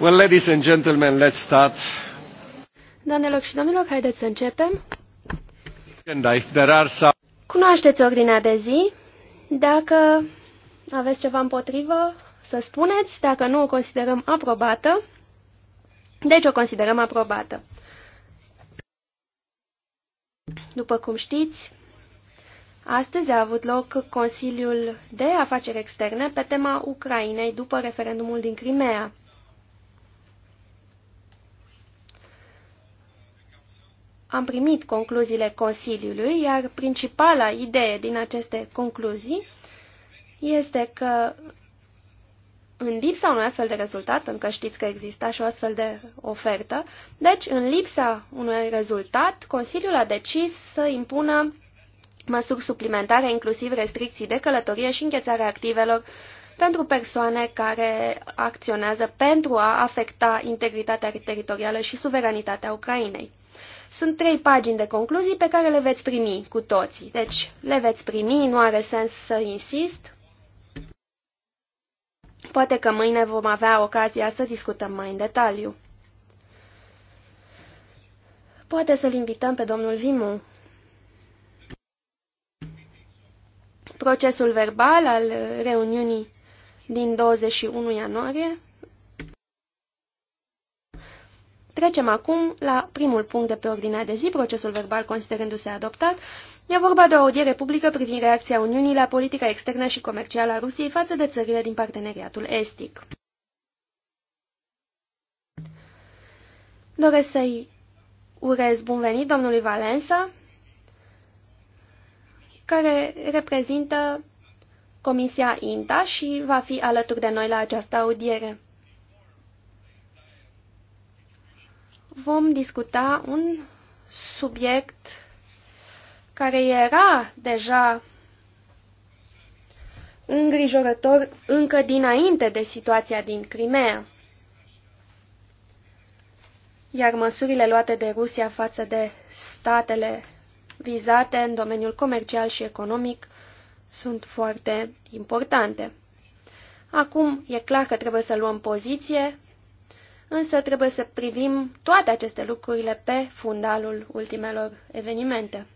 Well, ladies and gentlemen, let's start. Doamnelor și domnilor, haideți să începem. Cunoașteți ordinea de zi. Dacă aveți ceva împotrivă, să spuneți. Dacă nu, o considerăm aprobată. Deci o considerăm aprobată. După cum știți, astăzi a avut loc Consiliul de Afaceri Externe pe tema Ucrainei după referendumul din Crimea. am primit concluziile Consiliului, iar principala idee din aceste concluzii este că în lipsa unui astfel de rezultat, încă știți că exista și o astfel de ofertă, deci în lipsa unui rezultat, Consiliul a decis să impună măsuri suplimentare, inclusiv restricții de călătorie și înghețarea activelor pentru persoane care acționează pentru a afecta integritatea teritorială și suveranitatea Ucrainei. Sunt trei pagini de concluzii pe care le veți primi cu toții. Deci le veți primi, nu are sens să insist. Poate că mâine vom avea ocazia să discutăm mai în detaliu. Poate să-l invităm pe domnul Vimu. Procesul verbal al reuniunii din 21 ianuarie Trecem acum la primul punct de pe ordinea de zi, procesul verbal considerându-se adoptat. E vorba de o audiere publică privind reacția Uniunii la politica externă și comercială a Rusiei față de țările din parteneriatul estic. Doresc să-i urez bun venit domnului Valensa, care reprezintă Comisia INTA și va fi alături de noi la această audiere. vom discuta un subiect care era deja îngrijorător încă dinainte de situația din Crimea. Iar măsurile luate de Rusia față de statele vizate în domeniul comercial și economic sunt foarte importante. Acum e clar că trebuie să luăm poziție însă trebuie să privim toate aceste lucrurile pe fundalul ultimelor evenimente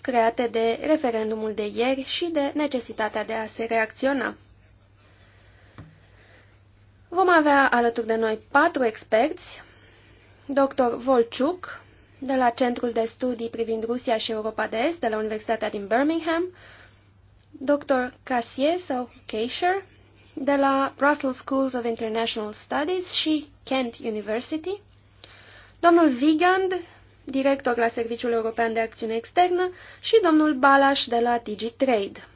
create de referendumul de ieri și de necesitatea de a se reacționa. Vom avea alături de noi patru experți, dr. Volciuc, de la Centrul de Studii privind Rusia și Europa de Est, de la Universitatea din Birmingham, dr. Cassier sau Keisher, de la Russell Schools of International Studies și Kent University, domnul Vigand, director la Serviciul European de Acțiune Externă, și domnul Balaș de la DigiTrade.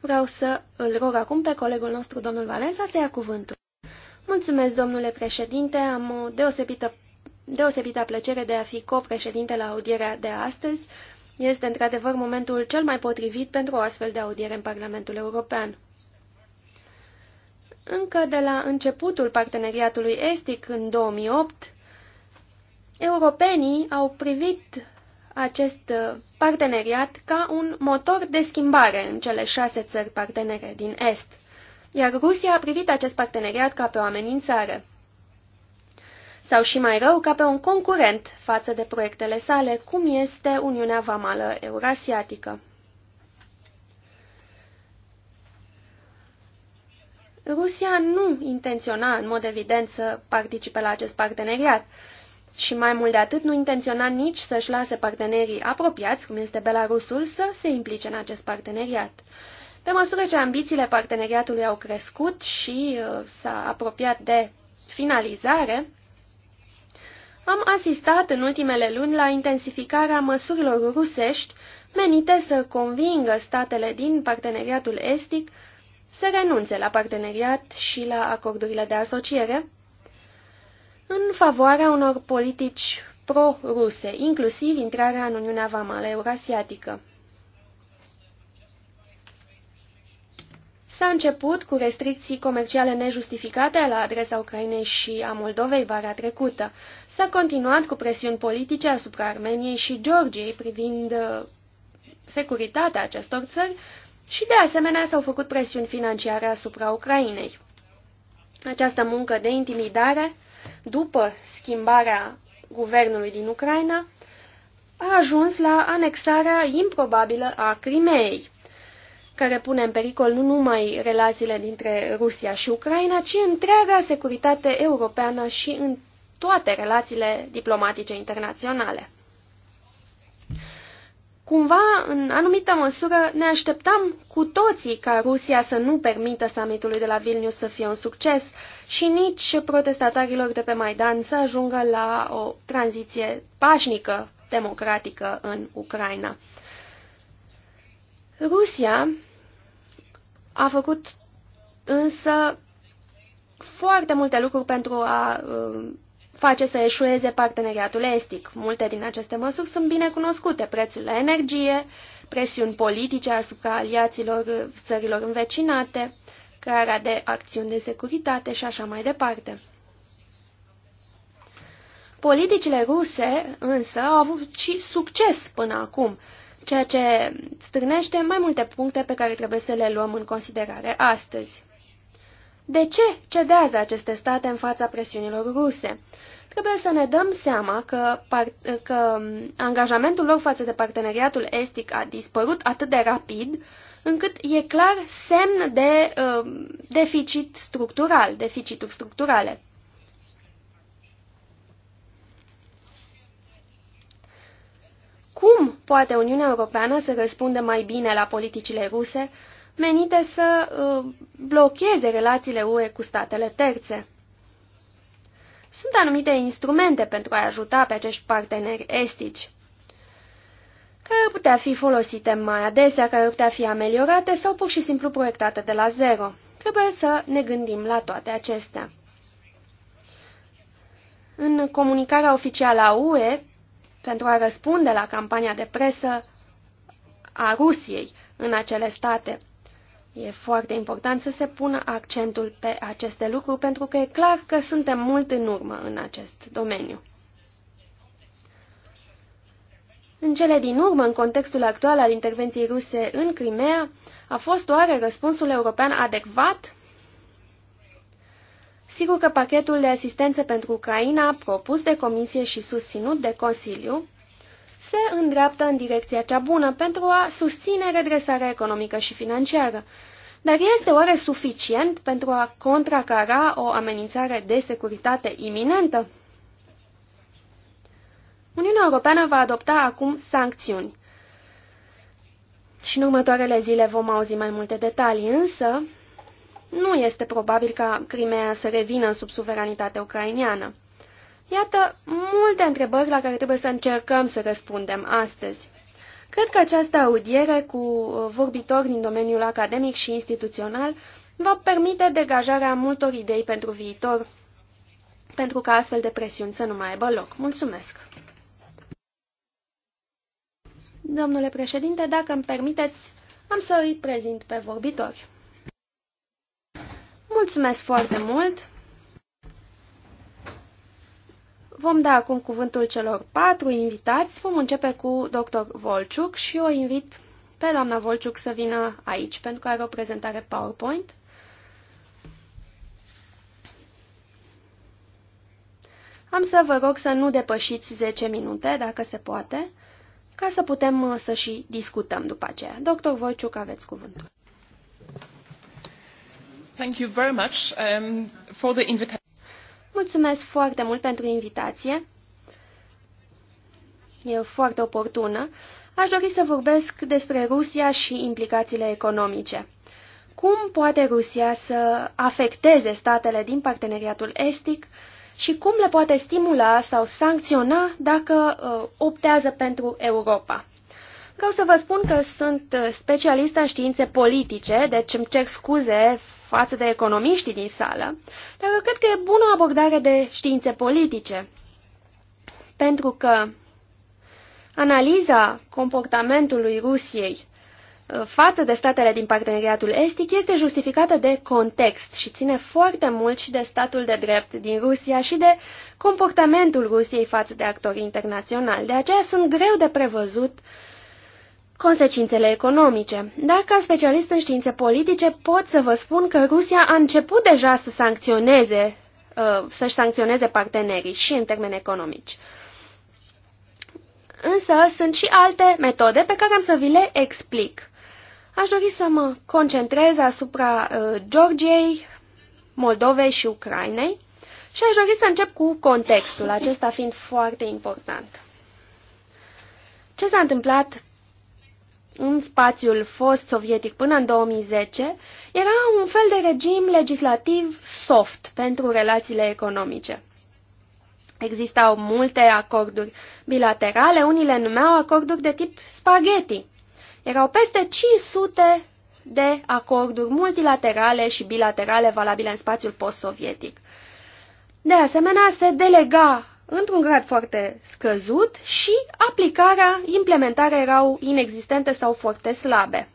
Vreau să îl rog acum pe colegul nostru, domnul Valensa, să ia cuvântul. Mulțumesc, domnule președinte, am o deosebită, deosebită plăcere de a fi copreședinte la audierea de astăzi, este într-adevăr momentul cel mai potrivit pentru o astfel de audiere în Parlamentul European. Încă de la începutul parteneriatului estic în 2008, europenii au privit acest parteneriat ca un motor de schimbare în cele șase țări partenere din Est, iar Rusia a privit acest parteneriat ca pe o amenințare sau și mai rău, ca pe un concurent față de proiectele sale, cum este Uniunea Vamală Eurasiatică. Rusia nu intenționa, în mod evident, să participe la acest parteneriat și mai mult de atât nu intenționa nici să-și lase partenerii apropiați, cum este Belarusul, să se implice în acest parteneriat. Pe măsură ce ambițiile parteneriatului au crescut și uh, s-a apropiat de finalizare, am asistat în ultimele luni la intensificarea măsurilor rusești menite să convingă statele din parteneriatul estic să renunțe la parteneriat și la acordurile de asociere, în favoarea unor politici pro-ruse, inclusiv intrarea în Uniunea Vamală Eurasiatică. S-a început cu restricții comerciale nejustificate la adresa Ucrainei și a Moldovei vara trecută. S-a continuat cu presiuni politice asupra Armeniei și Georgiei privind uh, securitatea acestor țări și de asemenea s-au făcut presiuni financiare asupra Ucrainei. Această muncă de intimidare, după schimbarea guvernului din Ucraina, a ajuns la anexarea improbabilă a Crimeei care pune în pericol nu numai relațiile dintre Rusia și Ucraina, ci întreaga securitate europeană și în toate relațiile diplomatice internaționale. Cumva, în anumită măsură, ne așteptam cu toții ca Rusia să nu permită summitului de la Vilnius să fie un succes și nici protestatarilor de pe Maidan să ajungă la o tranziție pașnică democratică în Ucraina. Rusia a făcut însă foarte multe lucruri pentru a um, face să eșueze parteneriatul estic. Multe din aceste măsuri sunt bine cunoscute. Prețul la energie, presiuni politice asupra aliaților țărilor învecinate, crearea de acțiuni de securitate și așa mai departe. Politicile ruse însă au avut și succes până acum ceea ce stârnește mai multe puncte pe care trebuie să le luăm în considerare astăzi. De ce cedează aceste state în fața presiunilor ruse? Trebuie să ne dăm seama că, că angajamentul lor față de parteneriatul estic a dispărut atât de rapid, încât e clar semn de uh, deficit structural, deficituri structurale. Cum poate Uniunea Europeană să răspundă mai bine la politicile ruse menite să uh, blocheze relațiile UE cu statele terțe? Sunt anumite instrumente pentru a ajuta pe acești parteneri estici, care ar putea fi folosite mai adesea, care ar putea fi ameliorate sau pur și simplu proiectate de la zero. Trebuie să ne gândim la toate acestea. În comunicarea oficială a UE pentru a răspunde la campania de presă a Rusiei în acele state. E foarte important să se pună accentul pe aceste lucruri pentru că e clar că suntem mult în urmă în acest domeniu. În cele din urmă, în contextul actual al intervenției ruse în Crimea, a fost oare răspunsul european adecvat? Sigur că pachetul de asistență pentru Ucraina, propus de Comisie și susținut de Consiliu, se îndreaptă în direcția cea bună pentru a susține redresarea economică și financiară. Dar este oare suficient pentru a contracara o amenințare de securitate iminentă? Uniunea Europeană va adopta acum sancțiuni. Și în următoarele zile vom auzi mai multe detalii, însă nu este probabil ca Crimea să revină sub suveranitatea ucraineană. Iată multe întrebări la care trebuie să încercăm să răspundem astăzi. Cred că această audiere cu vorbitori din domeniul academic și instituțional va permite degajarea multor idei pentru viitor, pentru ca astfel de presiuni să nu mai aibă loc. Mulțumesc! Domnule președinte, dacă îmi permiteți, am să îi prezint pe vorbitori. Mulțumesc foarte mult! Vom da acum cuvântul celor patru invitați. Vom începe cu dr. Volciuc și o invit pe doamna Volciuc să vină aici, pentru că are o prezentare PowerPoint. Am să vă rog să nu depășiți 10 minute, dacă se poate, ca să putem să și discutăm după aceea. Dr. Volciuc, aveți cuvântul. Um, Mulțumesc foarte mult pentru invitație. E foarte oportună. Aș dori să vorbesc despre Rusia și implicațiile economice. Cum poate Rusia să afecteze statele din parteneriatul estic și cum le poate stimula sau sancționa dacă uh, optează pentru Europa? Vreau să vă spun că sunt uh, specialistă în științe politice, deci îmi cer scuze față de economiștii din sală, dar cred că e bună abordare de științe politice, pentru că analiza comportamentului Rusiei uh, față de statele din parteneriatul estic este justificată de context și ține foarte mult și de statul de drept din Rusia și de comportamentul Rusiei față de actorii internaționali. De aceea sunt greu de prevăzut uh, Consecințele economice. Dar ca specialist în științe politice pot să vă spun că Rusia a început deja să sancționeze, uh, să-și sancționeze partenerii și în termeni economici. Însă sunt și alte metode pe care am să vi le explic. Aș dori să mă concentrez asupra uh, Georgiei, Moldovei și Ucrainei și aș dori să încep cu contextul, acesta fiind foarte important. Ce s-a întâmplat în spațiul fost sovietic până în 2010, era un fel de regim legislativ soft pentru relațiile economice. Existau multe acorduri bilaterale, unii le numeau acorduri de tip spaghetti. Erau peste 500 de acorduri multilaterale și bilaterale valabile în spațiul post-sovietic. De asemenea, se delega într-un grad foarte scăzut și aplicarea, implementarea erau inexistente sau foarte slabe.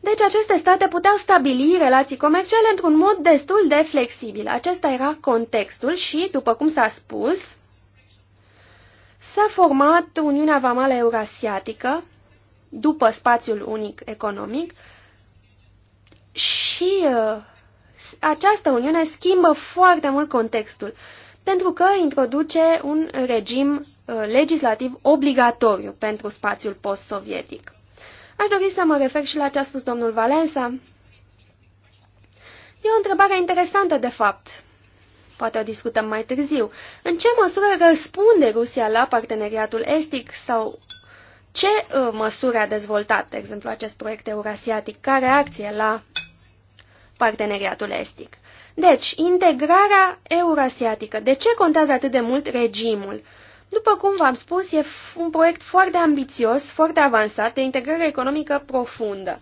Deci aceste state puteau stabili relații comerciale într-un mod destul de flexibil. Acesta era contextul și, după cum s-a spus, s-a format Uniunea Vamală Eurasiatică după spațiul unic economic și uh, această Uniune schimbă foarte mult contextul, pentru că introduce un regim uh, legislativ obligatoriu pentru spațiul post-sovietic. Aș dori să mă refer și la ce a spus domnul Valensa. E o întrebare interesantă, de fapt. Poate o discutăm mai târziu. În ce măsură răspunde Rusia la parteneriatul estic sau ce uh, măsuri a dezvoltat, de exemplu, acest proiect eurasiatic? care reacție la parteneriatul estic. Deci, integrarea eurasiatică. De ce contează atât de mult regimul? După cum v-am spus, e un proiect foarte ambițios, foarte avansat, de integrare economică profundă,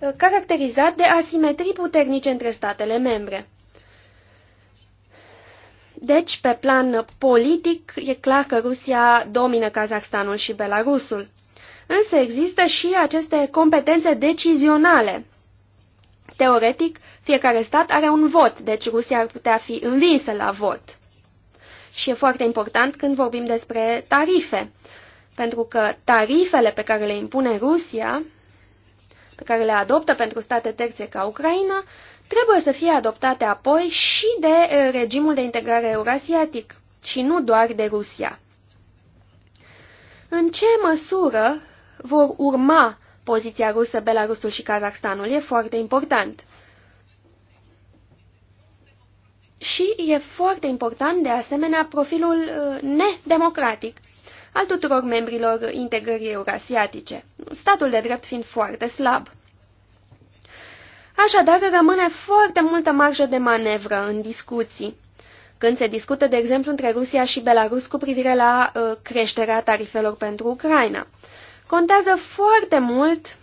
uh, caracterizat de asimetrii puternice între statele membre. Deci, pe plan politic, e clar că Rusia domină Kazahstanul și Belarusul. Însă există și aceste competențe decizionale Teoretic, fiecare stat are un vot, deci Rusia ar putea fi învinsă la vot. Și e foarte important când vorbim despre tarife, pentru că tarifele pe care le impune Rusia, pe care le adoptă pentru state terțe ca Ucraina, trebuie să fie adoptate apoi și de eh, regimul de integrare eurasiatic și nu doar de Rusia. În ce măsură vor urma poziția rusă, Belarusul și Kazakhstanul. E foarte important. Și e foarte important, de asemenea, profilul uh, nedemocratic al tuturor membrilor integrării eurasiatice, statul de drept fiind foarte slab. Așadar, rămâne foarte multă marjă de manevră în discuții. Când se discută, de exemplu, între Rusia și Belarus cu privire la uh, creșterea tarifelor pentru Ucraina. Contează foarte mult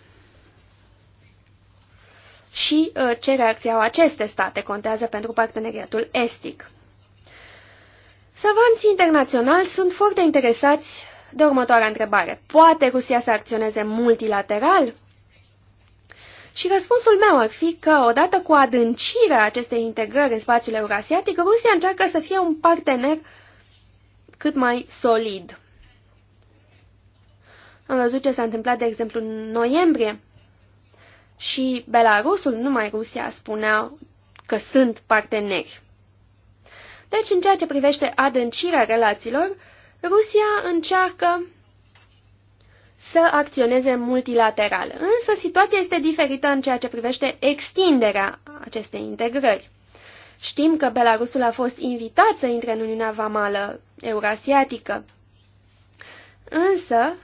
și uh, ce reacție au aceste state contează pentru parteneriatul estic. Savanții internaționali sunt foarte interesați de următoarea întrebare. Poate Rusia să acționeze multilateral? Și răspunsul meu ar fi că, odată cu adâncirea acestei integrări în spațiul eurasiatic, Rusia încearcă să fie un partener cât mai solid. Am văzut ce s-a întâmplat, de exemplu, în noiembrie. Și Belarusul, numai Rusia, spunea că sunt parteneri. Deci, în ceea ce privește adâncirea relațiilor, Rusia încearcă să acționeze multilateral. Însă situația este diferită în ceea ce privește extinderea acestei integrări. Știm că Belarusul a fost invitat să intre în Uniunea Vamală Eurasiatică. Însă,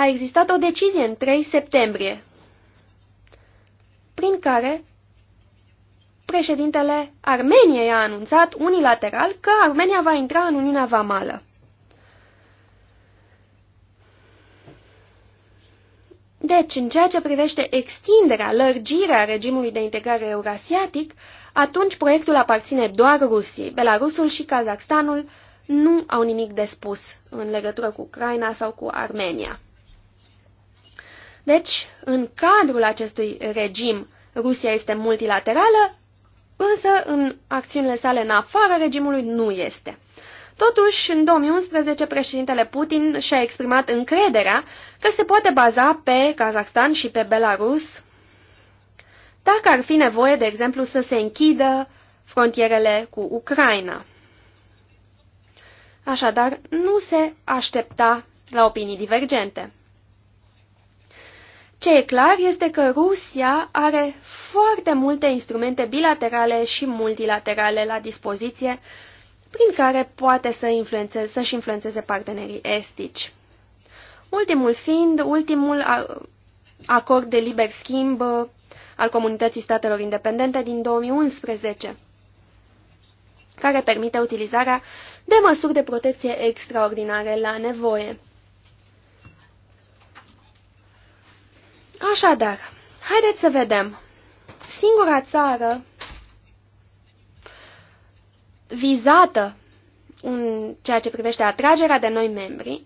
a existat o decizie în 3 septembrie, prin care președintele Armeniei a anunțat unilateral că Armenia va intra în Uniunea Vamală. Deci, în ceea ce privește extinderea, lărgirea regimului de integrare eurasiatic, atunci proiectul aparține doar Rusiei. Belarusul și Kazakhstanul nu au nimic de spus în legătură cu Ucraina sau cu Armenia. Deci, în cadrul acestui regim, Rusia este multilaterală, însă în acțiunile sale în afara regimului nu este. Totuși, în 2011, președintele Putin și-a exprimat încrederea că se poate baza pe Kazakhstan și pe Belarus dacă ar fi nevoie, de exemplu, să se închidă frontierele cu Ucraina. Așadar, nu se aștepta la opinii divergente. Ce e clar este că Rusia are foarte multe instrumente bilaterale și multilaterale la dispoziție prin care poate să influențeze, să-și influențeze partenerii estici. Ultimul fiind ultimul acord de liber schimb uh, al Comunității Statelor Independente din 2011, care permite utilizarea de măsuri de protecție extraordinare la nevoie. Așadar, haideți să vedem. Singura țară vizată în ceea ce privește atragerea de noi membri,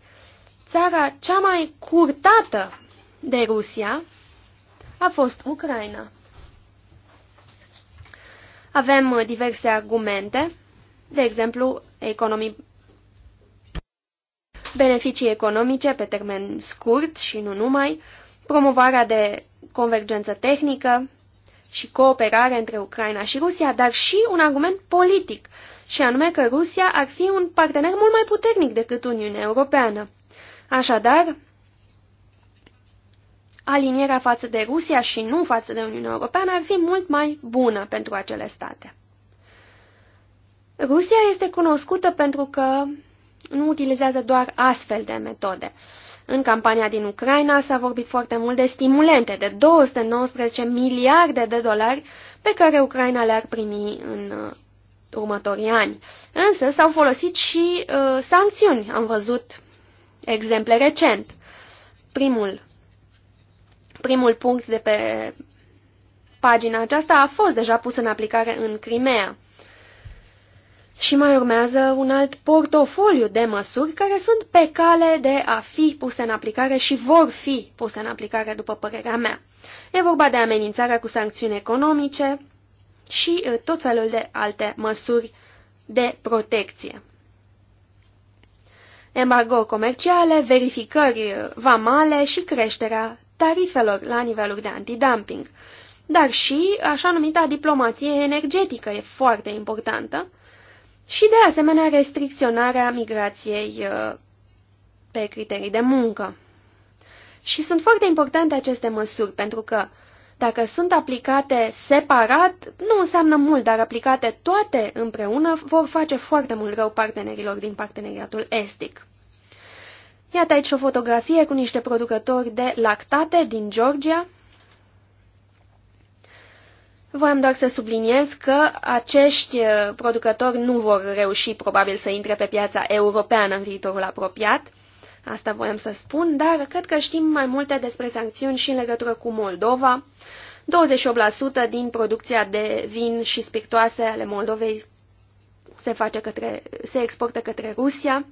țara cea mai curtată de Rusia a fost Ucraina. Avem uh, diverse argumente, de exemplu, economii, beneficii economice pe termen scurt și nu numai, promovarea de convergență tehnică și cooperare între Ucraina și Rusia, dar și un argument politic, și anume că Rusia ar fi un partener mult mai puternic decât Uniunea Europeană. Așadar, alinierea față de Rusia și nu față de Uniunea Europeană ar fi mult mai bună pentru acele state. Rusia este cunoscută pentru că nu utilizează doar astfel de metode. În campania din Ucraina s-a vorbit foarte mult de stimulente, de 219 miliarde de dolari pe care Ucraina le-ar primi în uh, următorii ani. Însă s-au folosit și uh, sancțiuni. Am văzut exemple recent. Primul, primul punct de pe pagina aceasta a fost deja pus în aplicare în Crimea. Și mai urmează un alt portofoliu de măsuri care sunt pe cale de a fi puse în aplicare și vor fi puse în aplicare, după părerea mea. E vorba de amenințarea cu sancțiuni economice și uh, tot felul de alte măsuri de protecție. Embargo comerciale, verificări uh, vamale și creșterea tarifelor la niveluri de antidumping. Dar și așa numita diplomație energetică e foarte importantă și de asemenea restricționarea migrației uh, pe criterii de muncă. Și sunt foarte importante aceste măsuri, pentru că dacă sunt aplicate separat, nu înseamnă mult, dar aplicate toate împreună vor face foarte mult rău partenerilor din parteneriatul estic. Iată aici o fotografie cu niște producători de lactate din Georgia, Voiam doar să subliniez că acești uh, producători nu vor reuși probabil să intre pe piața europeană în viitorul apropiat, asta voiam să spun, dar cred că știm mai multe despre sancțiuni și în legătură cu Moldova. 28% din producția de vin și spiritoase ale Moldovei se, face către, se exportă către Rusia.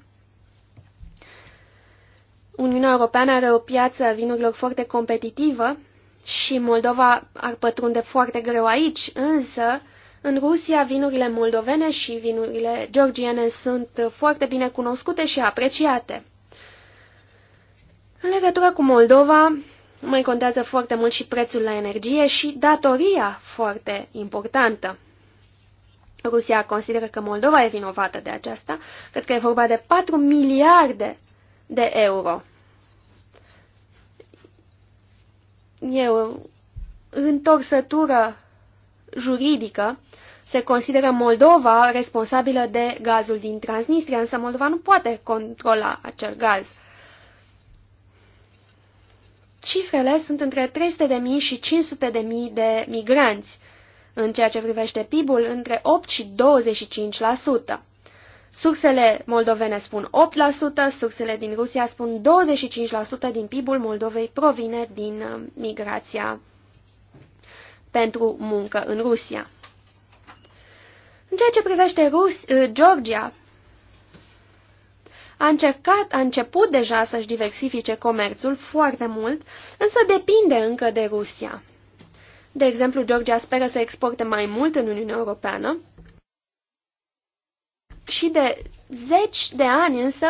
Uniunea Europeană are o piață a vinurilor foarte competitivă și Moldova ar pătrunde foarte greu aici, însă în Rusia vinurile moldovene și vinurile georgiene sunt foarte bine cunoscute și apreciate. În legătură cu Moldova, mai contează foarte mult și prețul la energie și datoria foarte importantă. Rusia consideră că Moldova e vinovată de aceasta, cred că e vorba de 4 miliarde de euro. e o întorsătură juridică. Se consideră Moldova responsabilă de gazul din Transnistria, însă Moldova nu poate controla acel gaz. Cifrele sunt între 300.000 și 500.000 de migranți, în ceea ce privește PIB-ul între 8 și 25%. Sursele moldovene spun 8%, sursele din Rusia spun 25% din PIB-ul Moldovei provine din uh, migrația pentru muncă în Rusia. În ceea ce privește Rus, uh, Georgia, a, încercat, a început deja să-și diversifice comerțul foarte mult, însă depinde încă de Rusia. De exemplu, Georgia speră să exporte mai mult în Uniunea Europeană, și de zeci de ani însă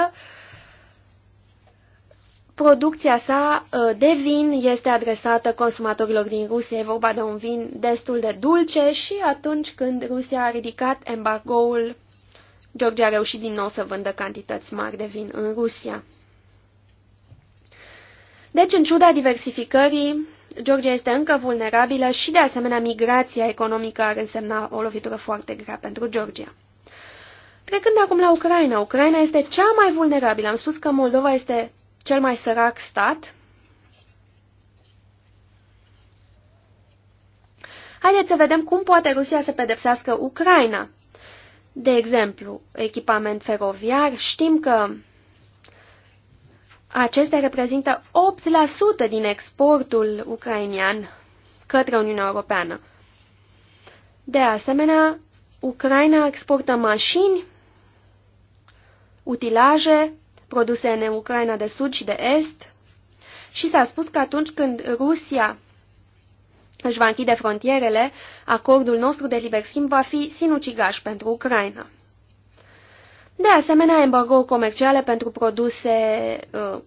producția sa uh, de vin este adresată consumatorilor din Rusia. E vorba de un vin destul de dulce și atunci când Rusia a ridicat embargoul, Georgia a reușit din nou să vândă cantități mari de vin în Rusia. Deci, în ciuda diversificării, Georgia este încă vulnerabilă și, de asemenea, migrația economică ar însemna o lovitură foarte grea pentru Georgia. Trecând acum la Ucraina, Ucraina este cea mai vulnerabilă. Am spus că Moldova este cel mai sărac stat. Haideți să vedem cum poate Rusia să pedepsească Ucraina. De exemplu, echipament feroviar, știm că acestea reprezintă 8% din exportul ucrainian către Uniunea Europeană. De asemenea, Ucraina exportă mașini utilaje produse în Ucraina de Sud și de Est și s-a spus că atunci când Rusia își va închide frontierele, acordul nostru de liber schimb va fi sinucigaș pentru Ucraina. De asemenea, embargo comerciale pentru produse uh,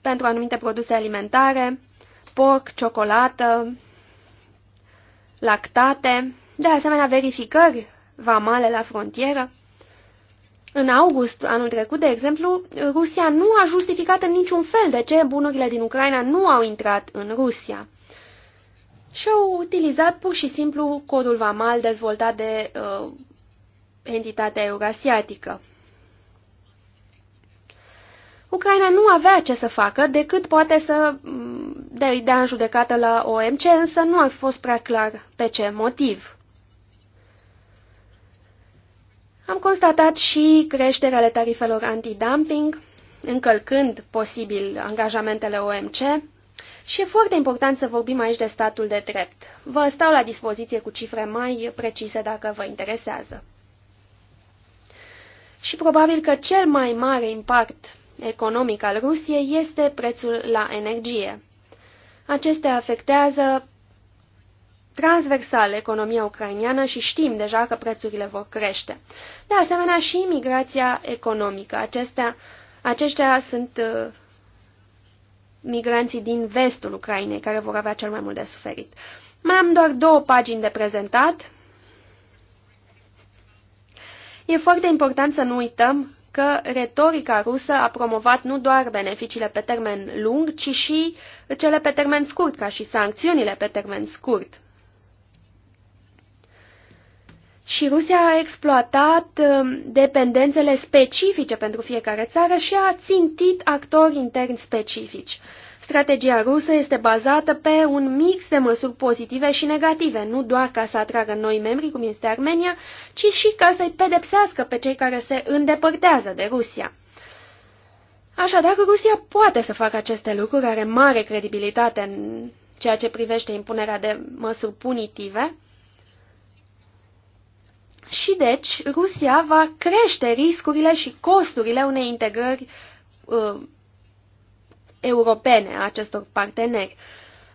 pentru anumite produse alimentare, porc, ciocolată, lactate, de asemenea verificări vamale la frontieră, în august anul trecut, de exemplu, Rusia nu a justificat în niciun fel de ce bunurile din Ucraina nu au intrat în Rusia. Și au utilizat pur și simplu codul VAMAL dezvoltat de uh, entitatea eurasiatică. Ucraina nu avea ce să facă decât poate să mm, de dea în judecată la OMC, însă nu a fost prea clar pe ce motiv. Am constatat și creșterea ale tarifelor antidumping, încălcând posibil angajamentele OMC și e foarte important să vorbim aici de statul de drept. Vă stau la dispoziție cu cifre mai precise dacă vă interesează. Și probabil că cel mai mare impact economic al Rusiei este prețul la energie. Acestea afectează transversală economia ucrainiană și știm deja că prețurile vor crește. De asemenea și migrația economică. Acestea, aceștia sunt uh, migranții din vestul Ucrainei care vor avea cel mai mult de suferit. Mai am doar două pagini de prezentat. E foarte important să nu uităm că retorica rusă a promovat nu doar beneficiile pe termen lung, ci și cele pe termen scurt, ca și sancțiunile pe termen scurt. Și Rusia a exploatat um, dependențele specifice pentru fiecare țară și a țintit actori interni specifici. Strategia rusă este bazată pe un mix de măsuri pozitive și negative, nu doar ca să atragă noi membri, cum este Armenia, ci și ca să-i pedepsească pe cei care se îndepărtează de Rusia. Așadar, Rusia poate să facă aceste lucruri, are mare credibilitate în ceea ce privește impunerea de măsuri punitive, și deci Rusia va crește riscurile și costurile unei integrări uh, europene a acestor parteneri.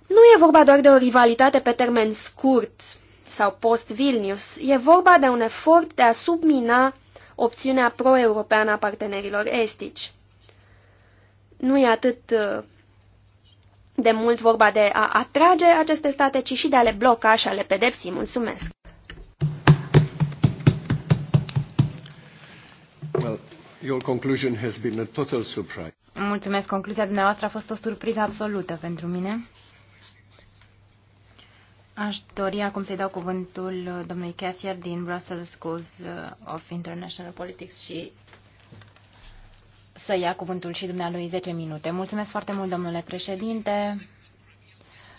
Nu e vorba doar de o rivalitate pe termen scurt sau post-Vilnius, e vorba de un efort de a submina opțiunea pro-europeană a partenerilor estici. Nu e atât uh, de mult vorba de a atrage aceste state, ci și de a le bloca și a le pedepsi. Mulțumesc! Your conclusion has been a total surprise. Mulțumesc. Concluzia dumneavoastră a fost o surpriză absolută pentru mine. Aș dori acum să-i dau cuvântul domnului Cassier din Brussels Schools of International Politics și să ia cuvântul și dumnealui 10 minute. Mulțumesc foarte mult, domnule președinte.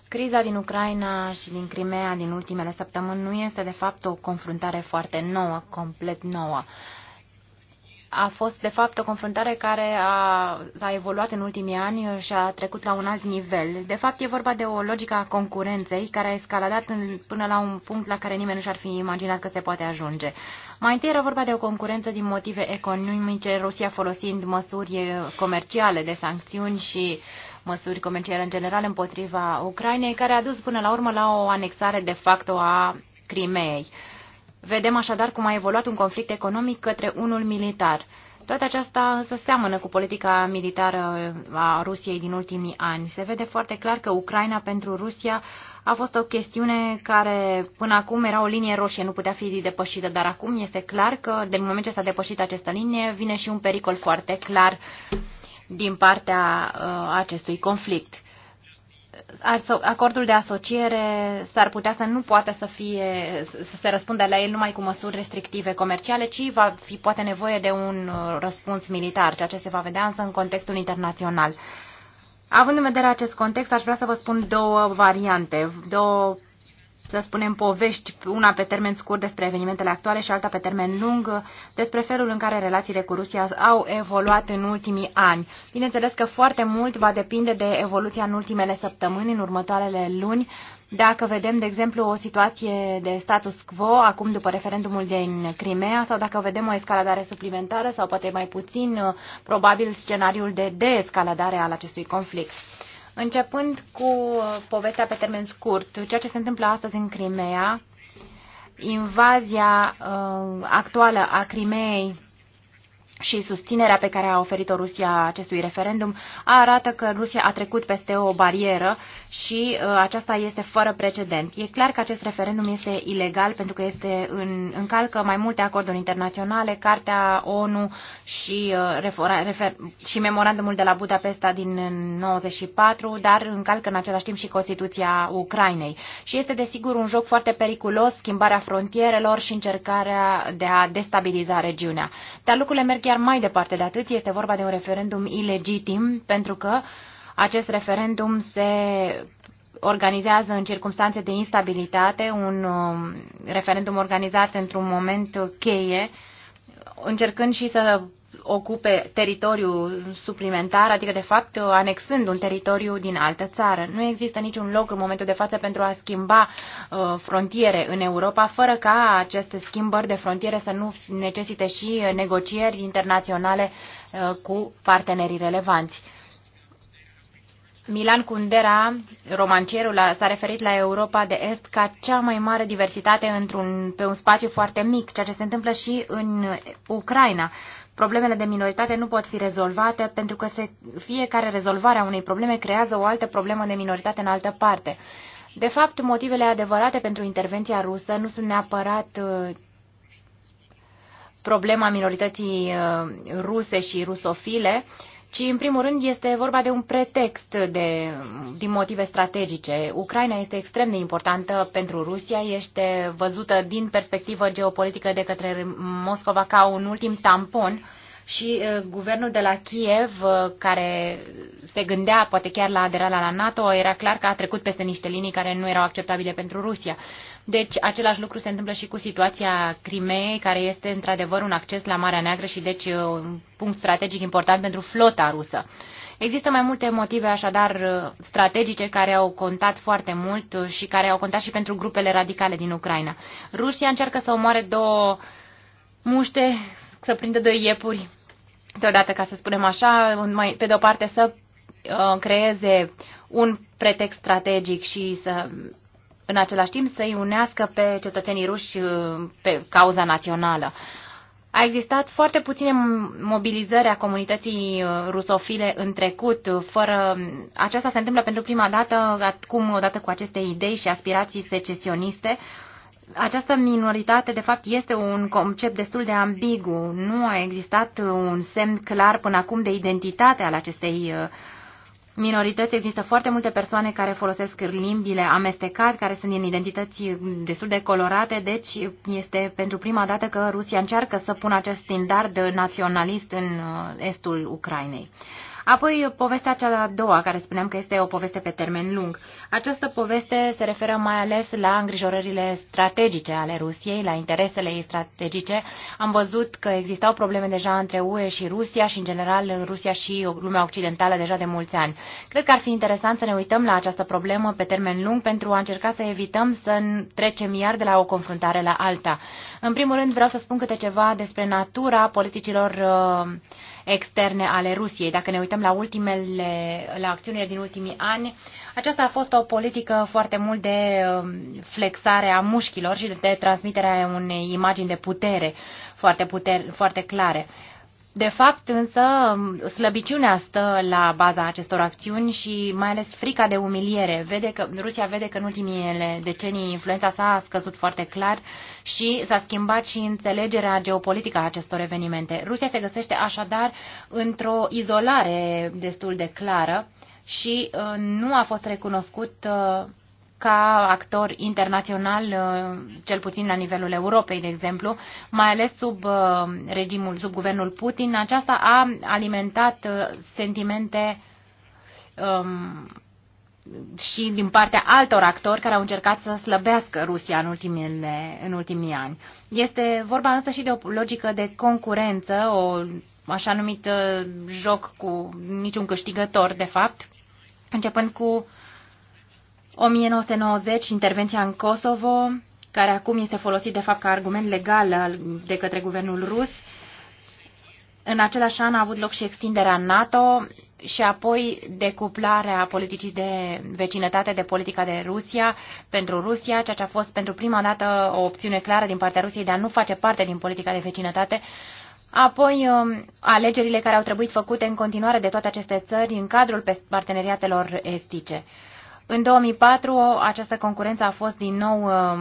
Criza din Ucraina și din Crimea din ultimele săptămâni nu este, de fapt, o confruntare foarte nouă, complet nouă a fost, de fapt, o confruntare care a, a evoluat în ultimii ani și a trecut la un alt nivel. De fapt, e vorba de o logică a concurenței care a escaladat în, până la un punct la care nimeni nu și-ar fi imaginat că se poate ajunge. Mai întâi era vorba de o concurență din motive economice, Rusia folosind măsuri comerciale de sancțiuni și măsuri comerciale în general împotriva Ucrainei, care a dus până la urmă la o anexare de facto a Crimeei. Uh, Vedem așadar cum a evoluat un conflict economic către unul militar. Toate aceasta însă seamănă cu politica militară a Rusiei din ultimii ani. Se vede foarte clar că Ucraina pentru Rusia a fost o chestiune care până acum era o linie roșie, nu putea fi depășită, dar acum este clar că, din moment ce s-a depășit această linie, vine și un pericol foarte clar din partea uh, acestui conflict acordul de asociere s-ar putea să nu poată să fie, să se răspundă la el numai cu măsuri restrictive comerciale, ci va fi poate nevoie de un uh, răspuns militar, ceea ce se va vedea însă în contextul internațional. Având în vedere acest context, aș vrea să vă spun două variante, două să spunem, povești, una pe termen scurt despre evenimentele actuale și alta pe termen lung, despre felul în care relațiile cu Rusia au evoluat în ultimii ani. Bineînțeles că foarte mult va depinde de evoluția în ultimele săptămâni, în următoarele luni, dacă vedem, de exemplu, o situație de status quo, acum după referendumul din Crimea, sau dacă vedem o escaladare suplimentară, sau poate mai puțin, probabil, scenariul de deescaladare al acestui conflict. Începând cu uh, povestea pe termen scurt, ceea ce se întâmplă astăzi în Crimea, invazia uh, actuală a Crimeei și susținerea pe care a oferit-o Rusia acestui referendum arată că Rusia a trecut peste o barieră și uh, aceasta este fără precedent. E clar că acest referendum este ilegal pentru că este în, încalcă mai multe acorduri internaționale, Cartea ONU și, uh, refer, refer, și memorandumul de la Budapesta din 94, dar încalcă în același timp și Constituția Ucrainei. Și este desigur un joc foarte periculos, schimbarea frontierelor și încercarea de a destabiliza regiunea. Dar lucrurile merg chiar mai departe de atât, este vorba de un referendum ilegitim, pentru că acest referendum se organizează în circunstanțe de instabilitate, un um, referendum organizat într-un moment cheie, încercând și să ocupe teritoriu suplimentar, adică de fapt anexând un teritoriu din altă țară. Nu există niciun loc în momentul de față pentru a schimba uh, frontiere în Europa, fără ca aceste schimbări de frontiere să nu necesite și negocieri internaționale uh, cu partenerii relevanți. Milan Kundera, romancierul, s-a referit la Europa de Est ca cea mai mare diversitate într-un, pe un spațiu foarte mic, ceea ce se întâmplă și în Ucraina problemele de minoritate nu pot fi rezolvate pentru că se, fiecare rezolvare a unei probleme creează o altă problemă de minoritate în altă parte. De fapt, motivele adevărate pentru intervenția rusă nu sunt neapărat uh, problema minorității uh, ruse și rusofile, ci în primul rând este vorba de un pretext de, din motive strategice. Ucraina este extrem de importantă pentru Rusia, este văzută din perspectivă geopolitică de către Moscova ca un ultim tampon și uh, guvernul de la Kiev, uh, care se gândea poate chiar la aderarea la NATO, era clar că a trecut peste niște linii care nu erau acceptabile pentru Rusia. Deci, același lucru se întâmplă și cu situația Crimeei, care este într-adevăr un acces la Marea Neagră și deci un punct strategic important pentru flota rusă. Există mai multe motive așadar strategice care au contat foarte mult și care au contat și pentru grupele radicale din Ucraina. Rusia încearcă să omoare două muște, să prindă doi iepuri deodată, ca să spunem așa, pe de o parte să uh, creeze un pretext strategic și să în același timp să-i unească pe cetățenii ruși uh, pe cauza națională. A existat foarte puține mobilizări a comunității uh, rusofile în trecut, uh, fără... Aceasta se întâmplă pentru prima dată, acum odată cu aceste idei și aspirații secesioniste. Această minoritate, de fapt, este un concept destul de ambigu. Nu a existat un semn clar până acum de identitate al acestei uh, minorități, există foarte multe persoane care folosesc limbile amestecat, care sunt din identități destul de colorate, deci este pentru prima dată că Rusia încearcă să pună acest standard naționalist în uh, estul Ucrainei. Apoi, povestea cea de-a doua, care spuneam că este o poveste pe termen lung. Această poveste se referă mai ales la îngrijorările strategice ale Rusiei, la interesele ei strategice. Am văzut că existau probleme deja între UE și Rusia și, în general, Rusia și lumea occidentală deja de mulți ani. Cred că ar fi interesant să ne uităm la această problemă pe termen lung pentru a încerca să evităm să trecem iar de la o confruntare la alta. În primul rând, vreau să spun câte ceva despre natura politicilor uh, externe ale Rusiei. Dacă ne uităm la ultimele, la acțiunile din ultimii ani, aceasta a fost o politică foarte mult de um, flexare a mușchilor și de transmiterea unei imagini de putere foarte, puter, foarte clare. De fapt, însă, slăbiciunea stă la baza acestor acțiuni și mai ales frica de umiliere. Vede că, Rusia vede că în ultimele decenii influența sa a scăzut foarte clar și s-a schimbat și înțelegerea geopolitică a acestor evenimente. Rusia se găsește așadar într-o izolare destul de clară și uh, nu a fost recunoscut uh, ca actor internațional, uh, cel puțin la nivelul Europei, de exemplu, mai ales sub uh, regimul, sub guvernul Putin, aceasta a alimentat uh, sentimente um, și din partea altor actori care au încercat să slăbească Rusia în, ultimele, în ultimii ani. Este vorba însă și de o logică de concurență, o așa numit joc cu niciun câștigător, de fapt, începând cu uh, 1990, intervenția în Kosovo, care acum este folosit de fapt ca argument legal de către guvernul rus. În același an a avut loc și extinderea NATO și apoi decuplarea politicii de vecinătate de politica de Rusia pentru Rusia, ceea ce a fost pentru prima dată o opțiune clară din partea Rusiei de a nu face parte din politica de vecinătate. Apoi um, alegerile care au trebuit făcute în continuare de toate aceste țări în cadrul parteneriatelor estice. În 2004 această concurență a fost din nou um,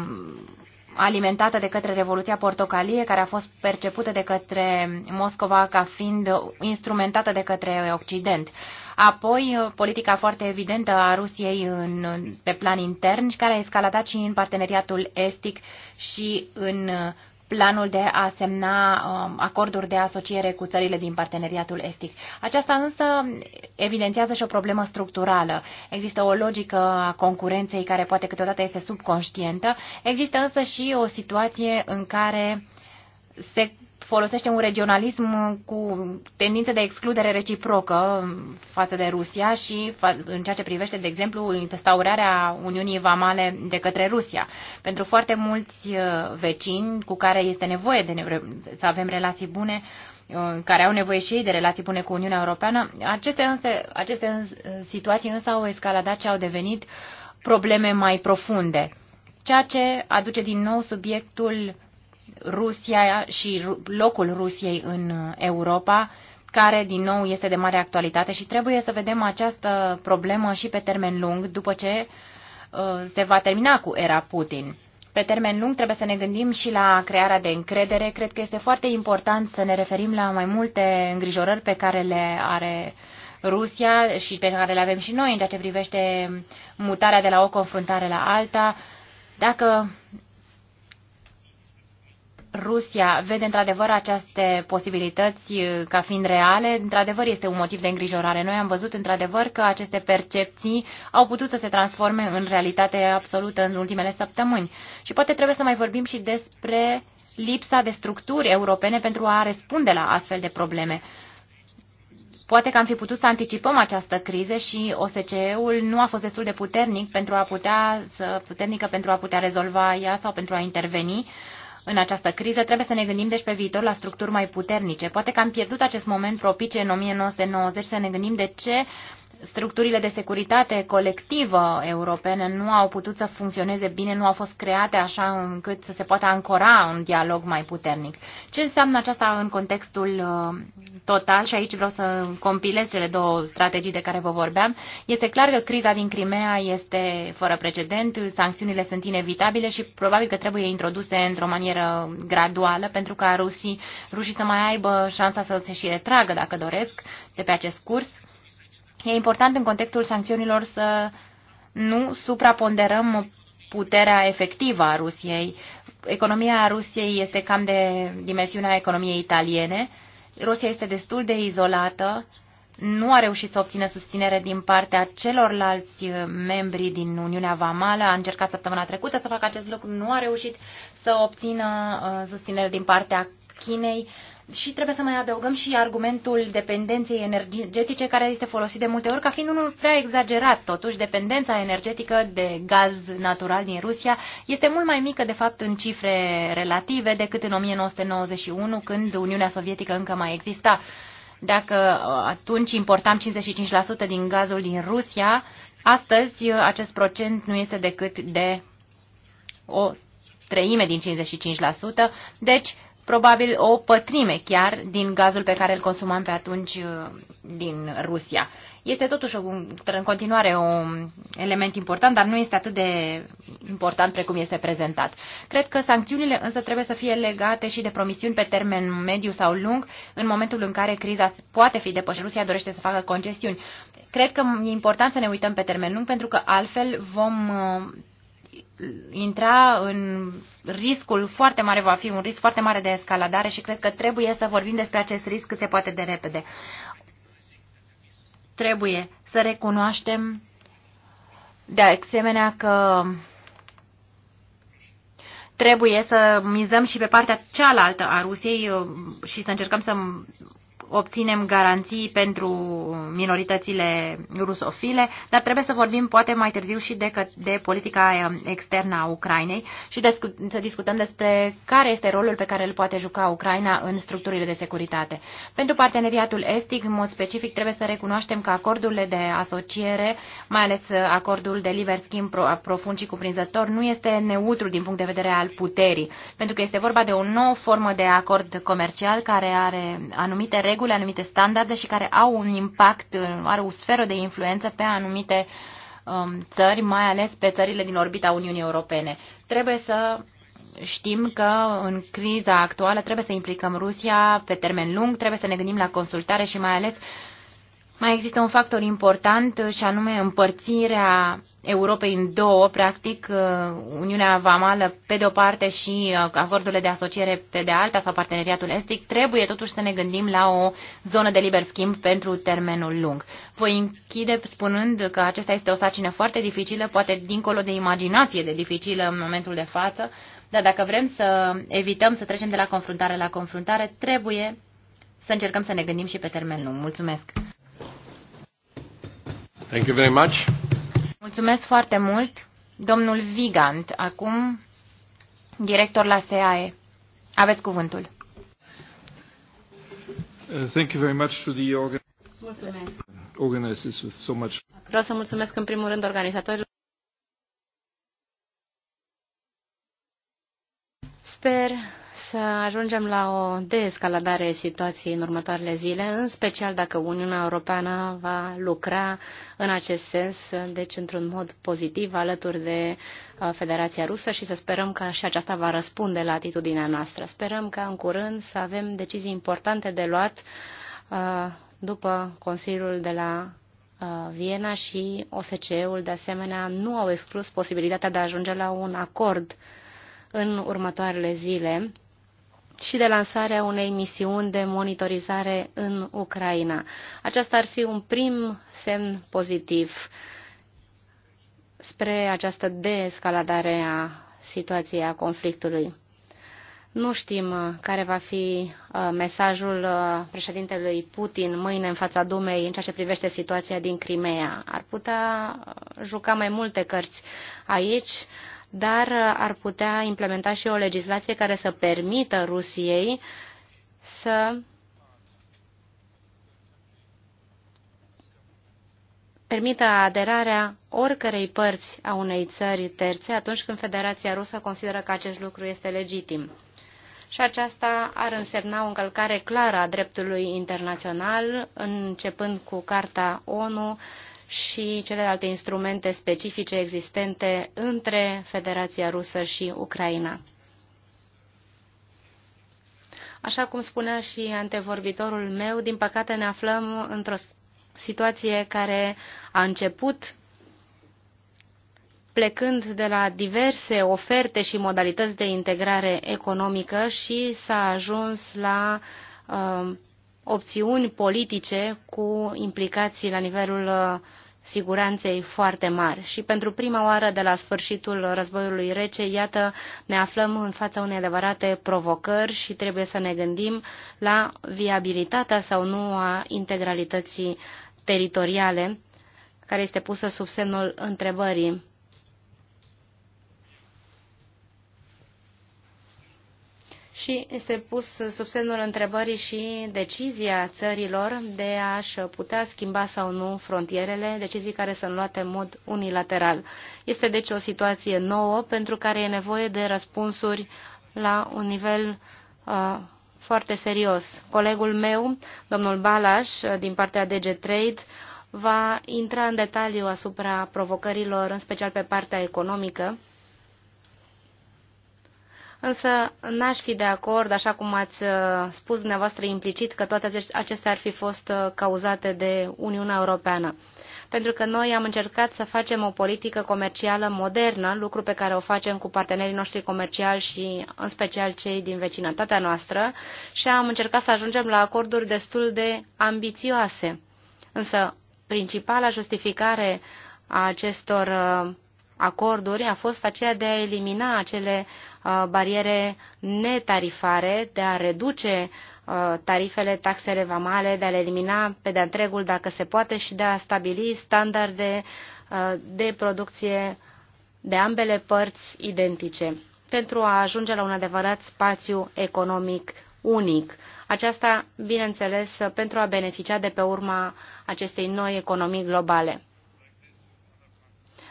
alimentată de către Revoluția Portocalie, care a fost percepută de către Moscova ca fiind instrumentată de către Occident. Apoi, politica foarte evidentă a Rusiei în, pe plan intern, care a escaladat și în parteneriatul estic și în planul de a semna um, acorduri de asociere cu țările din parteneriatul estic. Aceasta însă evidențiază și o problemă structurală. Există o logică a concurenței care poate câteodată este subconștientă. Există însă și o situație în care se folosește un regionalism cu tendințe de excludere reciprocă față de Rusia și în ceea ce privește, de exemplu, instaurarea Uniunii Vamale de către Rusia. Pentru foarte mulți uh, vecini cu care este nevoie de să avem relații bune, uh, care au nevoie și ei de relații bune cu Uniunea Europeană, aceste, însă, aceste situații însă au escaladat și au devenit probleme mai profunde, ceea ce aduce din nou subiectul Rusia și locul Rusiei în uh, Europa, care din nou este de mare actualitate și trebuie să vedem această problemă și pe termen lung după ce uh, se va termina cu era Putin. Pe termen lung trebuie să ne gândim și la crearea de încredere. Cred că este foarte important să ne referim la mai multe îngrijorări pe care le are Rusia și pe care le avem și noi în ceea ce privește mutarea de la o confruntare la alta. Dacă Rusia vede într-adevăr aceste posibilități uh, ca fiind reale, într-adevăr este un motiv de îngrijorare. Noi am văzut într-adevăr că aceste percepții au putut să se transforme în realitate absolută în ultimele săptămâni. Și poate trebuie să mai vorbim și despre lipsa de structuri europene pentru a răspunde la astfel de probleme. Poate că am fi putut să anticipăm această criză și OSCE-ul nu a fost destul de puternic pentru a putea să, puternică pentru a putea rezolva ea sau pentru a interveni în această criză, trebuie să ne gândim deci pe viitor la structuri mai puternice. Poate că am pierdut acest moment propice în 1990 să ne gândim de ce structurile de securitate colectivă europene nu au putut să funcționeze bine, nu au fost create așa încât să se poată ancora un dialog mai puternic. Ce înseamnă aceasta în contextul uh, total? Și aici vreau să compilez cele două strategii de care vă vorbeam. Este clar că criza din Crimea este fără precedent, sancțiunile sunt inevitabile și probabil că trebuie introduse într-o manieră graduală pentru ca rușii, rușii să mai aibă șansa să se și retragă dacă doresc de pe acest curs E important în contextul sancțiunilor să nu supraponderăm puterea efectivă a Rusiei. Economia Rusiei este cam de dimensiunea economiei italiene. Rusia este destul de izolată, nu a reușit să obțină susținere din partea celorlalți uh, membri din Uniunea Vamală. A încercat săptămâna trecută să facă acest lucru, nu a reușit să obțină uh, susținere din partea Chinei. Și trebuie să mai adăugăm și argumentul dependenței energetice, care este folosit de multe ori ca fiind unul prea exagerat. Totuși, dependența energetică de gaz natural din Rusia este mult mai mică, de fapt, în cifre relative decât în 1991, când Uniunea Sovietică încă mai exista. Dacă uh, atunci importam 55% din gazul din Rusia, astăzi uh, acest procent nu este decât de o treime din 55%, deci probabil o pătrime chiar din gazul pe care îl consumam pe atunci uh, din Rusia. Este totuși în continuare un element important, dar nu este atât de important precum este prezentat. Cred că sancțiunile însă trebuie să fie legate și de promisiuni pe termen mediu sau lung în momentul în care criza poate fi depășită. Rusia dorește să facă concesiuni. Cred că e important să ne uităm pe termen lung pentru că altfel vom uh, intra în riscul foarte mare, va fi un risc foarte mare de escaladare și cred că trebuie să vorbim despre acest risc cât se poate de repede. Trebuie să recunoaștem de asemenea că trebuie să mizăm și pe partea cealaltă a Rusiei uh, și să încercăm să obținem garanții pentru minoritățile rusofile, dar trebuie să vorbim poate mai târziu și de, de politica um, externă a Ucrainei și de, să discutăm despre care este rolul pe care îl poate juca Ucraina în structurile de securitate. Pentru parteneriatul estic, în mod specific, trebuie să recunoaștem că acordurile de asociere, mai ales uh, acordul de liber schimb profund și cuprinzător, nu este neutru din punct de vedere al puterii, pentru că este vorba de o nouă formă de acord comercial care are anumite reguli reguli, anumite standarde și care au un impact, are o sferă de influență pe anumite um, țări, mai ales pe țările din orbita Uniunii Europene. Trebuie să știm că în criza actuală trebuie să implicăm Rusia pe termen lung, trebuie să ne gândim la consultare și mai ales mai există un factor important și anume împărțirea Europei în două, practic uh, Uniunea Vamală pe de-o parte și uh, acordurile de asociere pe de alta sau parteneriatul estic, trebuie totuși să ne gândim la o zonă de liber schimb pentru termenul lung. Voi închide spunând că acesta este o sacină foarte dificilă, poate dincolo de imaginație de dificilă în momentul de față, dar dacă vrem să evităm să trecem de la confruntare la confruntare, trebuie să încercăm să ne gândim și pe termen lung. Mulțumesc! Thank you very much. Mulțumesc foarte mult. Domnul Vigant, acum director la SEAE. Aveți cuvântul. Uh, thank you very much to the organ Mulțumesc. Organizers with so much. Vreau să mulțumesc în primul rând organizatorilor. Sper să ajungem la o deescaladare a situației în următoarele zile, în special dacă Uniunea Europeană va lucra în acest sens, deci într-un mod pozitiv alături de uh, Federația Rusă și să sperăm că și aceasta va răspunde la atitudinea noastră. Sperăm că în curând să avem decizii importante de luat uh, după Consiliul de la uh, Viena și OSCE-ul de asemenea nu au exclus posibilitatea de a ajunge la un acord în următoarele zile și de lansarea unei misiuni de monitorizare în Ucraina. Aceasta ar fi un prim semn pozitiv spre această deescaladare a situației a conflictului. Nu știm uh, care va fi uh, mesajul uh, președintelui Putin mâine în fața Dumei în ceea ce privește situația din Crimea. Ar putea juca mai multe cărți aici dar uh, ar putea implementa și o legislație care să permită Rusiei să permită aderarea oricărei părți a unei țări terțe atunci când Federația Rusă consideră că acest lucru este legitim. Și aceasta ar însemna o încălcare clară a dreptului internațional, începând cu Carta ONU și celelalte instrumente specifice existente între Federația Rusă și Ucraina. Așa cum spunea și antevorbitorul meu, din păcate ne aflăm într-o situație care a început plecând de la diverse oferte și modalități de integrare economică și s-a ajuns la uh, opțiuni politice cu implicații la nivelul uh, siguranței foarte mari. Și pentru prima oară de la sfârșitul războiului rece, iată, ne aflăm în fața unei adevărate provocări și trebuie să ne gândim la viabilitatea sau nu a integralității teritoriale, care este pusă sub semnul întrebării și este pus sub semnul întrebării și decizia țărilor de a-și putea schimba sau nu frontierele, decizii care sunt luate în mod unilateral. Este deci o situație nouă pentru care e nevoie de răspunsuri la un nivel uh, foarte serios. Colegul meu, domnul Balaș, din partea DG Trade, va intra în detaliu asupra provocărilor, în special pe partea economică, Însă n-aș fi de acord, așa cum ați uh, spus dumneavoastră implicit, că toate acestea ar fi fost uh, cauzate de Uniunea Europeană. Pentru că noi am încercat să facem o politică comercială modernă, lucru pe care o facem cu partenerii noștri comerciali și în special cei din vecinătatea noastră, și am încercat să ajungem la acorduri destul de ambițioase. Însă principala justificare a acestor uh, acorduri a fost aceea de a elimina acele Uh, bariere netarifare, de a reduce uh, tarifele, taxele vamale, de a le elimina pe de întregul dacă se poate și de a stabili standarde uh, de producție de ambele părți identice pentru a ajunge la un adevărat spațiu economic unic. Aceasta, bineînțeles, pentru a beneficia de pe urma acestei noi economii globale.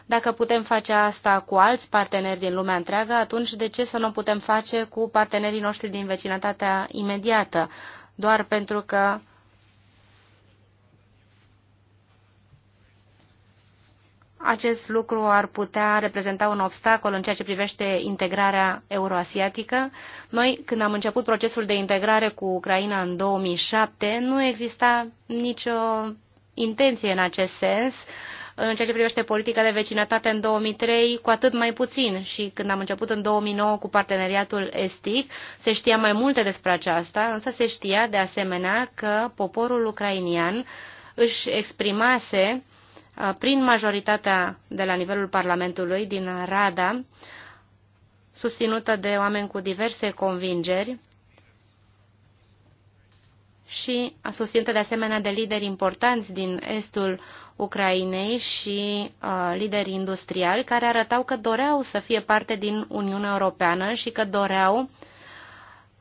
Dacă putem face asta cu alți parteneri din lumea întreagă, atunci de ce să nu putem face cu partenerii noștri din vecinătatea imediată? Doar pentru că acest lucru ar putea reprezenta un obstacol în ceea ce privește integrarea euroasiatică. Noi, când am început procesul de integrare cu Ucraina în 2007, nu exista nicio intenție în acest sens. Uh, în ceea ce privește politica de vecinătate în 2003, cu atât mai puțin. Și când am început în 2009 cu parteneriatul estic, se știa mai multe despre aceasta, însă se știa de asemenea că poporul ucrainian își exprimase prin majoritatea de la nivelul Parlamentului din Rada, susținută de oameni cu diverse convingeri, și susținută de asemenea de lideri importanți din estul Ucrainei și uh, lideri industriali care arătau că doreau să fie parte din Uniunea Europeană și că doreau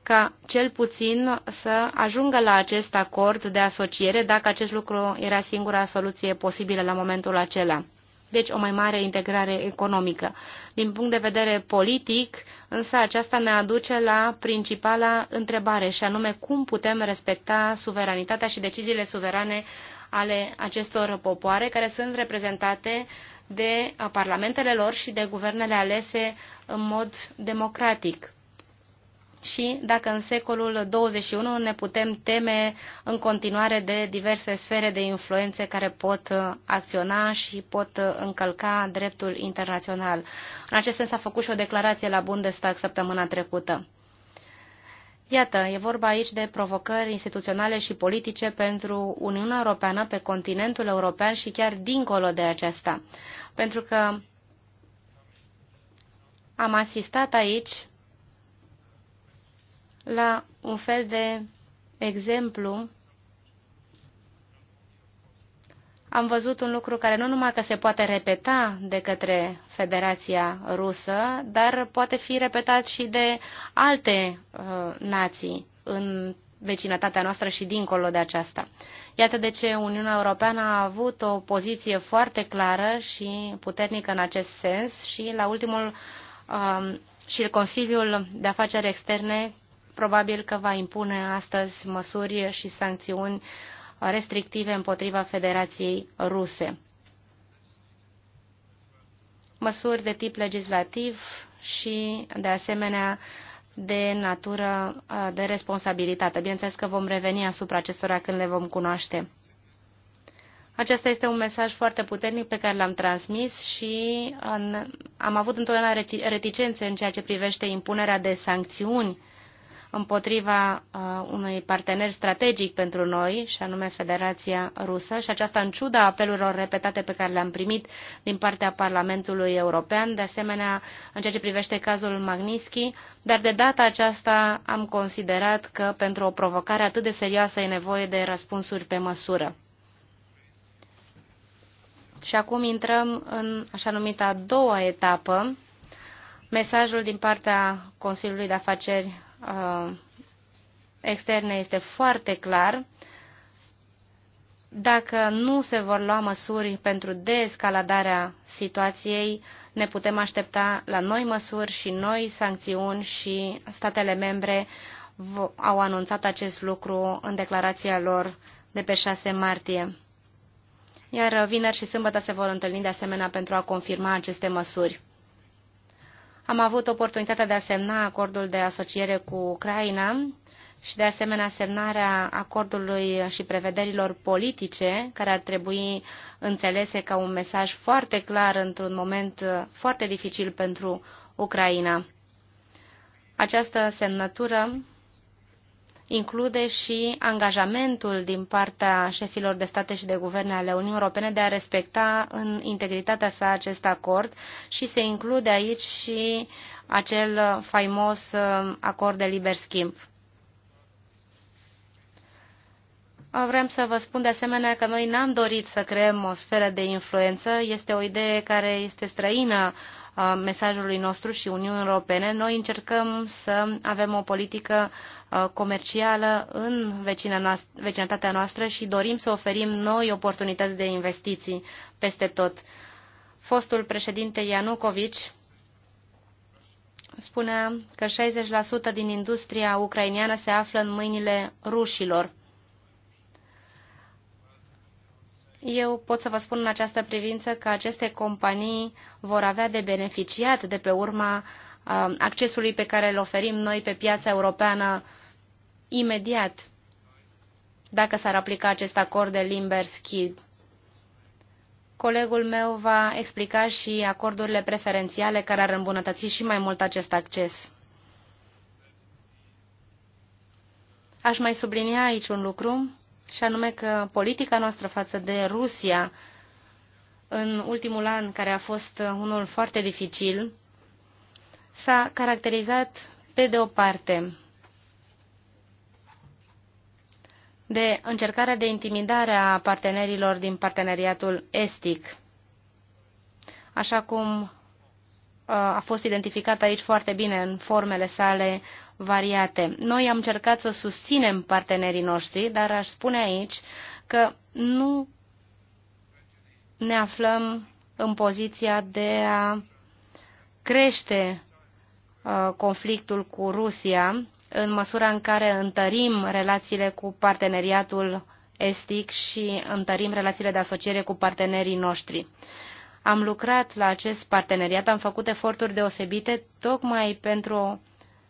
ca cel puțin să ajungă la acest acord de asociere dacă acest lucru era singura soluție posibilă la momentul acela deci o mai mare integrare economică. Din punct de vedere politic, însă aceasta ne aduce la principala întrebare, și anume cum putem respecta suveranitatea și deciziile suverane ale acestor popoare care sunt reprezentate de parlamentele lor și de guvernele alese în mod democratic și dacă în secolul 21 ne putem teme în continuare de diverse sfere de influențe care pot uh, acționa și pot uh, încălca dreptul internațional. În acest sens a făcut și o declarație la Bundestag săptămâna trecută. Iată, e vorba aici de provocări instituționale și politice pentru Uniunea Europeană pe continentul european și chiar dincolo de acesta. Pentru că am asistat aici la un fel de exemplu am văzut un lucru care nu numai că se poate repeta de către Federația Rusă, dar poate fi repetat și de alte uh, nații în vecinătatea noastră și dincolo de aceasta. Iată de ce Uniunea Europeană a avut o poziție foarte clară și puternică în acest sens și la ultimul uh, și Consiliul de Afaceri Externe probabil că va impune astăzi măsuri și sancțiuni restrictive împotriva Federației Ruse. Măsuri de tip legislativ și, de asemenea, de natură de responsabilitate. Bineînțeles că vom reveni asupra acestora când le vom cunoaște. Acesta este un mesaj foarte puternic pe care l-am transmis și în, am avut întotdeauna reticențe în ceea ce privește impunerea de sancțiuni împotriva uh, unui partener strategic pentru noi, și anume Federația Rusă, și aceasta în ciuda apelurilor repetate pe care le-am primit din partea Parlamentului European, de asemenea în ceea ce privește cazul Magnitsky, dar de data aceasta am considerat că pentru o provocare atât de serioasă e nevoie de răspunsuri pe măsură. Și acum intrăm în așa numita a doua etapă, mesajul din partea Consiliului de Afaceri Uh, externe este foarte clar. Dacă nu se vor lua măsuri pentru deescaladarea situației, ne putem aștepta la noi măsuri și noi sancțiuni și statele membre au anunțat acest lucru în declarația lor de pe 6 martie. Iar vineri și sâmbătă se vor întâlni de asemenea pentru a confirma aceste măsuri. Am avut oportunitatea de a semna acordul de asociere cu Ucraina și de asemenea semnarea acordului și prevederilor politice, care ar trebui înțelese ca un mesaj foarte clar într-un moment foarte dificil pentru Ucraina. Această semnătură include și angajamentul din partea șefilor de state și de guverne ale Uniunii Europene de a respecta în integritatea sa acest acord și se include aici și acel faimos uh, acord de liber schimb. Vrem să vă spun de asemenea că noi n-am dorit să creăm o sferă de influență. Este o idee care este străină mesajului nostru și Uniunii Europene, noi încercăm să avem o politică comercială în vecinătatea noastră și dorim să oferim noi oportunități de investiții peste tot. Fostul președinte Ianucovici spunea că 60% din industria ucraineană se află în mâinile rușilor. Eu pot să vă spun în această privință că aceste companii vor avea de beneficiat de pe urma uh, accesului pe care îl oferim noi pe piața europeană imediat dacă s-ar aplica acest acord de limber schid. Colegul meu va explica și acordurile preferențiale care ar îmbunătăți și mai mult acest acces. Aș mai sublinia aici un lucru și anume că politica noastră față de Rusia în ultimul an, care a fost unul foarte dificil, s-a caracterizat pe de o parte de încercarea de intimidare a partenerilor din parteneriatul estic, așa cum uh, a fost identificat aici foarte bine în formele sale variate. Noi am încercat să susținem partenerii noștri, dar aș spune aici că nu ne aflăm în poziția de a crește uh, conflictul cu Rusia în măsura în care întărim relațiile cu parteneriatul estic și întărim relațiile de asociere cu partenerii noștri. Am lucrat la acest parteneriat, am făcut eforturi deosebite tocmai pentru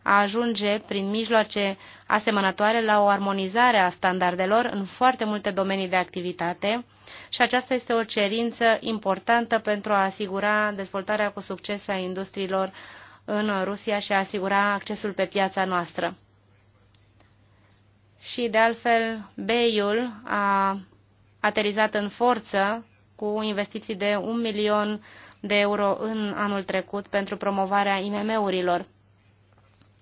a ajunge prin mijloace asemănătoare la o armonizare a standardelor în foarte multe domenii de activitate și aceasta este o cerință importantă pentru a asigura dezvoltarea cu succes a industriilor în Rusia și a asigura accesul pe piața noastră. Și, de altfel, BEI-ul a aterizat în forță cu investiții de un milion de euro în anul trecut pentru promovarea IMM-urilor.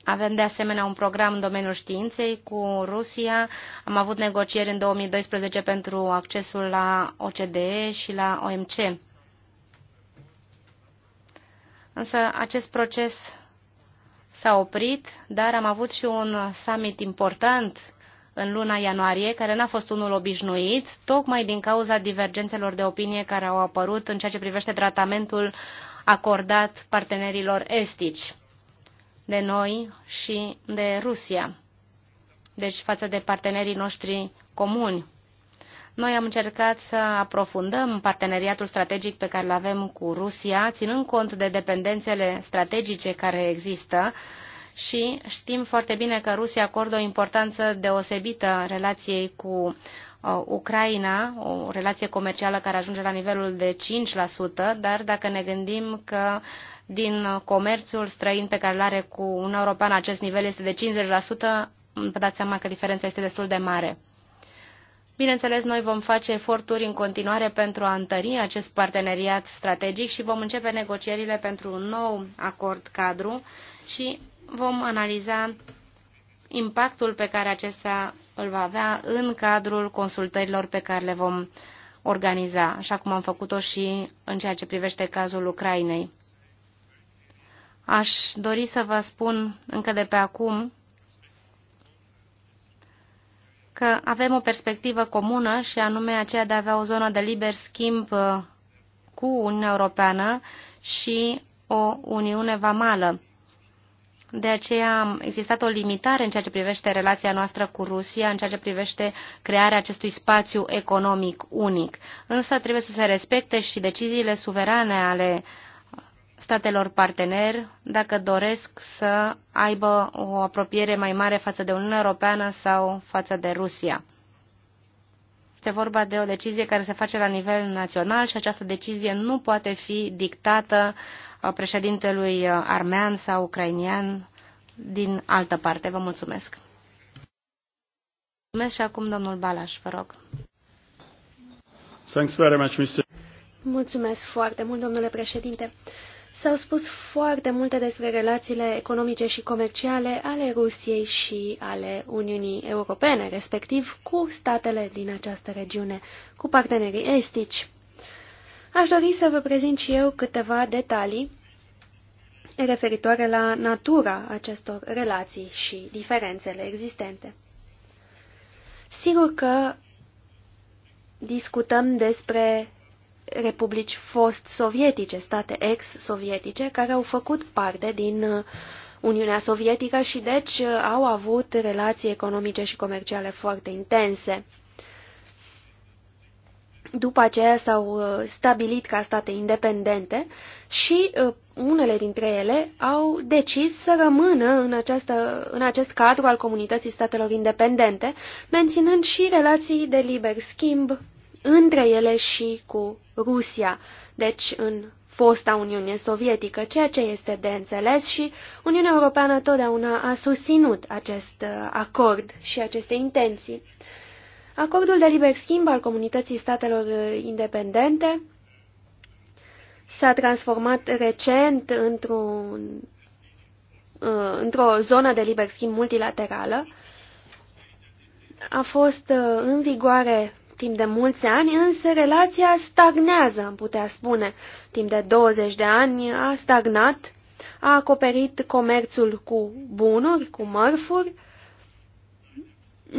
Avem de asemenea un program în domeniul științei cu Rusia. Am avut negocieri în 2012 pentru accesul la OCDE și la OMC. Însă acest proces s-a oprit, dar am avut și un summit important în luna ianuarie, care n-a fost unul obișnuit, tocmai din cauza divergențelor de opinie care au apărut în ceea ce privește tratamentul acordat partenerilor estici de noi și de Rusia, deci față de partenerii noștri comuni. Noi am încercat să aprofundăm parteneriatul strategic pe care îl avem cu Rusia, ținând cont de dependențele strategice care există și știm foarte bine că Rusia acordă o importanță deosebită relației cu uh, Ucraina, o relație comercială care ajunge la nivelul de 5%, dar dacă ne gândim că uh, din comerțul străin pe care îl are cu un european acest nivel este de 50%, vă dați seama că diferența este destul de mare. Bineînțeles, noi vom face eforturi în continuare pentru a întări acest parteneriat strategic și vom începe negocierile pentru un nou acord cadru și vom analiza impactul pe care acesta îl va avea în cadrul consultărilor pe care le vom organiza, așa cum am făcut-o și în ceea ce privește cazul Ucrainei. Aș dori să vă spun încă de pe acum că avem o perspectivă comună și anume aceea de a avea o zonă de liber schimb uh, cu Uniunea Europeană și o Uniune Vamală. De aceea a existat o limitare în ceea ce privește relația noastră cu Rusia, în ceea ce privește crearea acestui spațiu economic unic. Însă trebuie să se respecte și deciziile suverane ale statelor partener dacă doresc să aibă o apropiere mai mare față de Uniunea Europeană sau față de Rusia. Este vorba de o decizie care se face la nivel național și această decizie nu poate fi dictată uh, președintelui uh, armean sau ucrainian din altă parte. Vă mulțumesc. Mulțumesc și acum domnul Balaș, vă rog. Mulțumesc foarte mult, domnule președinte. S-au spus foarte multe despre relațiile economice și comerciale ale Rusiei și ale Uniunii Europene, respectiv cu statele din această regiune, cu partenerii estici. Aș dori să vă prezint și eu câteva detalii referitoare la natura acestor relații și diferențele existente. Sigur că discutăm despre republici fost sovietice, state ex-sovietice, care au făcut parte din uh, Uniunea Sovietică și deci uh, au avut relații economice și comerciale foarte intense. După aceea s-au uh, stabilit ca state independente și unele dintre ele au decis să rămână în, această, în acest cadru al comunității statelor independente, menținând și relații de liber schimb între ele și cu Rusia, deci în fosta Uniune Sovietică, ceea ce este de înțeles și Uniunea Europeană totdeauna a susținut acest uh, acord și aceste intenții. Acordul de liber schimb al comunității statelor uh, independente s-a transformat recent într-un, uh, într-o zonă de liber schimb multilaterală. A fost în vigoare Timp de mulți ani, însă, relația stagnează, am putea spune. Timp de 20 de ani a stagnat, a acoperit comerțul cu bunuri, cu mărfuri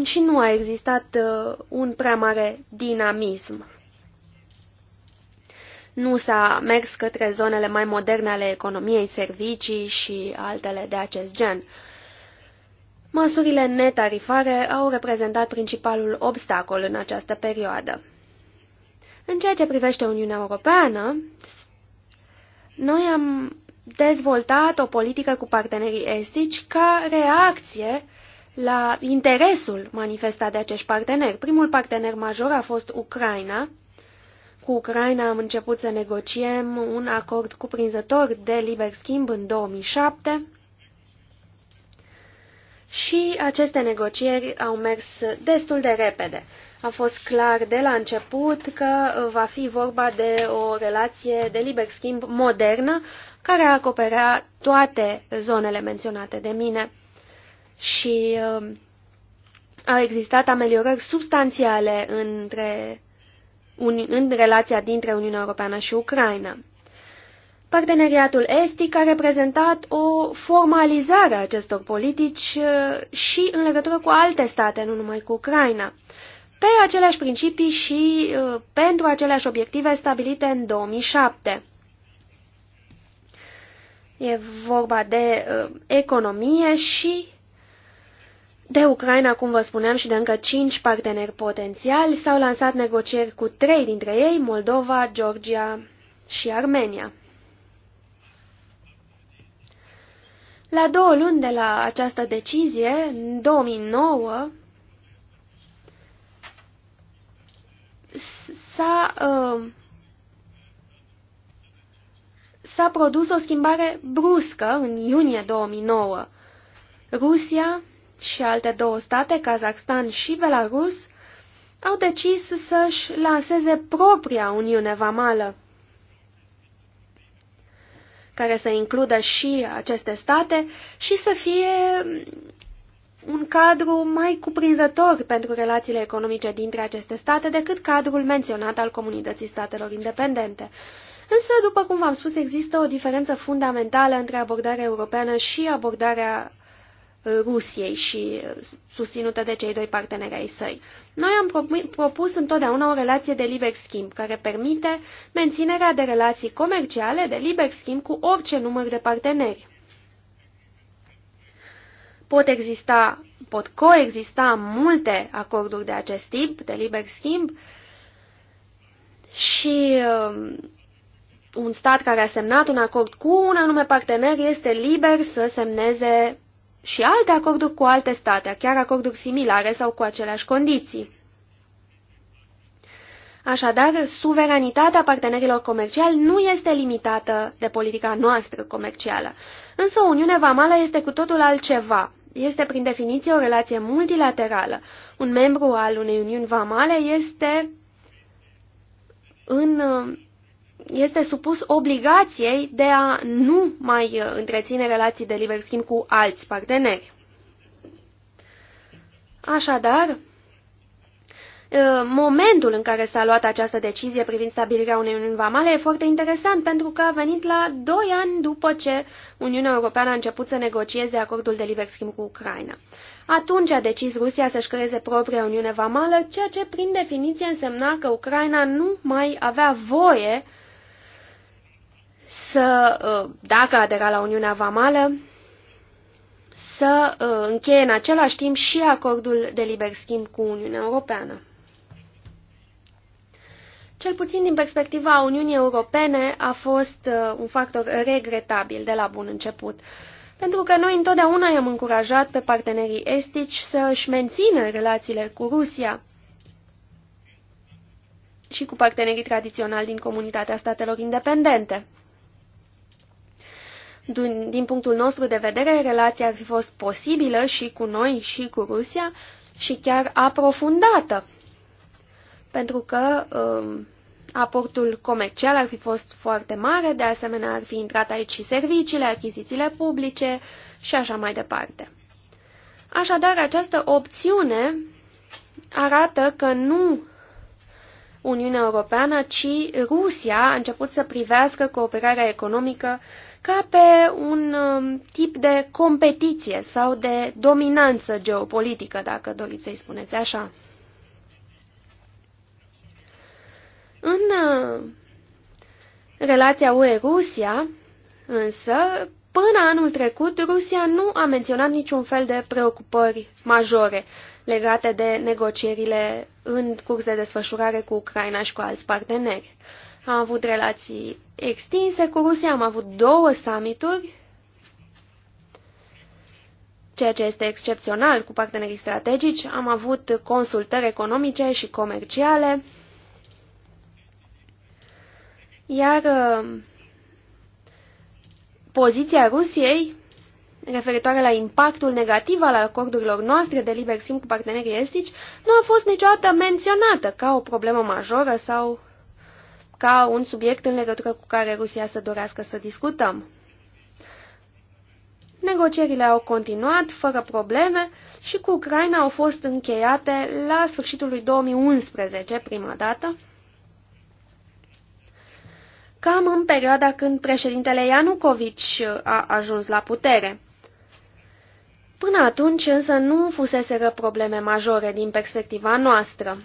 și nu a existat uh, un prea mare dinamism. Nu s-a mers către zonele mai moderne ale economiei, servicii și altele de acest gen. Măsurile netarifare au reprezentat principalul obstacol în această perioadă. În ceea ce privește Uniunea Europeană, noi am dezvoltat o politică cu partenerii estici ca reacție la interesul manifestat de acești parteneri. Primul partener major a fost Ucraina. Cu Ucraina am început să negociem un acord cuprinzător de liber schimb în 2007 și aceste negocieri au mers destul de repede. A fost clar de la început că va fi vorba de o relație de liber schimb modernă care acoperea toate zonele menționate de mine și uh, au existat ameliorări substanțiale între, un, în relația dintre Uniunea Europeană și Ucraina. Parteneriatul estic a reprezentat o formalizare a acestor politici uh, și în legătură cu alte state, nu numai cu Ucraina. Pe aceleași principii și uh, pentru aceleași obiective stabilite în 2007. E vorba de uh, economie și de Ucraina, cum vă spuneam, și de încă cinci parteneri potențiali s-au lansat negocieri cu trei dintre ei, Moldova, Georgia și Armenia. La două luni de la această decizie, în 2009, s-a uh, s-a produs o schimbare bruscă în iunie 2009. Rusia și alte două state, Kazakhstan și Belarus, au decis să-și lanseze propria Uniune Vamală care să includă și aceste state și să fie un cadru mai cuprinzător pentru relațiile economice dintre aceste state decât cadrul menționat al comunității statelor independente. Însă, după cum v-am spus, există o diferență fundamentală între abordarea europeană și abordarea Rusiei și uh, susținută de cei doi parteneri ai săi. Noi am propus întotdeauna o relație de liber schimb, care permite menținerea de relații comerciale de liber schimb cu orice număr de parteneri. Pot exista, pot coexista multe acorduri de acest tip, de liber schimb, și uh, un stat care a semnat un acord cu un anume partener este liber să semneze și alte acorduri cu alte state, chiar acorduri similare sau cu aceleași condiții. Așadar, suveranitatea partenerilor comerciali nu este limitată de politica noastră comercială. Însă Uniunea Vamală este cu totul altceva. Este prin definiție o relație multilaterală. Un membru al unei Uniuni Vamale este în este supus obligației de a nu mai uh, întreține relații de liber schimb cu alți parteneri. Așadar, uh, momentul în care s-a luat această decizie privind stabilirea unei uniuni vamale e foarte interesant pentru că a venit la doi ani după ce Uniunea Europeană a început să negocieze acordul de liber schimb cu Ucraina. Atunci a decis Rusia să-și creeze propria Uniune Vamală, ceea ce prin definiție însemna că Ucraina nu mai avea voie uh, să, uh, dacă adera la Uniunea Vamală, să uh, încheie în același timp și acordul de liber schimb cu Uniunea Europeană. Cel puțin din perspectiva Uniunii Europene a fost uh, un factor regretabil de la bun început, pentru că noi întotdeauna i-am încurajat pe partenerii estici să își mențină relațiile cu Rusia și cu partenerii tradiționali din comunitatea statelor independente. Din, punctul nostru de vedere, relația ar fi fost posibilă și cu noi și cu Rusia și chiar aprofundată, pentru că um, aportul comercial ar fi fost foarte mare, de asemenea ar fi intrat aici și serviciile, achizițiile publice și așa mai departe. Așadar, această opțiune arată că nu Uniunea Europeană, ci Rusia a început să privească cooperarea economică ca pe un um, tip de competiție sau de dominanță geopolitică, dacă doriți să-i spuneți așa. În uh, relația UE-Rusia, însă, până anul trecut, Rusia nu a menționat niciun fel de preocupări majore legate de negocierile în curs de desfășurare cu Ucraina și cu alți parteneri. Am avut relații extinse cu Rusia, am avut două summituri, ceea ce este excepțional cu partenerii strategici. Am avut consultări economice și comerciale, iar uh, poziția Rusiei referitoare la impactul negativ al acordurilor noastre de liber schimb cu partenerii estici nu a fost niciodată menționată ca o problemă majoră sau ca un subiect în legătură cu care Rusia să dorească să discutăm. Negocierile au continuat fără probleme și cu Ucraina au fost încheiate la sfârșitul lui 2011, prima dată, cam în perioada când președintele Ianucovici a ajuns la putere. Până atunci însă nu fuseseră probleme majore din perspectiva noastră.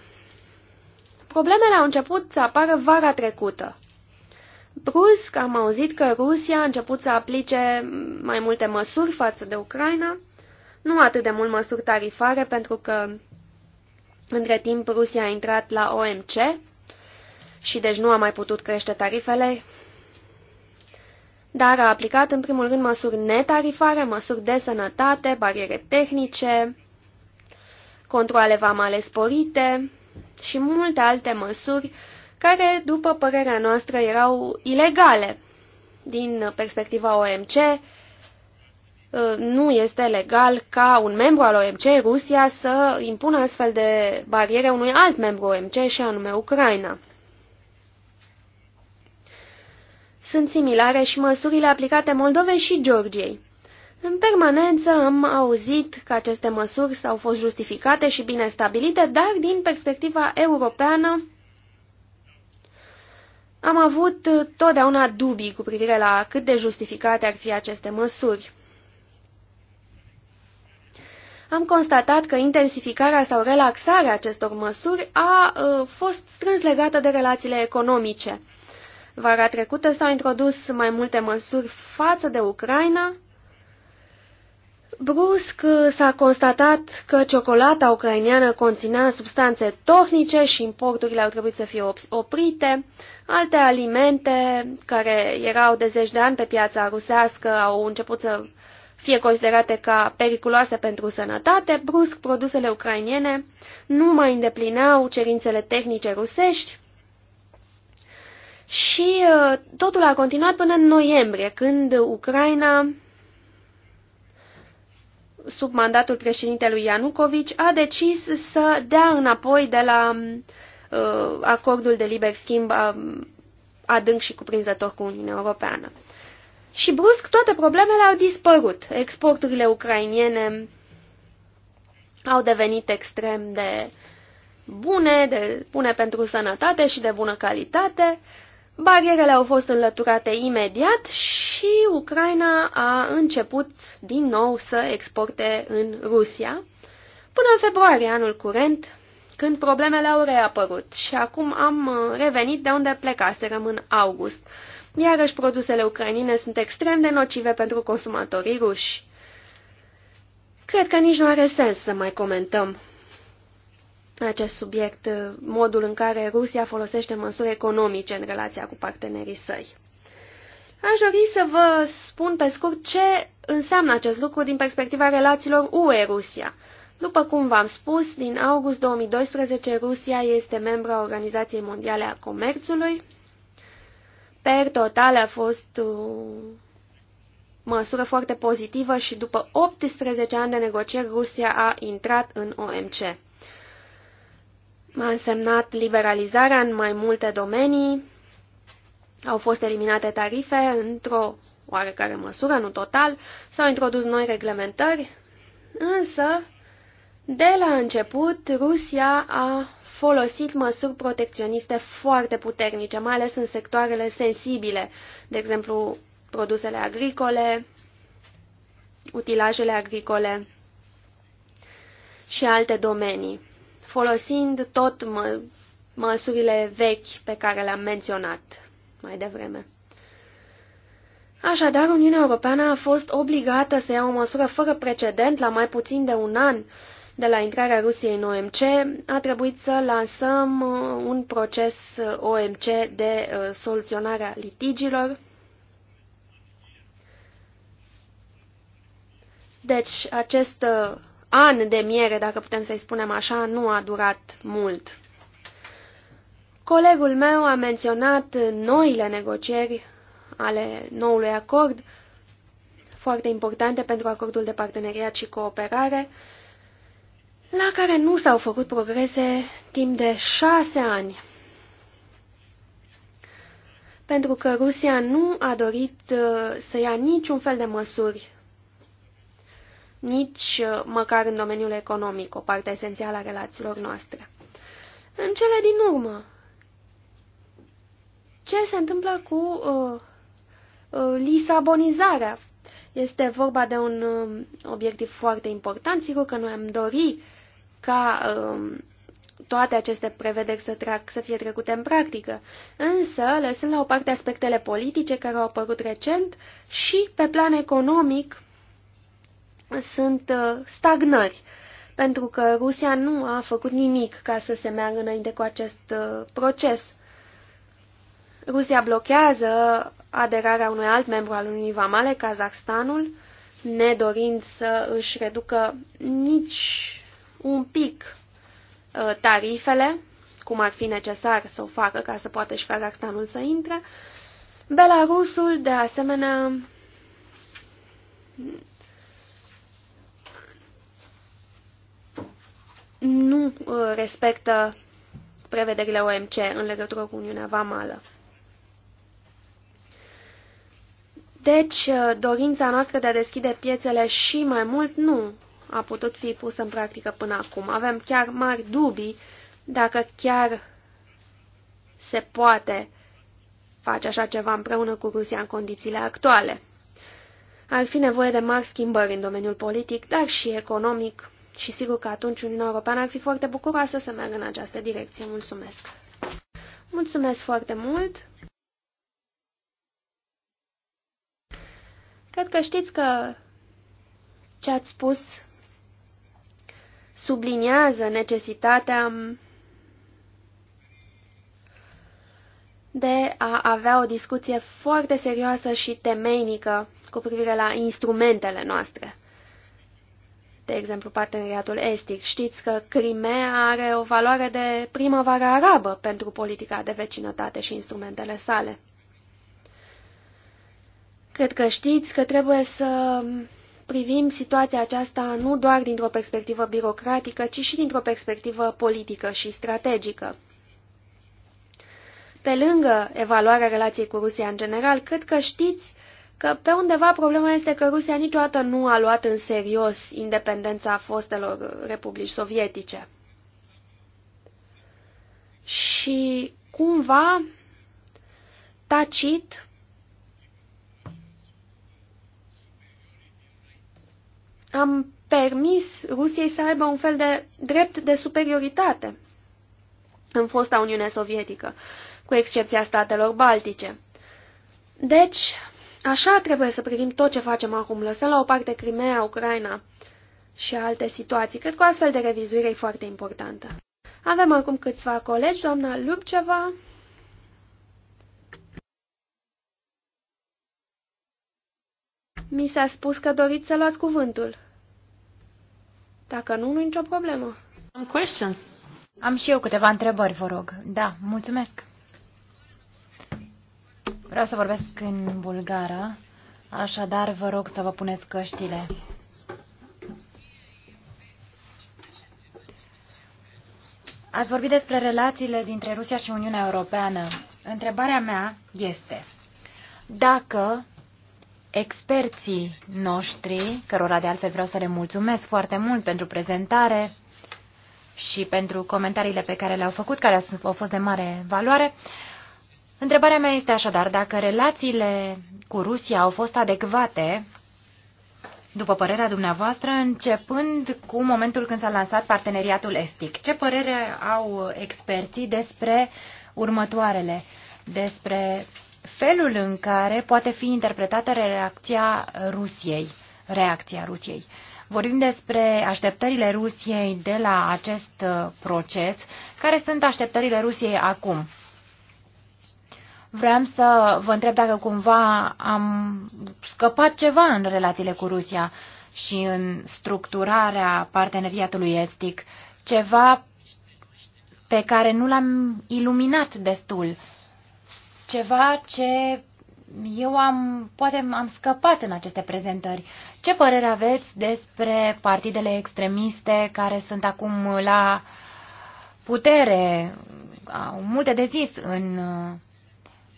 Problemele au început să apară vara trecută. Brusc am auzit că Rusia a început să aplice mai multe măsuri față de Ucraina, nu atât de mult măsuri tarifare, pentru că între timp Rusia a intrat la OMC și deci nu a mai putut crește tarifele, dar a aplicat în primul rând măsuri netarifare, măsuri de sănătate, bariere tehnice, controale vamale sporite, și multe alte măsuri care, după părerea noastră, erau ilegale. Din perspectiva OMC, uh, nu este legal ca un membru al OMC, Rusia, să impună astfel de bariere unui alt membru OMC, și anume Ucraina. Sunt similare și măsurile aplicate Moldovei și Georgiei. În permanență am auzit că aceste măsuri s au fost justificate și bine stabilite, dar din perspectiva europeană am avut totdeauna dubii cu privire la cât de justificate ar fi aceste măsuri. Am constatat că intensificarea sau relaxarea acestor măsuri a uh, fost strâns legată de relațiile economice. Vara trecută s-au introdus mai multe măsuri față de Ucraina, Brusc s-a constatat că ciocolata ucraineană conținea substanțe tohnice și importurile au trebuit să fie oprite. Alte alimente care erau de zeci de ani pe piața rusească au început să fie considerate ca periculoase pentru sănătate. Brusc, produsele ucrainiene nu mai îndeplineau cerințele tehnice rusești și uh, totul a continuat până în noiembrie, când Ucraina sub mandatul președintelui Ianucovici, a decis să dea înapoi de la uh, acordul de liber schimb uh, adânc și cuprinzător cu Uniunea Europeană. Și brusc toate problemele au dispărut. Exporturile ucrainiene au devenit extrem de bune, de bune pentru sănătate și de bună calitate. Uh, Barierele au fost înlăturate imediat și Ucraina a început din nou să exporte în Rusia, până în februarie anul curent, când problemele au reapărut și acum am uh, revenit de unde plecaserăm în august. Iarăși produsele ucrainine sunt extrem de nocive pentru consumatorii ruși. Cred că nici nu are sens să mai comentăm acest subiect, uh, modul în care Rusia folosește măsuri economice în relația cu partenerii săi. Aș dori să vă spun pe scurt ce înseamnă acest lucru din perspectiva relațiilor UE-Rusia. După cum v-am spus, din august 2012 Rusia este membra Organizației Mondiale a Comerțului. Per total a fost o măsură foarte pozitivă și după 18 ani de negocieri Rusia a intrat în OMC a însemnat liberalizarea în mai multe domenii, au fost eliminate tarife într-o oarecare măsură, nu total, s-au introdus noi reglementări, însă, de la început, Rusia a folosit măsuri protecționiste foarte puternice, mai ales în sectoarele sensibile, de exemplu, produsele agricole, utilajele agricole și alte domenii folosind tot mă, măsurile vechi pe care le-am menționat mai devreme. Așadar, Uniunea Europeană a fost obligată să ia o măsură fără precedent la mai puțin de un an de la intrarea Rusiei în OMC, a trebuit să lansăm uh, un proces uh, OMC de uh, soluționare a litigilor. Deci, acest an de miere, dacă putem să-i spunem așa, nu a durat mult. Colegul meu a menționat noile negocieri ale noului acord, foarte importante pentru acordul de parteneriat și cooperare, la care nu s-au făcut progrese timp de șase ani, pentru că Rusia nu a dorit uh, să ia niciun fel de măsuri nici uh, măcar în domeniul economic, o parte esențială a relațiilor noastre. În cele din urmă, ce se întâmplă cu uh, uh, lisabonizarea? Este vorba de un uh, obiectiv foarte important. Sigur că noi am dori ca uh, toate aceste prevederi să, trac, să fie trecute în practică, însă lăsând la o parte aspectele politice care au apărut recent și pe plan economic, sunt uh, stagnări, pentru că Rusia nu a făcut nimic ca să se meargă înainte cu acest uh, proces. Rusia blochează aderarea unui alt membru al Uniunii Vamale, Kazakhstanul, nedorind să își reducă nici un pic uh, tarifele, cum ar fi necesar să o facă ca să poată și Kazakhstanul să intre. Belarusul, de asemenea, nu uh, respectă prevederile OMC în legătură cu Uniunea Vamală. Deci, uh, dorința noastră de a deschide piețele și mai mult nu a putut fi pusă în practică până acum. Avem chiar mari dubii dacă chiar se poate face așa ceva împreună cu Rusia în condițiile actuale. Ar fi nevoie de mari schimbări în domeniul politic, dar și economic, și sigur că atunci Uniunea Europeană ar fi foarte bucuroasă să meargă în această direcție. Mulțumesc! Mulțumesc foarte mult! Cred că știți că ce ați spus subliniază necesitatea de a avea o discuție foarte serioasă și temeinică cu privire la instrumentele noastre de exemplu parteneriatul estic. Știți că Crimea are o valoare de primăvară arabă pentru politica de vecinătate și instrumentele sale. Cred că știți că trebuie să privim situația aceasta nu doar dintr-o perspectivă birocratică, ci și dintr-o perspectivă politică și strategică. Pe lângă evaluarea relației cu Rusia în general, cred că știți că pe undeva problema este că Rusia niciodată nu a luat în serios independența fostelor republici sovietice. Și cumva, tacit, am permis Rusiei să aibă un fel de drept de superioritate în fosta Uniune Sovietică, cu excepția statelor baltice. Deci, Așa trebuie să privim tot ce facem acum, lăsăm la o parte Crimea, Ucraina și alte situații. Cred că o astfel de revizuire e foarte importantă. Avem acum câțiva colegi, doamna Lupceva. Mi s-a spus că doriți să luați cuvântul. Dacă nu, nu nicio problemă. Am Am și eu câteva întrebări, vă rog. Da, mulțumesc. Vreau să vorbesc în bulgară, așadar vă rog să vă puneți căștile. Ați vorbit despre relațiile dintre Rusia și Uniunea Europeană. Întrebarea mea este dacă experții noștri, cărora de altfel vreau să le mulțumesc foarte mult pentru prezentare și pentru comentariile pe care le-au făcut, care au fost de mare valoare, uh, Întrebarea mea este așadar, dacă relațiile cu Rusia au fost adecvate, după părerea dumneavoastră, începând cu momentul când s-a lansat parteneriatul estic, ce părere au experții despre următoarele, despre felul în care poate fi interpretată reacția Rusiei, reacția Rusiei? Vorbim despre așteptările Rusiei de la acest proces. Care sunt așteptările Rusiei acum? Vreau să vă întreb dacă cumva am scăpat ceva în relațiile cu Rusia și în structurarea parteneriatului estic, ceva pe care nu l-am iluminat destul, ceva ce eu am, poate am scăpat în aceste prezentări. Ce părere aveți despre partidele extremiste care sunt acum la putere, au multe de zis în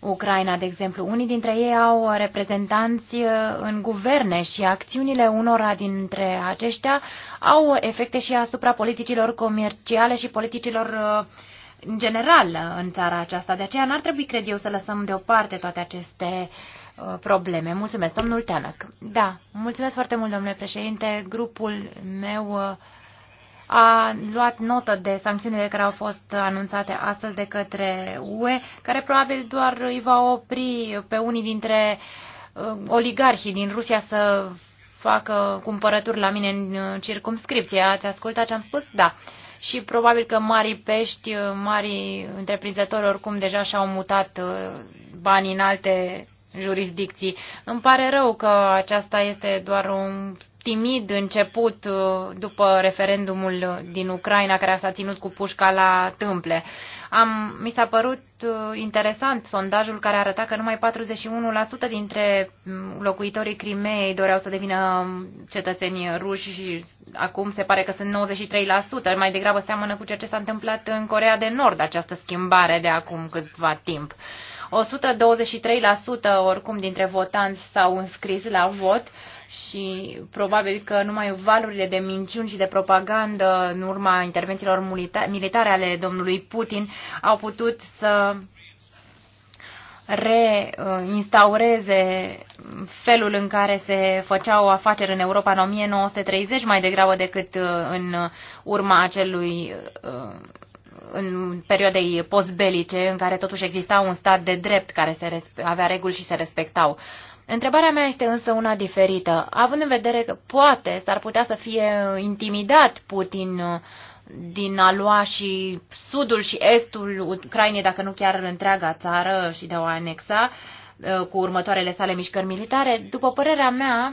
Ucraina, de exemplu. Unii dintre ei au reprezentanți uh, în guverne și acțiunile unora dintre aceștia au efecte și asupra politicilor comerciale și politicilor uh, în general uh, în țara aceasta. De aceea n-ar trebui, cred eu, să lăsăm deoparte toate aceste probleme. Mulțumesc, domnul Teanăc. Da, mulțumesc foarte mult, domnule președinte. Grupul meu a luat notă de sancțiunile care au fost anunțate astăzi de către UE, care probabil doar îi va opri pe unii dintre uh, oligarhii din Rusia să facă cumpărături la mine în uh, circumscripție. Ați ascultat ce am spus? Da. Și probabil că marii pești, uh, mari întreprinzători oricum deja și-au mutat banii în alte jurisdicții. Îmi pare rău că aceasta este doar un timid început uh, după referendumul din Ucraina care s-a ținut cu pușca la tâmple. Am, mi s-a părut uh, interesant sondajul care arăta că numai 41% dintre mm, locuitorii Crimeei doreau să devină mm, cetățeni ruși și acum se pare că sunt 93%. Mai degrabă seamănă cu ceea ce s-a întâmplat în Corea de Nord, această schimbare de acum câtva timp. 123% oricum dintre votanți s-au înscris la vot și probabil că numai valurile de minciuni și de propagandă în urma intervențiilor militare ale domnului Putin au putut să reinstaureze felul în care se făceau afaceri în Europa în 1930 mai degrabă decât uh, în urma acelui uh, în perioadei postbelice în care totuși exista un stat de drept care se avea reguli și se respectau. Uh, Întrebarea mea este însă una diferită. Având în vedere că poate s-ar putea să fie intimidat Putin uh, din a lua și sudul și estul Ucrainei, dacă nu chiar întreaga țară și de a o anexa uh, cu următoarele sale mișcări militare, după părerea mea,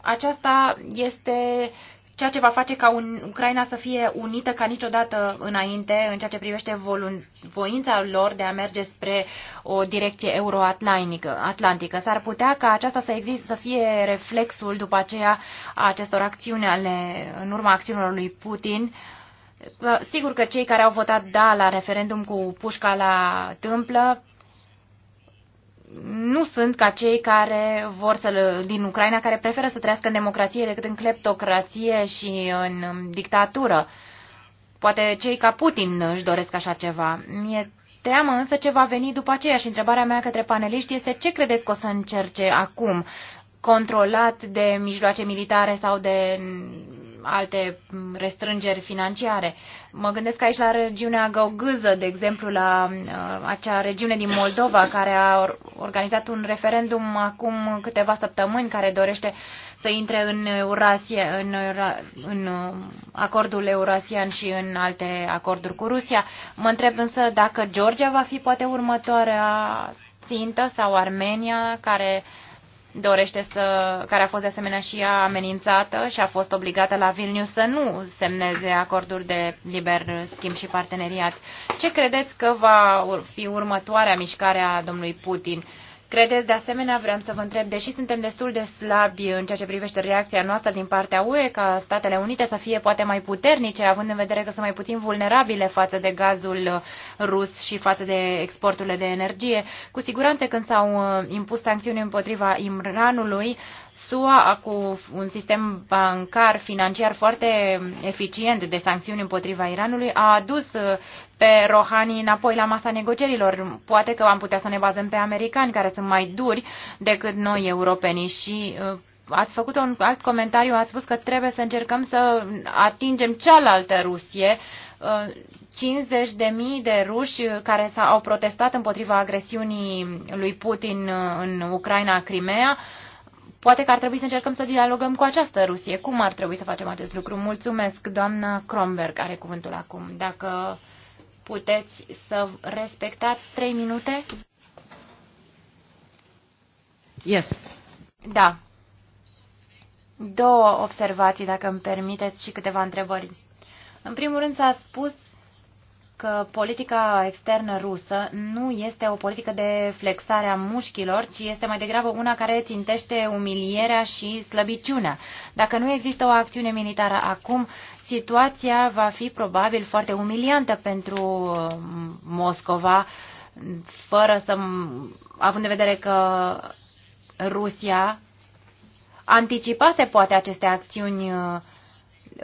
aceasta este uh, ceea ce va face ca un, Ucraina să fie unită ca niciodată înainte în ceea ce privește volun, voința lor de a merge spre o direcție euroatlantică. S-ar putea ca aceasta să existe, să fie reflexul după aceea a acestor acțiuni ale, în urma acțiunilor lui Putin. Sigur că cei care au votat da la referendum cu pușca la tâmplă nu sunt ca cei care vor să, din Ucraina care preferă să trăiască în democrație decât în cleptocrație și în um, dictatură. Poate cei ca Putin își doresc așa ceva. Mi-e Teamă însă ce va veni după aceea și întrebarea mea către paneliști este ce credeți că o să încerce acum, controlat de mijloace militare sau de alte mm, restrângeri financiare. Mă gândesc aici la regiunea Găugâză, de exemplu, la uh, acea regiune din Moldova care a organizat un referendum acum câteva săptămâni care dorește să intre în, Eurasie, în, în uh, acordul eurasian și în alte acorduri cu Rusia. Mă întreb însă dacă Georgia va fi poate următoarea țintă sau Armenia care uh, dorește să, care a fost de asemenea și ea amenințată și a fost obligată la Vilnius să nu semneze acorduri de liber schimb și parteneriat. Ce credeți că va fi următoarea mișcare a domnului Putin? Credeți, de asemenea, vreau să vă întreb, deși suntem destul de slabi în ceea ce privește reacția noastră din partea UE, ca Statele Unite să fie poate mai puternice, având în vedere că sunt mai puțin vulnerabile față de gazul uh, rus și față de exporturile de energie, cu siguranță când s-au uh, impus sancțiuni împotriva Imranului, SUA cu un sistem bancar financiar foarte eficient de sancțiuni împotriva Iranului a adus uh, pe Rohani înapoi la masa negocierilor. Poate că am putea să ne bazăm pe americani care sunt mai duri decât noi europenii și uh, ați făcut un alt comentariu, ați spus că trebuie să încercăm să atingem cealaltă Rusie, 50 uh, de mii de ruși care s au protestat împotriva agresiunii lui Putin uh, în Ucraina, Crimea. Poate că ar trebui să încercăm să dialogăm cu această Rusie. Cum ar trebui să facem acest lucru? Mulțumesc, doamna Kromberg are cuvântul acum. Dacă puteți să respectați trei minute? Yes. Da. Două observații, dacă îmi permiteți, și câteva întrebări. În primul rând s-a spus că politica externă rusă nu este o politică de flexare a mușchilor, ci este mai degrabă una care țintește umilierea și slăbiciunea. Dacă nu există o acțiune militară acum, situația va fi probabil foarte umiliantă pentru uh, Moscova, fără să, având în vedere că Rusia anticipase poate aceste acțiuni uh,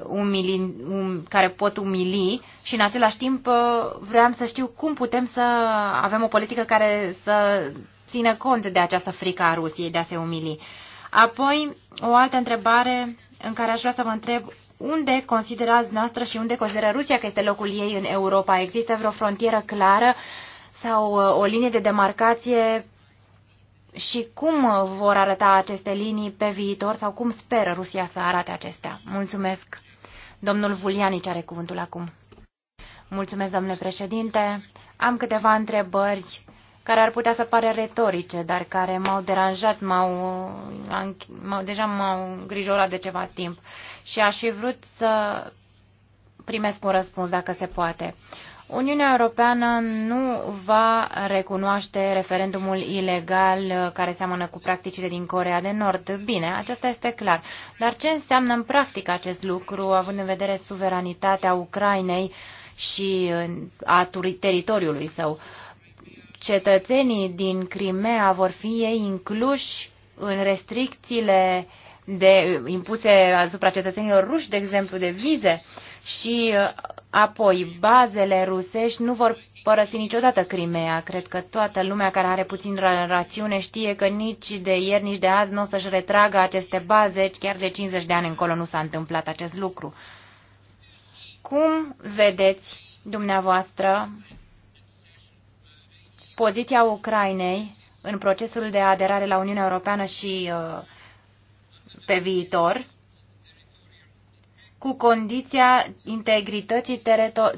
umili, um, care pot umili și în același timp uh, vreau să știu cum putem să avem o politică care să țină cont de această frică a Rusiei de a se umili. Apoi, o altă întrebare în care aș vrea să vă întreb unde considerați noastră și unde consideră Rusia că este locul ei în Europa? Există vreo frontieră clară sau uh, o linie de demarcație și cum uh, vor arăta aceste linii pe viitor sau cum speră Rusia să arate acestea? Mulțumesc. Domnul Vulianici are cuvântul acum. Mulțumesc, domnule președinte. Am câteva întrebări care ar putea să pară retorice, dar care m-au deranjat, m-au, m-au, deja m-au îngrijorat de ceva timp și aș fi vrut să primesc un răspuns dacă se poate. Uniunea Europeană nu va recunoaște referendumul ilegal uh, care seamănă cu practicile din Corea de Nord. Bine, acesta este clar. Dar ce înseamnă în practic acest lucru, având în vedere suveranitatea Ucrainei și uh, a teritoriului său? cetățenii din Crimea vor fi ei incluși în restricțiile de impuse asupra cetățenilor ruși, de exemplu, de vize și uh, apoi bazele rusești nu vor părăsi niciodată Crimea. Cred că toată lumea care are puțin rațiune știe că nici de ieri, nici de azi nu o să-și retragă aceste baze, deci, chiar de 50 de ani încolo nu s-a întâmplat acest lucru. Cum vedeți dumneavoastră poziția Ucrainei în procesul de aderare la Uniunea Europeană și uh, pe viitor, cu condiția integrității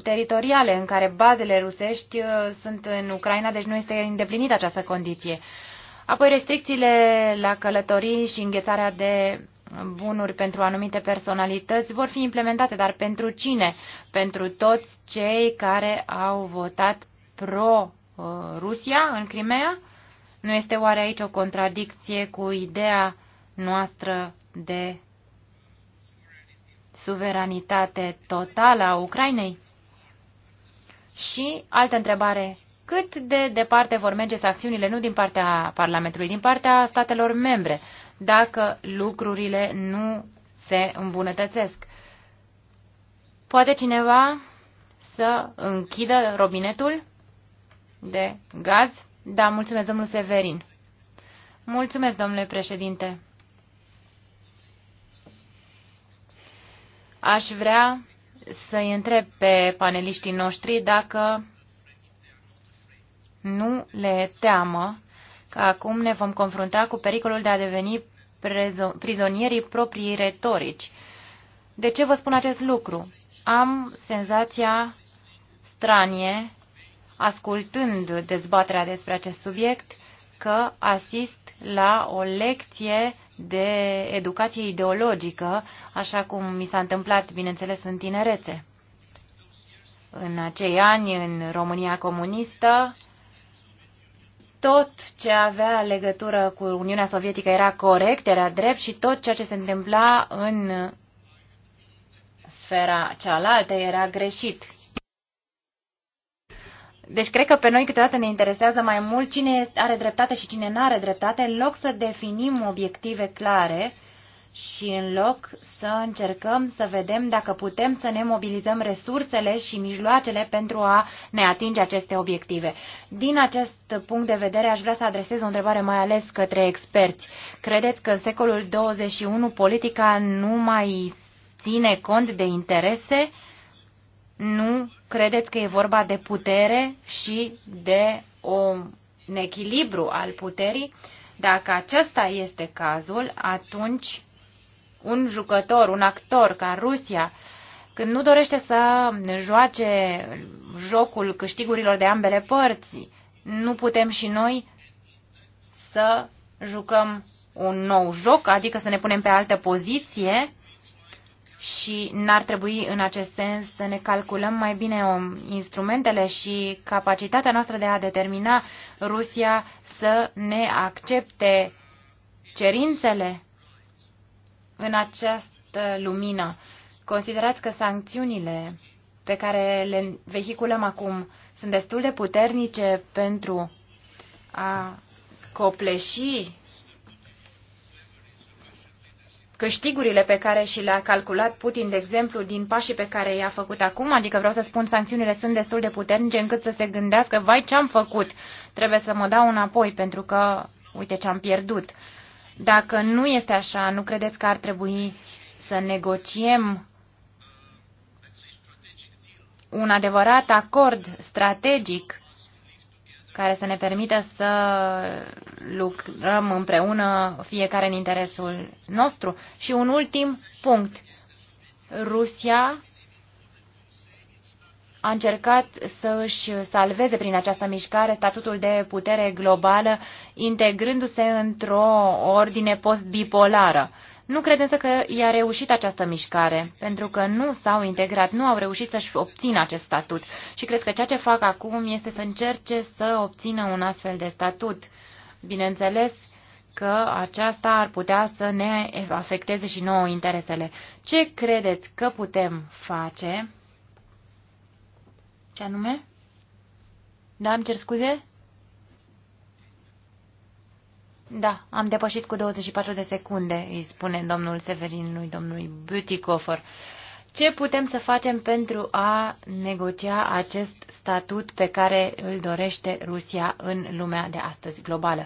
teritoriale în care bazele rusești uh, sunt în Ucraina, deci nu este îndeplinită această condiție. Apoi restricțiile la călătorii și înghețarea de bunuri pentru anumite personalități vor fi implementate, dar pentru cine? Pentru toți cei care au votat pro Uh, Rusia în Crimea? Nu este oare aici o contradicție cu ideea noastră de suveranitate totală a Ucrainei? Și altă întrebare. Cât de departe vor merge sancțiunile nu din partea Parlamentului, din partea statelor membre, dacă lucrurile nu se îmbunătățesc? Poate cineva să închidă robinetul? de gaz? Da, mulțumesc, domnul Severin. Mulțumesc, domnule președinte. Aș vrea să-i întreb pe paneliștii noștri dacă nu le teamă că acum ne vom confrunta cu pericolul de a deveni prizonierii proprii retorici. De ce vă spun acest lucru? Am senzația stranie ascultând dezbaterea despre acest subiect, că asist la o lecție de educație ideologică, așa cum mi s-a întâmplat, bineînțeles, în tinerețe. În acei ani, în România comunistă, tot ce avea legătură cu Uniunea Sovietică era corect, era drept și tot ceea ce se întâmpla în sfera cealaltă era greșit. Deci cred că pe noi câteodată ne interesează mai mult cine are dreptate și cine nu are dreptate, în loc să definim obiective clare și în loc să încercăm să vedem dacă putem să ne mobilizăm resursele și mijloacele pentru a ne atinge aceste obiective. Din acest punct de vedere aș vrea să adresez o întrebare mai ales către experți. Credeți că în secolul 21 politica nu mai ține cont de interese? nu credeți că e vorba de putere și de o, un echilibru al puterii? Dacă acesta este cazul, atunci un jucător, un actor ca Rusia, când nu dorește să joace jocul câștigurilor de ambele părți, nu putem și noi să jucăm un nou joc, adică să ne punem pe altă poziție și n-ar trebui în acest sens să ne calculăm mai bine um, instrumentele și capacitatea noastră de a determina Rusia să ne accepte cerințele în această lumină. Considerați că sancțiunile pe care le vehiculăm acum sunt destul de puternice pentru a copleși câștigurile pe care și le-a calculat Putin, de exemplu, din pașii pe care i-a făcut acum, adică vreau să spun, sancțiunile sunt destul de puternice încât să se gândească, vai ce-am făcut, trebuie să mă dau înapoi pentru că, uite ce-am pierdut. Dacă nu este așa, nu credeți că ar trebui să negociem un adevărat acord strategic care să ne permită să lucrăm împreună, fiecare în interesul nostru. Și un ultim punct. Rusia a încercat să își salveze prin această mișcare statutul de putere globală, integrându-se într-o ordine post-bipolară. Nu cred însă că i-a reușit această mișcare, pentru că nu s-au integrat, nu au reușit să-și obțină acest statut. Și cred că ceea ce fac acum este să încerce să obțină un astfel de statut. Bineînțeles că aceasta ar putea să ne afecteze și nouă interesele. Ce credeți că putem face? Ce anume? Da, îmi cer scuze? Da, am depășit cu 24 de secunde, îi spune domnul Severin lui domnului Butikofer. Ce putem să facem pentru a negocia acest statut pe care îl dorește Rusia în lumea de astăzi globală?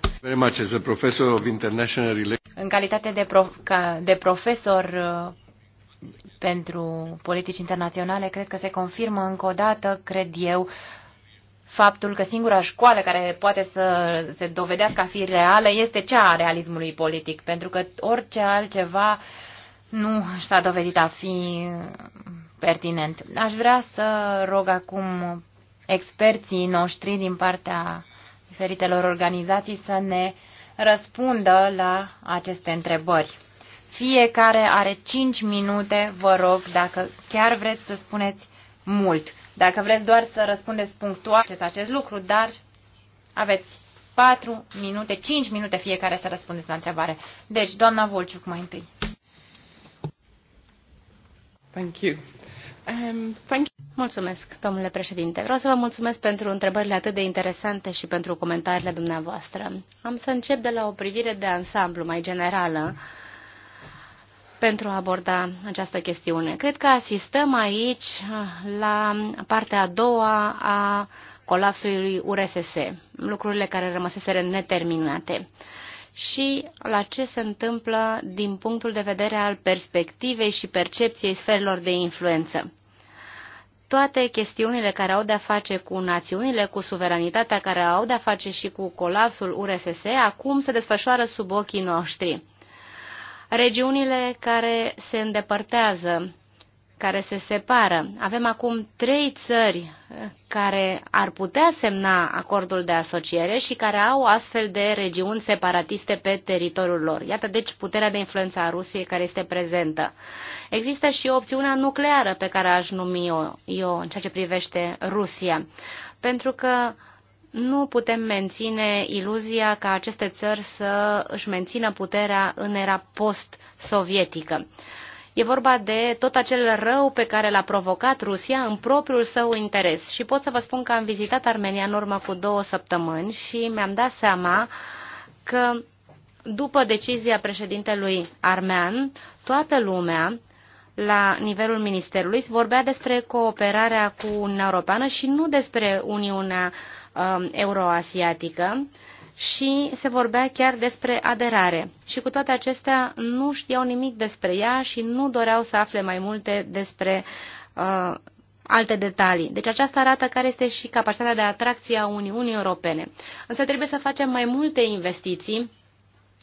professor of international relations. În calitate de, prof, de profesor uh, pentru politici internaționale, cred că se confirmă încă o dată, cred eu, faptul că singura școală care poate să se dovedească a fi reală este cea a realismului politic, pentru că orice altceva nu s-a dovedit a fi pertinent. Aș vrea să rog acum experții noștri din partea diferitelor organizații să ne răspundă la aceste întrebări. Fiecare are 5 minute, vă rog, dacă chiar vreți să spuneți mult. Dacă vreți doar să răspundeți punctual acest acest lucru, dar aveți 4 minute, 5 minute fiecare să răspundeți la întrebare. Deci, doamna Volciuc mai întâi. Thank you. Um, thank you. Mulțumesc, domnule președinte. Vreau să vă mulțumesc pentru întrebările atât de interesante și pentru comentariile dumneavoastră. Am să încep de la o privire de ansamblu mai generală pentru a aborda această chestiune. Cred că asistăm aici la partea a doua a colapsului URSS, lucrurile care rămăseseră neterminate și la ce se întâmplă din punctul de vedere al perspectivei și percepției sferelor de influență. Toate chestiunile care au de-a face cu națiunile, cu suveranitatea, care au de-a face și cu colapsul URSS, acum se desfășoară sub ochii noștri regiunile care se îndepărtează, care se separă. Avem acum trei țări eh, care ar putea semna acordul de asociere și care au astfel de regiuni separatiste pe teritoriul lor. Iată deci puterea de influență a Rusiei care este prezentă. Există și opțiunea nucleară pe care aș numi eu, eu în ceea ce privește Rusia. Pentru că nu putem menține iluzia ca aceste țări să își mențină puterea în era post-sovietică. E vorba de tot acel rău pe care l-a provocat Rusia în propriul său interes. Și pot să vă spun că am vizitat Armenia în urmă cu două săptămâni și mi-am dat seama că după decizia președintelui armean, toată lumea, la nivelul ministerului, vorbea despre cooperarea cu Uniunea Europeană și nu despre Uniunea Europeană Um, euroasiatică și se vorbea chiar despre aderare. Și cu toate acestea nu știau nimic despre ea și nu doreau să afle mai multe despre uh, alte detalii. Deci aceasta arată care este și capacitatea de atracție a Uniunii Europene. Însă trebuie să facem mai multe investiții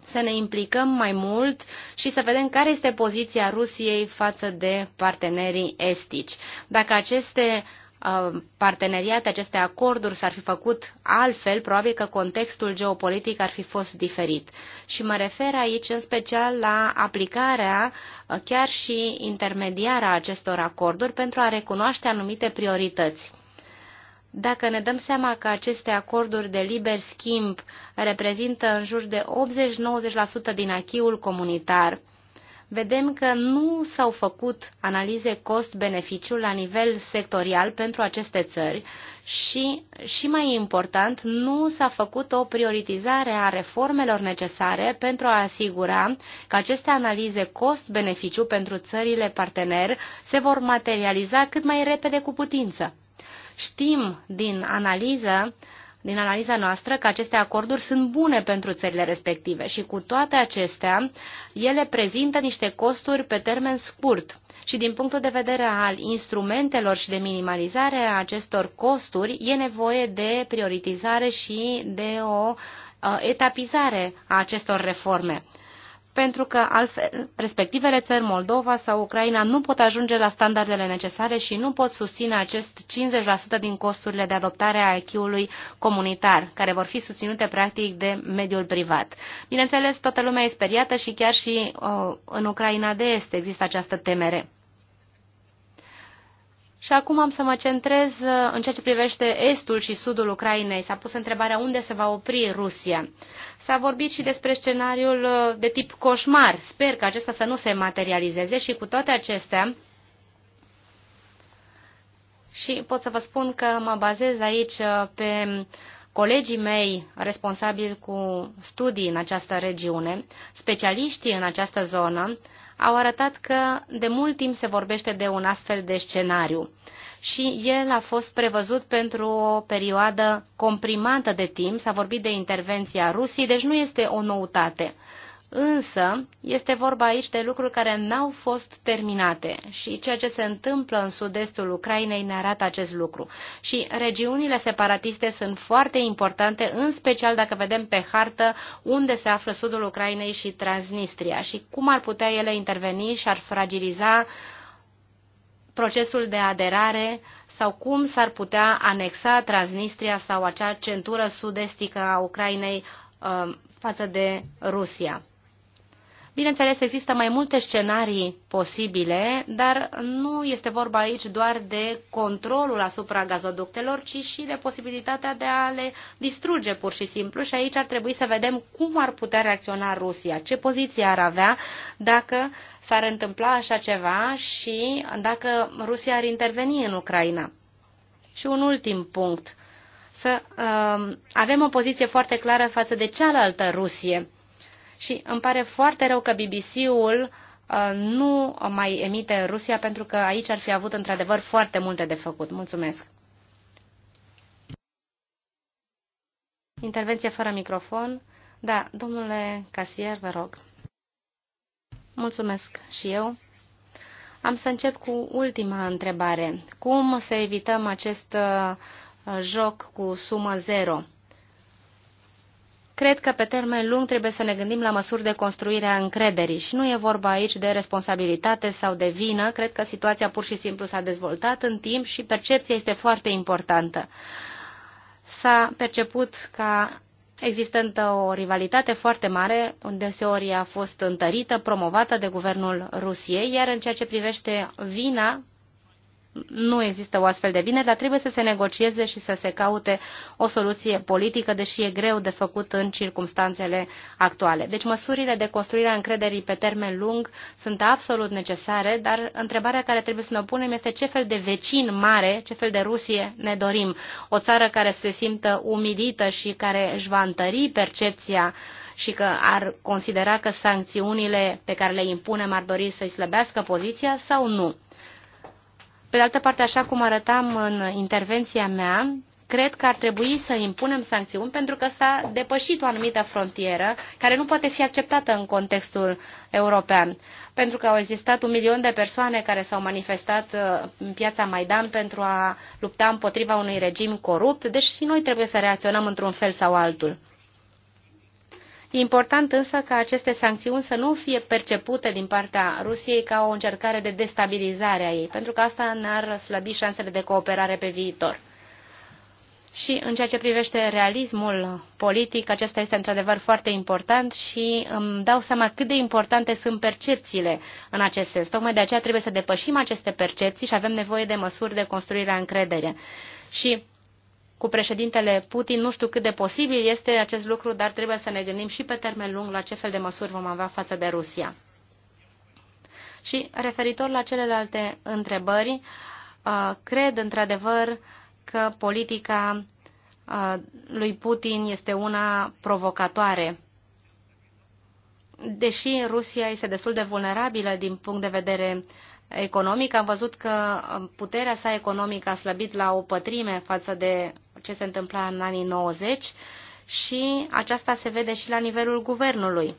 să ne implicăm mai mult și să vedem care este poziția Rusiei față de partenerii estici. Dacă aceste Uh, parteneriate, aceste acorduri s-ar fi făcut altfel, probabil că contextul geopolitic ar fi fost diferit. Și mă refer aici în special la aplicarea uh, chiar și intermediară a acestor acorduri pentru a recunoaște anumite priorități. Dacă ne dăm seama că aceste acorduri de liber schimb reprezintă în jur de 80-90% din achiul comunitar, vedem că nu s-au făcut analize cost-beneficiu la nivel sectorial pentru aceste țări și, și mai important, nu s-a făcut o prioritizare a reformelor necesare pentru a asigura că aceste analize cost-beneficiu pentru țările partener se vor materializa cât mai repede cu putință. Știm din analiză din analiza noastră că aceste acorduri sunt bune pentru țările respective și cu toate acestea, ele prezintă niște costuri pe termen scurt. Și din punctul de vedere al instrumentelor și de minimalizare a acestor costuri, e nevoie de prioritizare și de o uh, etapizare a acestor reforme pentru că altfel, respectivele țări, Moldova sau Ucraina, nu pot ajunge la standardele necesare și nu pot susține acest 50% din costurile de adoptare a IQ-ului comunitar, care vor fi susținute practic de mediul privat. Bineînțeles, toată lumea e speriată și chiar și uh, în Ucraina de Est există această temere. Și acum am să mă centrez uh, în ceea ce privește estul și sudul Ucrainei. S-a pus întrebarea unde se va opri Rusia. S-a vorbit și despre scenariul uh, de tip coșmar. Sper că acesta să nu se materializeze și cu toate acestea, și pot să vă spun că mă bazez aici uh, pe colegii mei responsabili cu studii în această regiune, specialiștii în această zonă, au arătat că de mult timp se vorbește de un astfel de scenariu și el a fost prevăzut pentru o perioadă comprimată de timp, s-a vorbit de intervenția Rusiei, deci nu este o noutate. Însă, este vorba aici de lucruri care n-au fost terminate și ceea ce se întâmplă în sud-estul Ucrainei ne arată acest lucru. Și regiunile separatiste sunt foarte importante, în special dacă vedem pe hartă unde se află sudul Ucrainei și Transnistria și cum ar putea ele interveni și ar fragiliza procesul de aderare sau cum s-ar putea anexa Transnistria sau acea centură sudestică a Ucrainei uh, față de Rusia. Bineînțeles, există mai multe scenarii posibile, dar nu este vorba aici doar de controlul asupra gazoductelor, ci și de posibilitatea de a le distruge pur și simplu și aici ar trebui să vedem cum ar putea reacționa Rusia, ce poziție ar avea dacă s-ar întâmpla așa ceva și dacă Rusia ar interveni în Ucraina. Și un ultim punct, să uh, avem o poziție foarte clară față de cealaltă Rusie și îmi pare foarte rău că BBC-ul uh, nu mai emite în Rusia, pentru că aici ar fi avut într-adevăr foarte multe de făcut. Mulțumesc! Intervenție fără microfon. Da, domnule casier, vă rog. Mulțumesc și eu. Am să încep cu ultima întrebare. Cum să evităm acest uh, joc cu sumă zero? Cred că pe termen lung trebuie să ne gândim la măsuri de construire a încrederii și nu e vorba aici de responsabilitate sau de vină. Cred că situația pur și simplu s-a dezvoltat în timp și percepția este foarte importantă. S-a perceput ca existând o rivalitate foarte mare, unde seoria a fost întărită, promovată de guvernul Rusiei, iar în ceea ce privește vina, nu există o astfel de bine, dar trebuie să se negocieze și să se caute o soluție politică, deși e greu de făcut în circumstanțele actuale. Deci măsurile de construire a încrederii pe termen lung sunt absolut necesare, dar întrebarea care trebuie să ne punem este ce fel de vecin mare, ce fel de Rusie ne dorim. O țară care se simtă umilită și care își va întări percepția și că ar considera că sancțiunile pe care le impunem ar dori să-i slăbească poziția sau nu. Pe de altă parte, așa cum arătam în intervenția mea, cred că ar trebui să impunem sancțiuni pentru că s-a depășit o anumită frontieră care nu poate fi acceptată în contextul european. Pentru că au existat un milion de persoane care s-au manifestat uh, în piața Maidan pentru a lupta împotriva unui regim corupt, deci și noi trebuie să reacționăm într-un fel sau altul. E important însă ca aceste sancțiuni să nu fie percepute din partea Rusiei ca o încercare de destabilizare a ei, pentru că asta ne-ar slăbi șansele de cooperare pe viitor. Și în ceea ce privește realismul politic, acesta este într-adevăr foarte important și îmi dau seama cât de importante sunt percepțiile în acest sens. Tocmai de aceea trebuie să depășim aceste percepții și avem nevoie de măsuri de construire a încredere. Și cu președintele Putin. Nu știu cât de posibil este acest lucru, dar trebuie să ne gândim și pe termen lung la ce fel de măsuri vom avea față de Rusia. Și referitor la celelalte întrebări, uh, cred într-adevăr că politica uh, lui Putin este una provocatoare. Deși Rusia este destul de vulnerabilă din punct de vedere economic. Am văzut că uh, puterea sa economică a slăbit la o pătrime față de ce se întâmpla în anii 90 și aceasta se vede și la nivelul guvernului.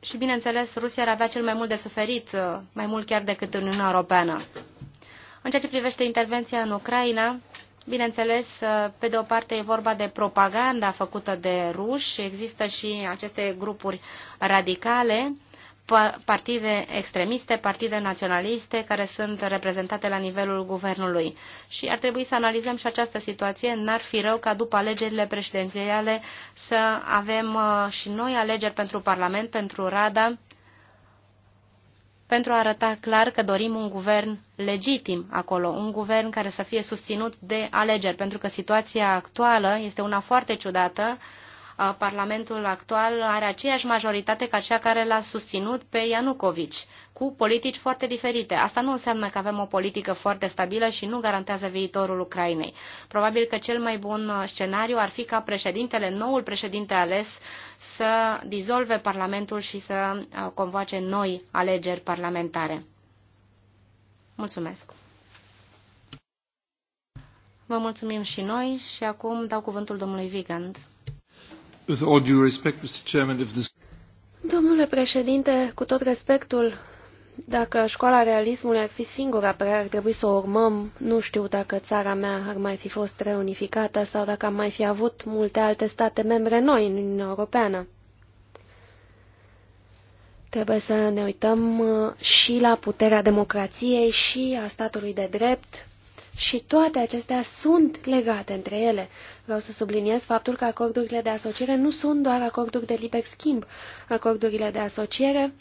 Și, bineînțeles, Rusia ar avea cel mai mult de suferit, uh, mai mult chiar decât Uniunea Europeană. În ceea ce privește intervenția în Ucraina, bineînțeles, uh, pe de o parte e vorba de propaganda făcută de ruși, există și aceste grupuri radicale partide extremiste, partide naționaliste care sunt reprezentate la nivelul guvernului. Și ar trebui să analizăm și această situație. N-ar fi rău ca după alegerile prezidențiale să avem uh, și noi alegeri pentru Parlament, pentru Rada, pentru a arăta clar că dorim un guvern legitim acolo, un guvern care să fie susținut de alegeri, pentru că situația actuală este una foarte ciudată, Parlamentul actual are aceeași majoritate ca cea care l-a susținut pe Ianucovici, cu politici foarte diferite. Asta nu înseamnă că avem o politică foarte stabilă și nu garantează viitorul Ucrainei. Probabil că cel mai bun scenariu ar fi ca președintele, noul președinte ales, să dizolve Parlamentul și să convoace noi alegeri parlamentare. Mulțumesc! Vă mulțumim și noi și acum dau cuvântul domnului Vigand. With all due respect, Mr. Chairman, if this... Domnule președinte, cu tot respectul, dacă școala realismului ar fi singura pe care ar trebui să o urmăm, nu știu dacă țara mea ar mai fi fost reunificată sau dacă am mai fi avut multe alte state membre noi în Uniunea Europeană. Trebuie să ne uităm uh, și la puterea democrației și a statului de drept și toate acestea sunt legate între ele. Vreau să subliniez faptul că acordurile de asociere nu sunt doar acorduri de liber schimb. Acordurile de asociere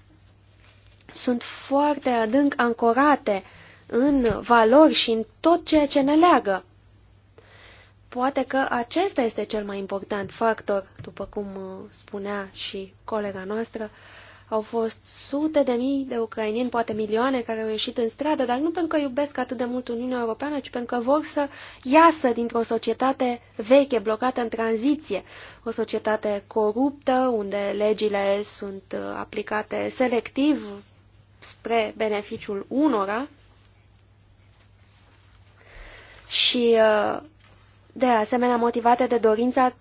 sunt foarte adânc ancorate în valori și în tot ceea ce ne leagă. Poate că acesta este cel mai important factor, după cum uh, spunea și colega noastră, au fost sute de mii de ucrainieni, poate milioane, care au ieșit în stradă, dar nu pentru că iubesc atât de mult Uniunea Europeană, ci pentru că vor să iasă dintr-o societate veche, blocată în tranziție, o societate coruptă, unde legile sunt uh, aplicate selectiv spre beneficiul unora și, uh, de asemenea, motivate de dorința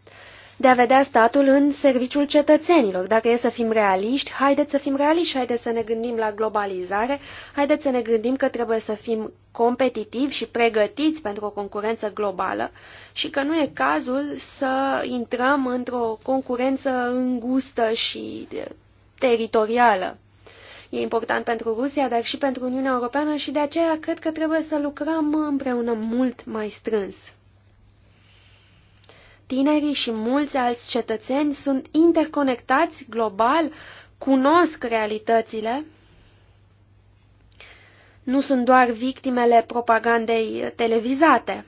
de a vedea statul în serviciul cetățenilor. Dacă e să fim realiști, haideți să fim realiști, haideți să ne gândim la globalizare, haideți să ne gândim că trebuie să fim competitivi și pregătiți pentru o concurență globală și că nu e cazul să intrăm într-o concurență îngustă și teritorială. E important pentru Rusia, dar și pentru Uniunea Europeană și de aceea cred că trebuie să lucrăm împreună mult mai strâns. Tinerii și mulți alți cetățeni sunt interconectați global, cunosc realitățile, nu sunt doar victimele propagandei televizate.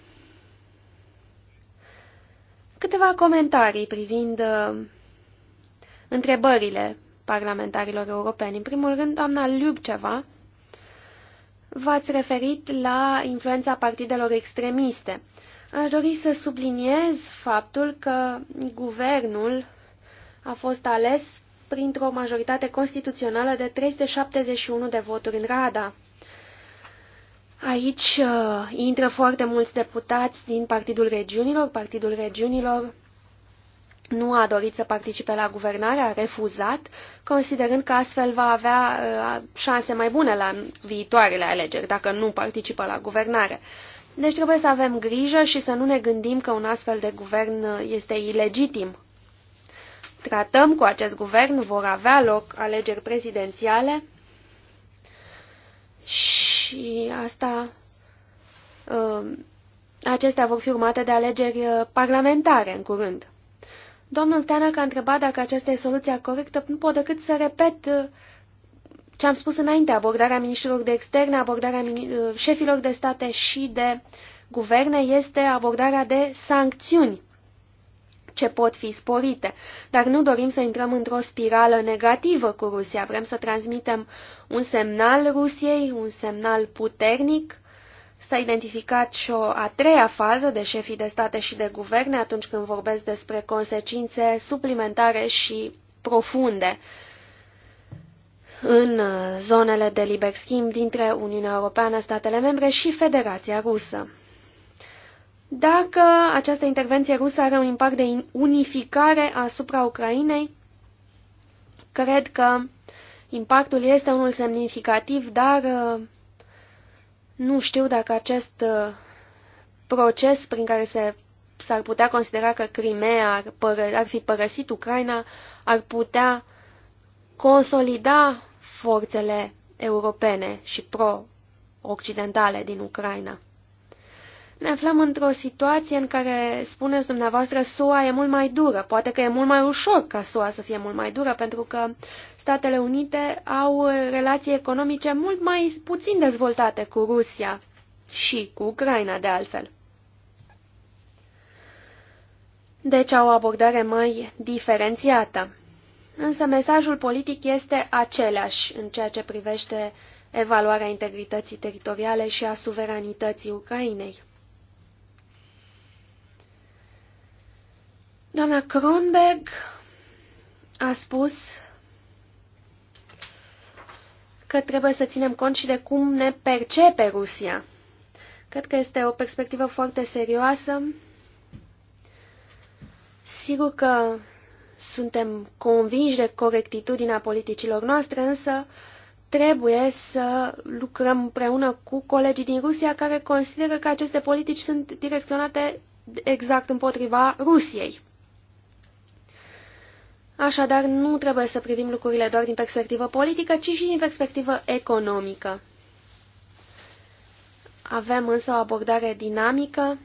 Câteva comentarii privind uh, întrebările parlamentarilor europeni. În primul rând, doamna Liubceva, v-ați referit la influența partidelor extremiste. Aș dori să subliniez faptul că guvernul a fost ales printr-o majoritate constituțională de 371 de voturi în Rada. Aici uh, intră foarte mulți deputați din Partidul Regiunilor. Partidul Regiunilor nu a dorit să participe la guvernare, a refuzat, considerând că astfel va avea uh, șanse mai bune la viitoarele alegeri, dacă nu participă la guvernare. Uh, deci trebuie să avem grijă și să nu ne gândim că un astfel de guvern este ilegitim. Tratăm cu acest guvern, vor avea loc alegeri prezidențiale și asta, um, acestea vor fi urmate de alegeri uh, parlamentare în curând. Domnul Tanak a întrebat dacă aceasta e soluția corectă, nu pot decât să repet uh, ce am spus înainte, abordarea ministrilor de externe, abordarea uh, șefilor de state și de guverne este abordarea de sancțiuni ce pot fi sporite, dar nu dorim să intrăm într-o spirală negativă cu Rusia. Vrem să transmitem un semnal Rusiei, un semnal puternic. S-a identificat și o a treia fază de șefii de state și de guverne atunci când vorbesc despre consecințe suplimentare și profunde în uh, zonele de liber schimb dintre Uniunea Europeană, statele membre și Federația Rusă. Dacă această intervenție rusă are un impact de unificare asupra Ucrainei, cred că impactul este unul semnificativ, dar uh, nu știu dacă acest uh, proces prin care se s-ar putea considera că Crimea ar, ar fi părăsit Ucraina, ar putea consolida forțele europene și pro-occidentale din Ucraina. Ne aflăm într-o situație în care, spuneți dumneavoastră, SUA e mult mai dură. Poate că e mult mai ușor ca SUA să fie mult mai dură, pentru că Statele Unite au relații economice mult mai puțin dezvoltate cu Rusia și cu Ucraina, de altfel. Deci au o abordare mai diferențiată însă mesajul politic este același în ceea ce privește evaluarea integrității teritoriale și a suveranității Ucrainei. Doamna Kronberg a spus că trebuie să ținem cont și de cum ne percepe Rusia. Cred că este o perspectivă foarte serioasă. Sigur că suntem convinși de corectitudinea politicilor noastre, însă trebuie să lucrăm împreună cu colegii din Rusia care consideră că aceste politici sunt direcționate exact împotriva Rusiei. Așadar, nu trebuie să privim lucrurile doar din perspectivă politică, ci și din perspectivă economică. Avem însă o abordare dinamică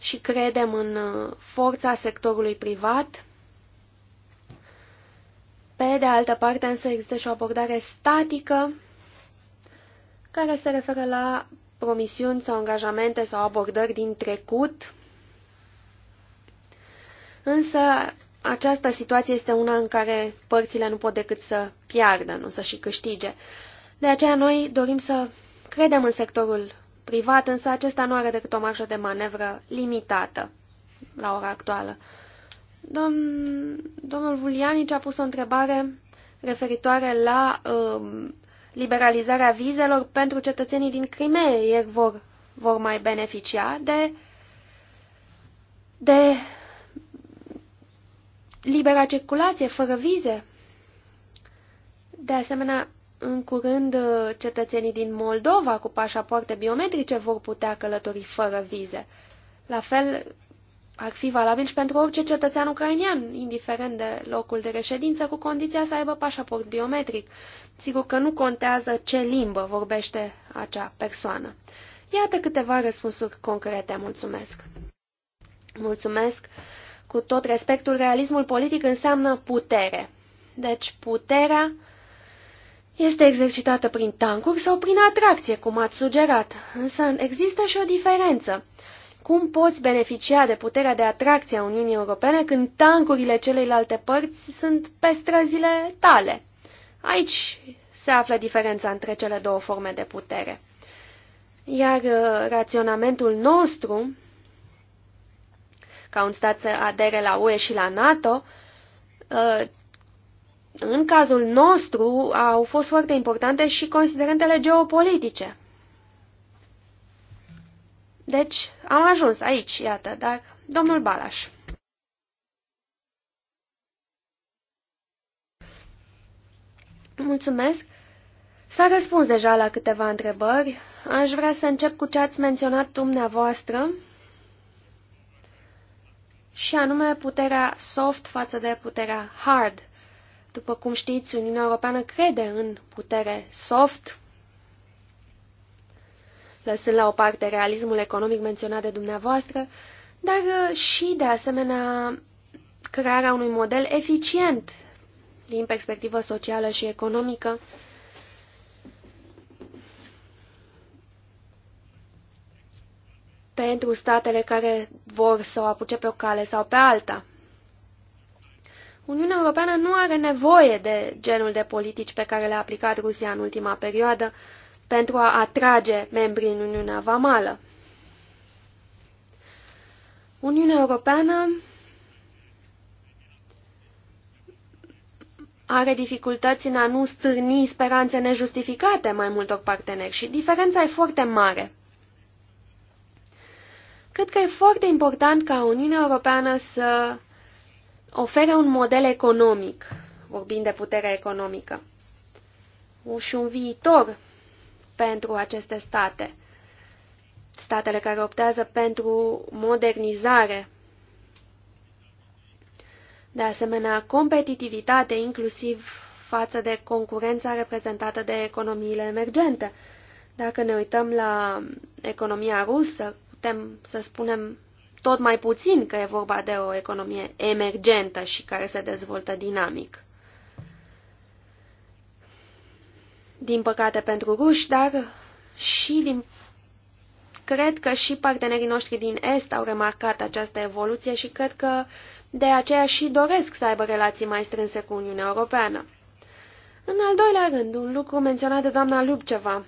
și credem în uh, forța sectorului privat pe de altă parte, însă, există și o abordare statică care se referă la promisiuni sau angajamente sau abordări din trecut. Însă, această situație este una în care părțile nu pot decât să piardă, nu să și câștige. De aceea noi dorim să credem în sectorul privat, însă acesta nu are decât o marjă de manevră limitată la ora actuală. Domn, domnul Vulianici a pus o întrebare referitoare la uh, liberalizarea vizelor pentru cetățenii din Crimea. Ei vor, vor mai beneficia de, de libera circulație, fără vize. De asemenea, în curând, uh, cetățenii din Moldova cu pașapoarte biometrice vor putea călători fără vize. La fel, ar fi valabil și pentru orice cetățean ucrainian, indiferent de locul de reședință, cu condiția să aibă pașaport biometric. Sigur că nu contează ce limbă vorbește acea persoană. Iată câteva răspunsuri concrete. Mulțumesc! Mulțumesc! Cu tot respectul, realismul politic înseamnă putere. Deci puterea este exercitată prin tancuri sau prin atracție, cum ați sugerat. Însă există și o diferență. Cum poți beneficia de puterea de atracție a Uniunii Europene când tancurile celeilalte părți sunt pe străzile tale? Aici se află diferența între cele două forme de putere. Iar uh, raționamentul nostru, ca un stat să adere la UE și la NATO, uh, în cazul nostru au fost foarte importante și considerentele geopolitice. Deci, am ajuns aici, iată, dar domnul Balaș. Mulțumesc. S-a răspuns deja la câteva întrebări. Aș vrea să încep cu ce ați menționat dumneavoastră, și anume puterea soft față de puterea hard. După cum știți, Uniunea Europeană crede în putere soft, lăsând la o parte realismul economic menționat de dumneavoastră, dar uh, și, de asemenea, crearea unui model eficient din perspectivă socială și economică, pentru statele care vor să o apuce pe o cale sau pe alta. Uniunea Europeană nu are nevoie de genul de politici pe care le-a aplicat Rusia în ultima perioadă, pentru a atrage membrii în Uniunea Vamală. Uniunea Europeană are dificultăți în a nu stârni speranțe nejustificate mai multor parteneri și diferența e foarte mare. Cred că e foarte important ca Uniunea Europeană să ofere un model economic, vorbind de putere economică, și un viitor pentru aceste state, statele care optează pentru modernizare. De asemenea, competitivitate, inclusiv față de concurența reprezentată de economiile emergente. Dacă ne uităm la economia rusă, putem să spunem tot mai puțin că e vorba de o economie emergentă și care se dezvoltă dinamic. din păcate pentru ruși, dar și din... Cred că și partenerii noștri din Est au remarcat această evoluție și cred că de aceea și doresc să aibă relații mai strânse cu Uniunea Europeană. În al doilea rând, un lucru menționat de doamna Lubceva.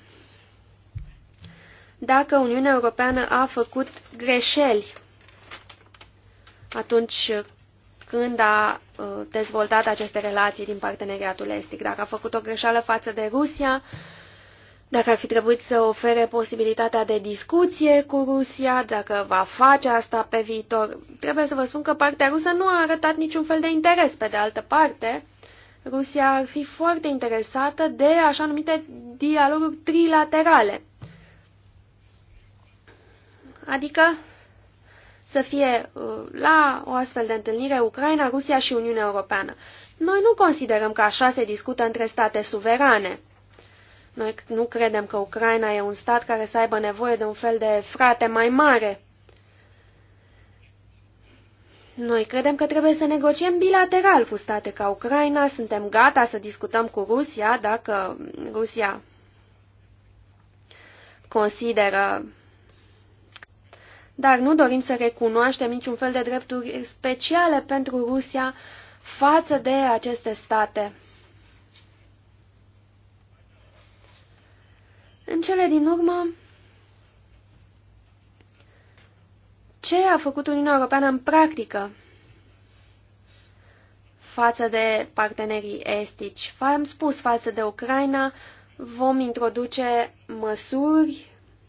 Dacă Uniunea Europeană a făcut greșeli atunci când a uh, dezvoltat aceste relații din parteneriatul estic. Dacă a făcut o greșeală față de Rusia, dacă ar fi trebuit să ofere posibilitatea de discuție cu Rusia, dacă va face asta pe viitor, trebuie să vă spun că partea rusă nu a arătat niciun fel de interes. Pe de altă parte, Rusia ar fi foarte interesată de așa numite dialoguri trilaterale. Adică să fie uh, la o astfel de întâlnire Ucraina, Rusia și Uniunea Europeană. Noi nu considerăm că așa se discută între state suverane. Noi nu credem că Ucraina e un stat care să aibă nevoie de un fel de frate mai mare. Noi credem că trebuie să negociem bilateral cu state ca Ucraina, suntem gata să discutăm cu Rusia dacă Rusia consideră dar nu dorim să recunoaștem niciun fel de drepturi speciale pentru Rusia față de aceste state. În cele din urmă, ce a făcut Uniunea Europeană în practică față de partenerii estici? V-am spus, față de Ucraina vom introduce măsuri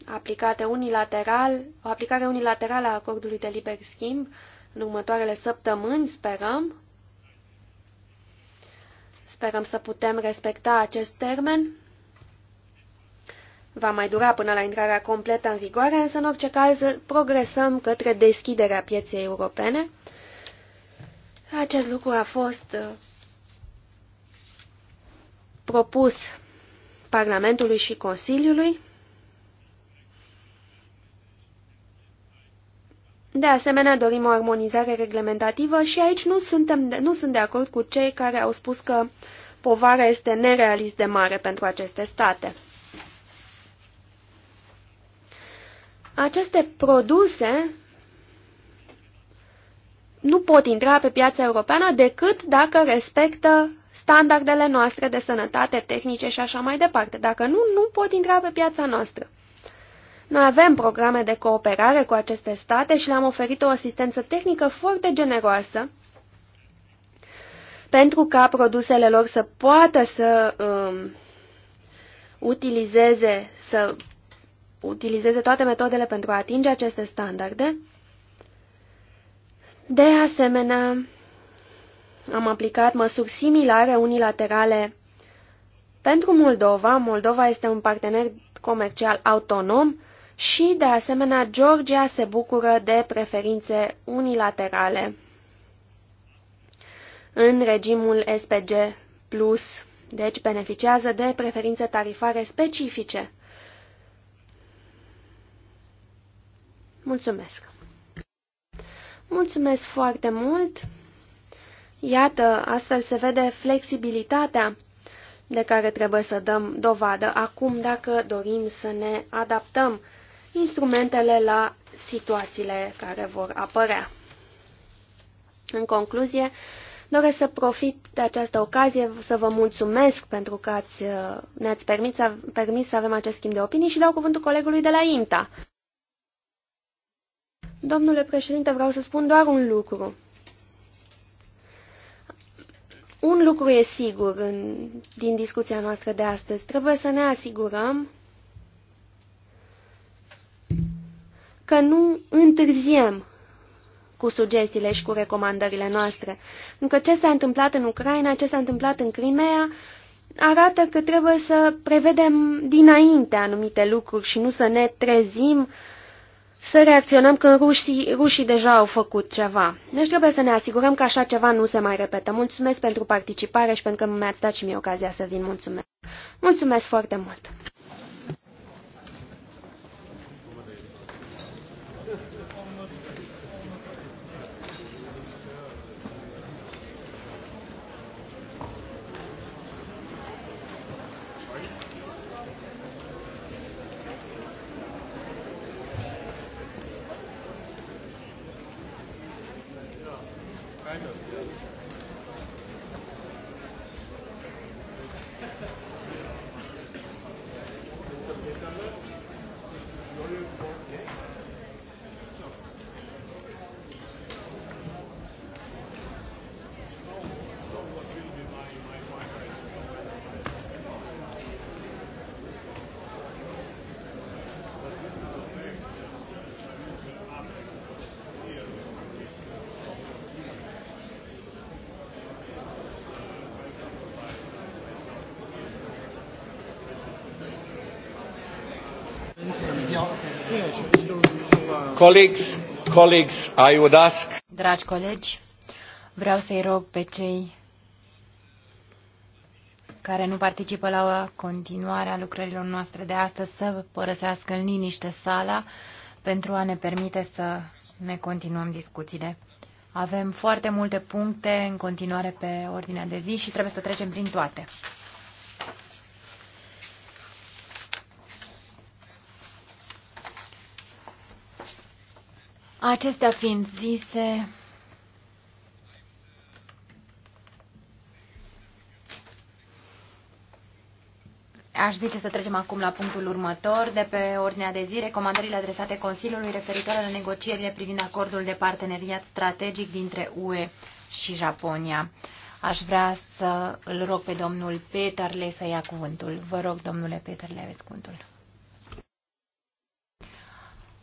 aplicate unilateral, o aplicare unilaterală a acordului de liber schimb în următoarele săptămâni, sperăm. Sperăm să putem respecta acest termen. Va mai dura până la intrarea completă în vigoare, însă în orice caz progresăm către deschiderea pieței europene. Acest lucru a fost uh, propus Parlamentului și Consiliului. De asemenea, dorim o armonizare reglementativă și aici nu, suntem, nu sunt de acord cu cei care au spus că povara este nerealist de mare pentru aceste state. Aceste produse nu pot intra pe piața europeană decât dacă respectă standardele noastre de sănătate, tehnice și așa mai departe. Dacă nu, nu pot intra pe piața noastră. Noi avem programe de cooperare cu aceste state și le-am oferit o asistență tehnică foarte generoasă pentru ca produsele lor să poată să um, utilizeze, să utilizeze toate metodele pentru a atinge aceste standarde. De asemenea, am aplicat măsuri similare unilaterale pentru Moldova. Moldova este un partener comercial autonom și, de asemenea, Georgia se bucură de preferințe unilaterale în regimul SPG+, deci beneficiază de preferințe tarifare specifice. Mulțumesc! Mulțumesc foarte mult! Iată, astfel se vede flexibilitatea de care trebuie să dăm dovadă acum dacă dorim să ne adaptăm instrumentele la situațiile care vor apărea. În concluzie, doresc să profit de această ocazie să vă mulțumesc pentru că ați, uh, ne-ați permis, permis să avem acest schimb de opinii și dau cuvântul colegului de la INTA. Domnule președinte, vreau să spun doar un lucru. Un lucru e sigur în, din discuția noastră de astăzi. Trebuie să ne asigurăm că nu întârziem cu sugestiile și cu recomandările noastre. Pentru că ce s-a întâmplat în Ucraina, ce s-a întâmplat în Crimea, arată că trebuie să prevedem dinainte anumite lucruri și nu să ne trezim să reacționăm când rușii, rușii deja au făcut ceva. Deci trebuie să ne asigurăm că așa ceva nu se mai repetă. Mulțumesc pentru participare și pentru că mi-ați dat și mie ocazia să vin. Mulțumesc! Mulțumesc foarte mult! Colleagues, colleagues, I would ask... Dragi colegi, vreau să-i rog pe cei care nu participă la continuarea lucrărilor noastre de astăzi să părăsească în liniște sala pentru a ne permite să ne continuăm discuțiile. Avem foarte multe puncte în continuare pe ordinea de zi și trebuie să trecem prin toate. Acestea fiind zise, aș zice să trecem acum la punctul următor de pe ordinea de zi, recomandările adresate Consiliului referitoare la negocierile privind acordul de parteneriat strategic dintre UE și Japonia. Aș vrea să îl rog pe domnul Peterle să ia cuvântul. Vă rog, domnule Peterle, aveți cuvântul.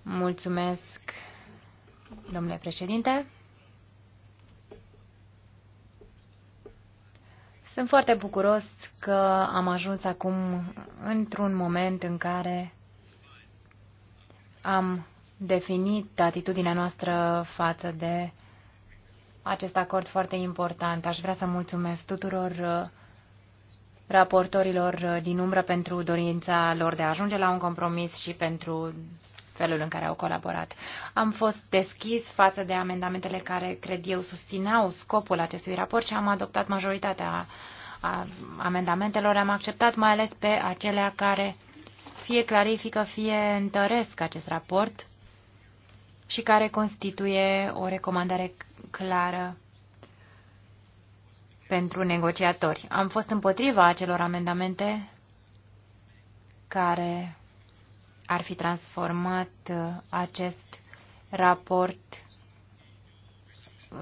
Mulțumesc domnule președinte. Sunt foarte bucuros că am ajuns acum într-un moment în care am definit atitudinea noastră față de acest acord foarte important. Aș vrea să mulțumesc tuturor uh, raportorilor uh, din umbră pentru dorința lor de a ajunge la un compromis și pentru felul în care au colaborat. Am fost deschis față de amendamentele care, cred eu, susțineau scopul acestui raport și am adoptat majoritatea amendamentelor. Am acceptat mai ales pe acelea care fie clarifică, fie întăresc acest raport și care constituie o recomandare clară pentru negociatori. Am fost împotriva acelor amendamente care ar fi transformat uh, acest raport uh,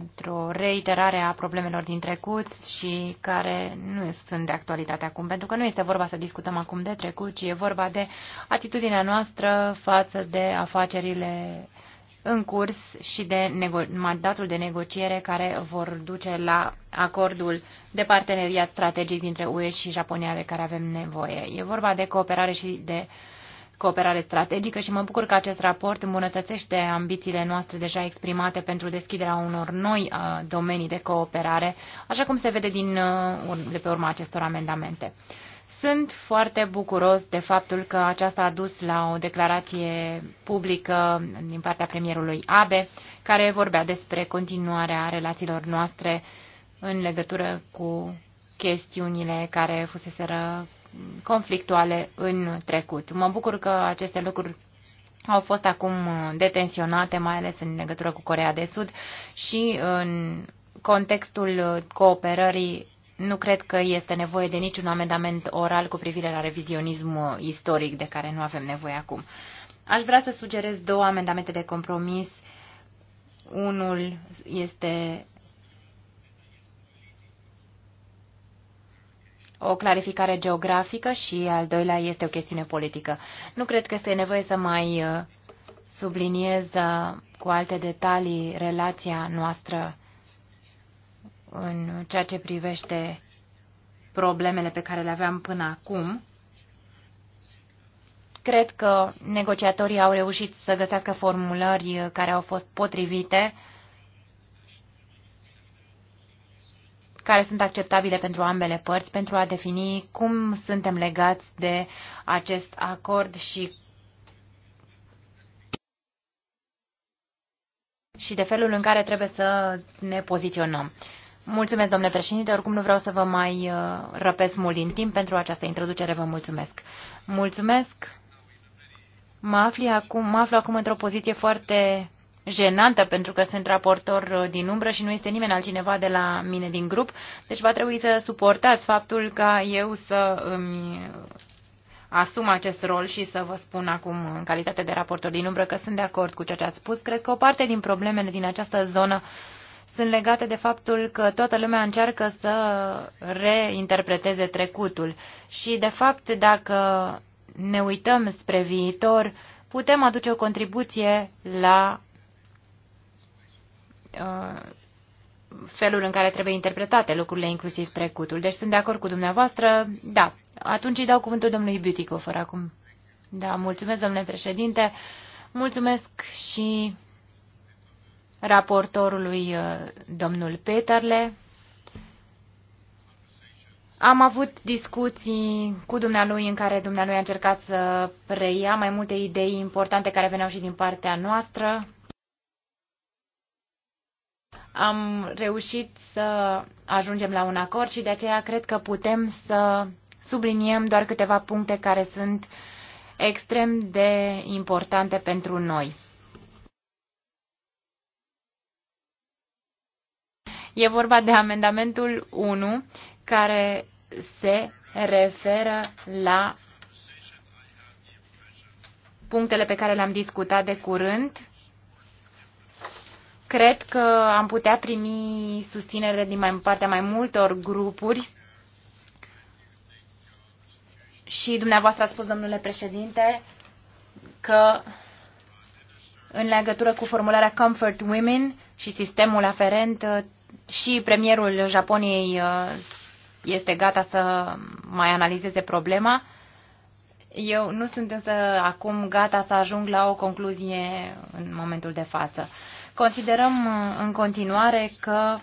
într-o reiterare a problemelor din trecut și care nu sunt de actualitate acum, pentru că nu este vorba să discutăm acum de trecut, ci e vorba de atitudinea noastră față de afacerile în curs și de mandatul de negociere care vor duce la acordul de parteneriat strategic dintre UE și Japonia de care avem nevoie. E vorba de cooperare și de uh, cooperare strategică și mă bucur că acest raport îmbunătățește ambițiile noastre deja exprimate pentru deschiderea unor noi uh, domenii de cooperare, așa cum se vede din, uh, de pe urma acestor amendamente. Sunt foarte bucuros de faptul că aceasta a dus la o declarație publică din partea premierului Abe, care vorbea despre continuarea relațiilor noastre în legătură cu chestiunile care fuseseră conflictuale în trecut. Mă bucur că aceste lucruri au fost acum uh, detenționate, mai ales în legătură cu Corea de Sud și în contextul uh, cooperării nu cred că este nevoie de niciun amendament oral cu privire la revizionism uh, istoric de care nu avem nevoie acum. Aș vrea să sugerez două amendamente de compromis. Unul este o clarificare geografică și al doilea este o chestiune politică. Nu cred că este nevoie să mai uh, subliniez uh, cu alte detalii relația noastră în ceea ce privește problemele pe care le aveam până acum. Cred că negociatorii au reușit să găsească formulări care au fost potrivite care sunt acceptabile pentru ambele părți pentru a defini cum suntem legați de acest acord și și de felul în care trebuie să ne poziționăm. Mulțumesc, domnule președinte. Oricum nu vreau să vă mai uh, răpesc mult din timp pentru această introducere. Vă mulțumesc. Mulțumesc. Mă, aflu acum, acum într-o poziție foarte jenantă pentru că sunt raportor uh, din umbră și nu este nimeni altcineva de la mine din grup, deci va trebui să suportați faptul ca eu să îmi asum acest rol și să vă spun acum în calitate de raportor din umbră că sunt de acord cu ceea ce ați spus. Cred că o parte din problemele din această zonă sunt legate de faptul că toată lumea încearcă să reinterpreteze trecutul și, de fapt, dacă ne uităm spre viitor, putem aduce o contribuție la Uh, felul în care trebuie interpretate lucrurile, inclusiv trecutul. Deci sunt de acord cu dumneavoastră. Da, atunci îi dau cuvântul domnului fără acum. Da, mulțumesc, domnule președinte. Mulțumesc și raportorului uh, domnul Peterle. Am avut discuții cu dumnealui în care dumnealui a încercat să preia mai multe idei importante care veneau și din partea noastră am reușit să ajungem la un acord și de aceea cred că putem să subliniem doar câteva puncte care sunt extrem de importante pentru noi. E vorba de amendamentul 1 care se referă la punctele pe care le-am discutat de curând Cred că am putea primi susținere din mai, partea mai multor grupuri și dumneavoastră a spus, domnule președinte, că în legătură cu formularea Comfort Women și sistemul aferent, și premierul Japoniei uh, este gata să mai analizeze problema. Eu nu sunt însă acum gata să ajung la o concluzie în momentul de față. Considerăm uh, în continuare că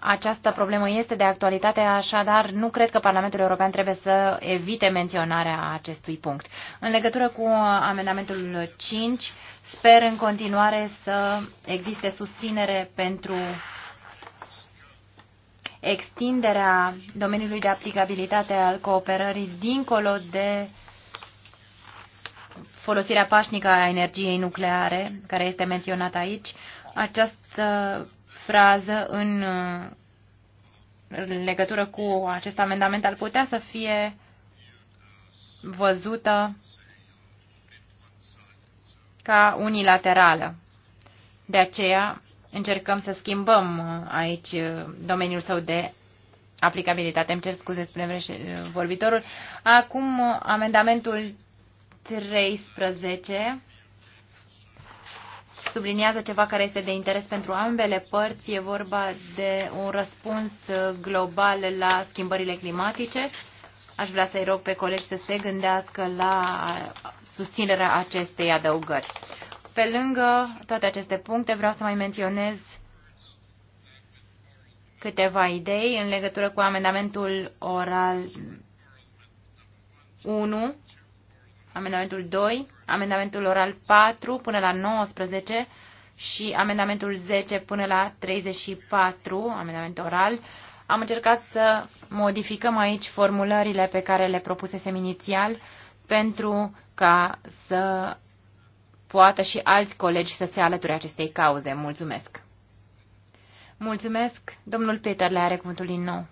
această problemă este de actualitate, așadar nu cred că Parlamentul European trebuie să evite menționarea acestui punct. În legătură cu uh, amendamentul 5, sper în continuare să existe susținere pentru extinderea domeniului de aplicabilitate al cooperării dincolo de uh, folosirea pașnică a energiei nucleare, care este menționată aici, această frază în legătură cu acest amendament ar putea să fie văzută ca unilaterală. De aceea încercăm să schimbăm aici domeniul său de aplicabilitate. Îmi cer scuze, spune vorbitorul. Acum amendamentul 13 subliniază ceva care este de interes pentru ambele părți. E vorba de un răspuns global la schimbările climatice. Aș vrea să-i rog pe colegi să se gândească la susținerea acestei adăugări. Pe lângă toate aceste puncte, vreau să mai menționez câteva idei în legătură cu amendamentul oral 1 amendamentul 2, amendamentul oral 4 până la 19 și amendamentul 10 până la 34, amendament oral, am încercat să modificăm aici formulările pe care le propusesem inițial pentru ca să poată și alți colegi să se alăture acestei cauze. Mulțumesc! Mulțumesc! Domnul Peter le are cuvântul din nou.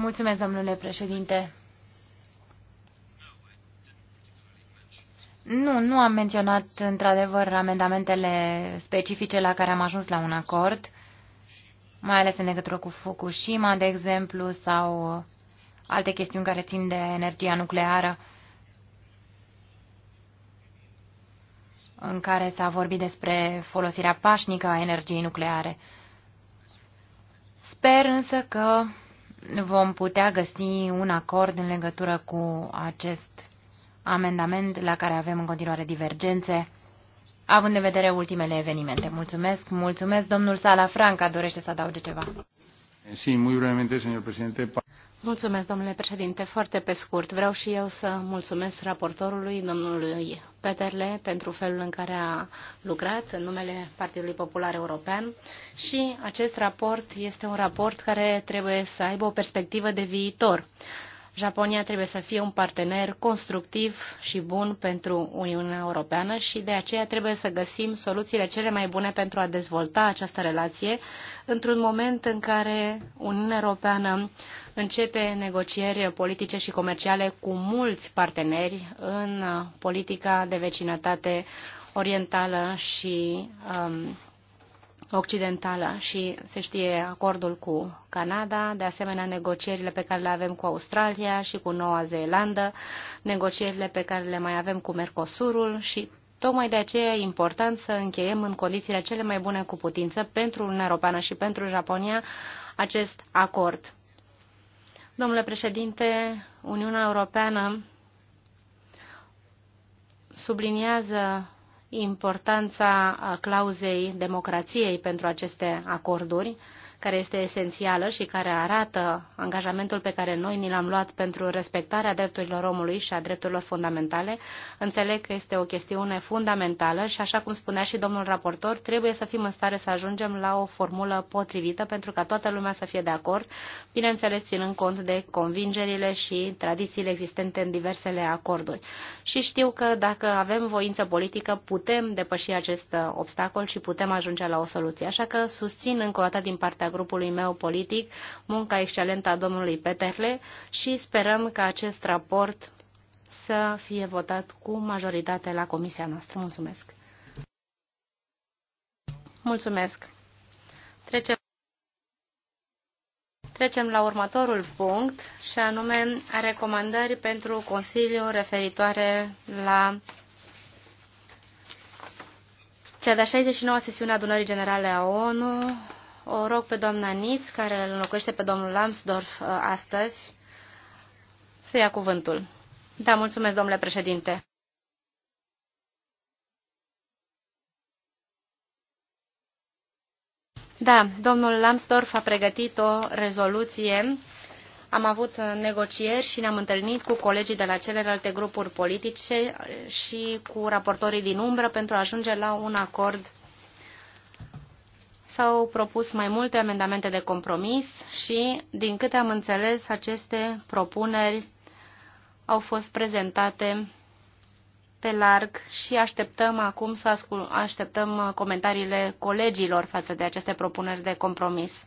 Mulțumesc, domnule președinte! Nu, nu am menționat într-adevăr amendamentele specifice la care am ajuns la un acord, mai ales în legătură cu Fukushima, de exemplu, sau alte chestiuni care țin de energia nucleară, în care s-a vorbit despre folosirea pașnică a energiei nucleare. Sper însă că vom putea găsi un acord în legătură cu acest amendament la care avem în continuare divergențe, având în vedere ultimele evenimente. Mulțumesc, mulțumesc. Domnul Sala Franca dorește să adauge ceva. Sí, muy brevemente, señor presidente. Mulțumesc, domnule președinte. Foarte pe scurt, vreau și eu să mulțumesc raportorului, domnului Peterle, pentru felul în care a lucrat în numele Partidului Popular European și acest raport este un raport care trebuie să aibă o perspectivă de viitor. Japonia trebuie să fie un partener constructiv și bun pentru Uniunea Europeană și de aceea trebuie să găsim soluțiile cele mai bune pentru a dezvolta această relație într-un moment în care Uniunea Europeană începe negocieri politice și comerciale cu mulți parteneri în politica de vecinătate orientală și um, occidentală și se știe acordul cu Canada, de asemenea negocierile pe care le avem cu Australia și cu Noua Zeelandă, negocierile pe care le mai avem cu Mercosurul și tocmai de aceea e important să încheiem în condițiile cele mai bune cu putință pentru Uniunea Europeană și pentru Japonia acest acord. Domnule președinte, Uniunea Europeană subliniază importanța clauzei democrației pentru aceste acorduri, care este esențială și care arată angajamentul pe care noi ni l-am luat pentru respectarea drepturilor omului și a drepturilor fundamentale. Înțeleg că este o chestiune fundamentală și, așa cum spunea și domnul raportor, trebuie să fim în stare să ajungem la o formulă potrivită pentru ca toată lumea să fie de acord, bineînțeles ținând cont de convingerile și tradițiile existente în diversele acorduri. Și știu că dacă avem voință politică, putem depăși acest obstacol și putem ajunge la o soluție. Așa că susțin încă o dată din partea partea grupului meu politic, munca excelentă a domnului Peterle și sperăm că acest raport să fie votat cu majoritate la comisia noastră. Mulțumesc! Mulțumesc! Trecem Trecem la următorul punct, și anume recomandări pentru Consiliu referitoare la cea de-a 69-a sesiune a adunării generale a ONU o rog pe doamna Niț, care îl înlocuiește pe domnul Lambsdorff uh, astăzi, să ia cuvântul. Da, mulțumesc, domnule președinte. Da, domnul Lambsdorff a pregătit o rezoluție. Am avut negocieri și ne-am întâlnit cu colegii de la celelalte grupuri politice și cu raportorii din umbră pentru a ajunge la un acord S-au propus mai multe amendamente de compromis și, din câte am înțeles, aceste propuneri au fost prezentate pe larg și așteptăm acum să așteptăm comentariile colegilor față de aceste propuneri de compromis.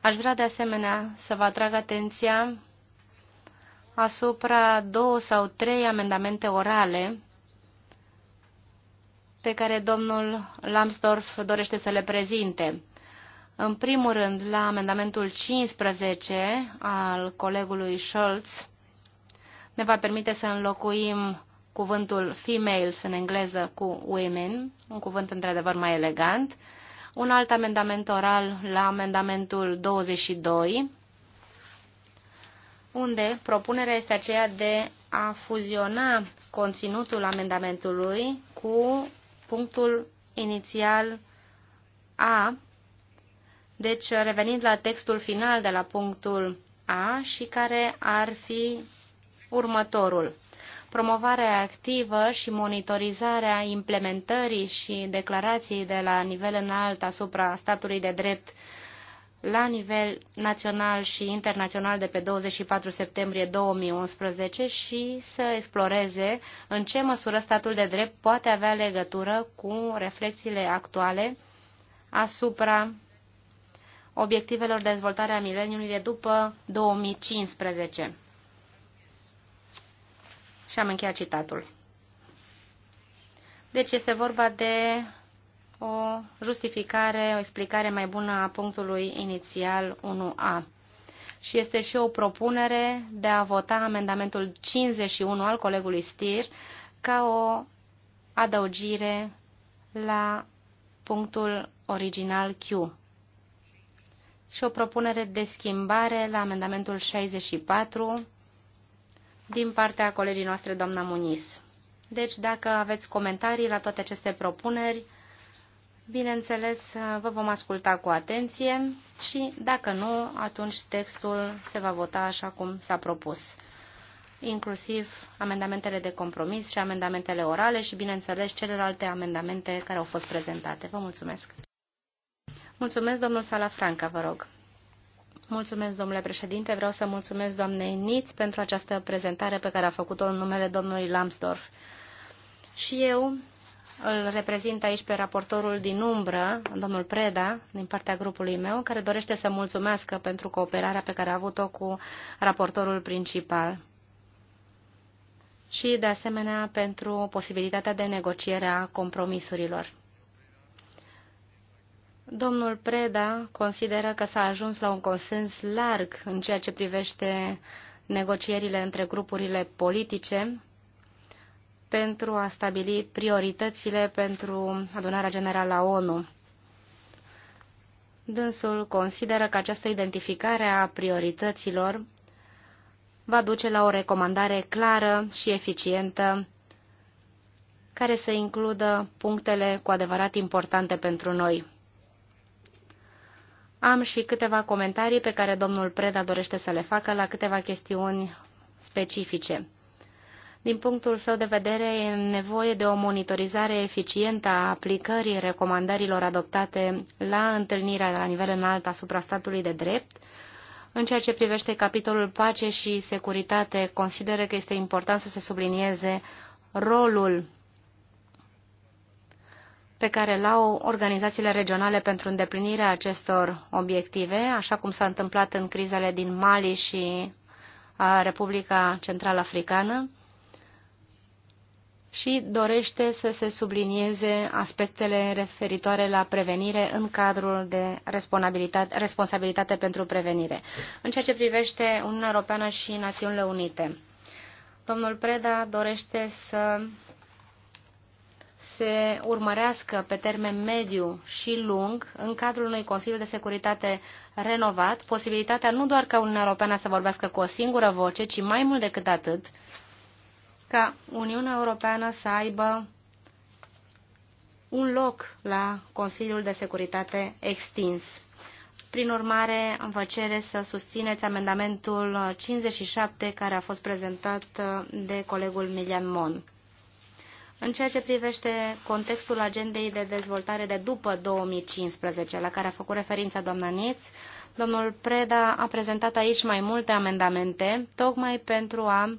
Aș vrea de asemenea să vă atrag atenția asupra două sau trei amendamente orale pe care domnul Lambsdorff dorește să le prezinte. În primul rând, la amendamentul 15 al colegului Scholz, ne va permite să înlocuim cuvântul females în engleză cu women, un cuvânt într-adevăr mai elegant, un alt amendament oral la amendamentul 22, unde propunerea este aceea de a fuziona conținutul amendamentului cu punctul inițial A, deci revenind la textul final de la punctul A și care ar fi următorul. Promovarea activă și monitorizarea implementării și declarației de la nivel înalt asupra statului de drept la nivel național și internațional de pe 24 septembrie 2011 și să exploreze în ce măsură statul de drept poate avea legătură cu reflexiile actuale asupra obiectivelor de dezvoltare a mileniului de după 2015. Și am încheiat citatul. Deci este vorba de o justificare, o explicare mai bună a punctului inițial 1A. Și este și o propunere de a vota amendamentul 51 al colegului Stier ca o adăugire la punctul original Q și o propunere de schimbare la amendamentul 64 din partea colegii noastre, doamna Muniz. Deci, dacă aveți comentarii la toate aceste propuneri, Bineînțeles, vă vom asculta cu atenție și, dacă nu, atunci textul se va vota așa cum s-a propus, inclusiv amendamentele de compromis și amendamentele orale și, bineînțeles, celelalte amendamente care au fost prezentate. Vă mulțumesc! Mulțumesc, domnul Salafranca, vă rog. Mulțumesc, domnule președinte. Vreau să mulțumesc doamnei Niț pentru această prezentare pe care a făcut-o în numele domnului Lambsdorff. Și eu îl reprezint aici pe raportorul din umbră, domnul Preda, din partea grupului meu, care dorește să mulțumească pentru cooperarea pe care a avut-o cu raportorul principal și, de asemenea, pentru posibilitatea de negociere a compromisurilor. Domnul Preda consideră că s-a ajuns la un consens larg în ceea ce privește negocierile între grupurile politice pentru a stabili prioritățile pentru adunarea generală a ONU. Dânsul consideră că această identificare a priorităților va duce la o recomandare clară și eficientă care să includă punctele cu adevărat importante pentru noi. Am și câteva comentarii pe care domnul Preda dorește să le facă la câteva chestiuni specifice. Din punctul său de vedere, e nevoie de o monitorizare eficientă a aplicării recomandărilor adoptate la întâlnirea la nivel înalt asupra statului de drept. În ceea ce privește capitolul pace și securitate, consideră că este important să se sublinieze rolul pe care l au organizațiile regionale pentru îndeplinirea acestor obiective, așa cum s-a întâmplat în crizele din Mali și Republica Central Africană și dorește să se sublinieze aspectele referitoare la prevenire în cadrul de responsabilitate, responsabilitate pentru prevenire, în ceea ce privește Uniunea Europeană și Națiunile Unite. Domnul Preda dorește să se urmărească pe termen mediu și lung, în cadrul unui Consiliu de Securitate renovat, posibilitatea nu doar ca Uniunea Europeană să vorbească cu o singură voce, ci mai mult decât atât, ca Uniunea Europeană să aibă un loc la Consiliul de Securitate extins. Prin urmare, vă cere să susțineți amendamentul 57 care a fost prezentat de colegul Milian Mon. În ceea ce privește contextul agendei de dezvoltare de după 2015, la care a făcut referința doamna Niț, domnul Preda a prezentat aici mai multe amendamente, tocmai pentru a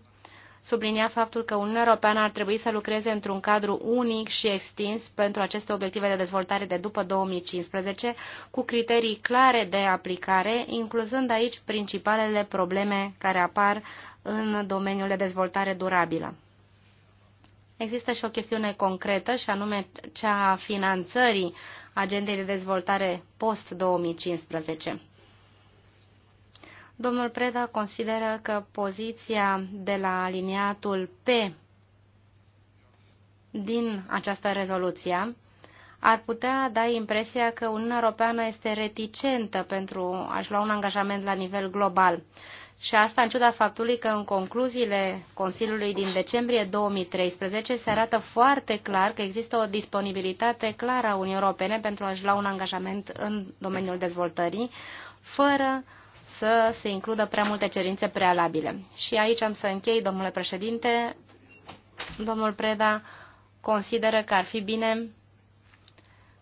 sublinia faptul că Uniunea Europeană ar trebui să lucreze într-un cadru unic și extins pentru aceste obiective de dezvoltare de după 2015, cu criterii clare de aplicare, incluzând aici principalele probleme care apar în domeniul de dezvoltare durabilă. Există și o chestiune concretă, și anume cea a finanțării agendei de dezvoltare post-2015. Domnul Preda consideră că poziția de la aliniatul P din această rezoluție ar putea da impresia că Uniunea Europeană este reticentă pentru a-și lua un angajament la nivel global. Și asta în ciuda faptului că în concluziile Consiliului din decembrie 2013 se arată foarte clar că există o disponibilitate clară a Uniunii Europene pentru a-și lua un angajament în domeniul dezvoltării, fără să se includă prea multe cerințe prealabile. Și aici am să închei, domnule președinte. Domnul Preda consideră că ar fi bine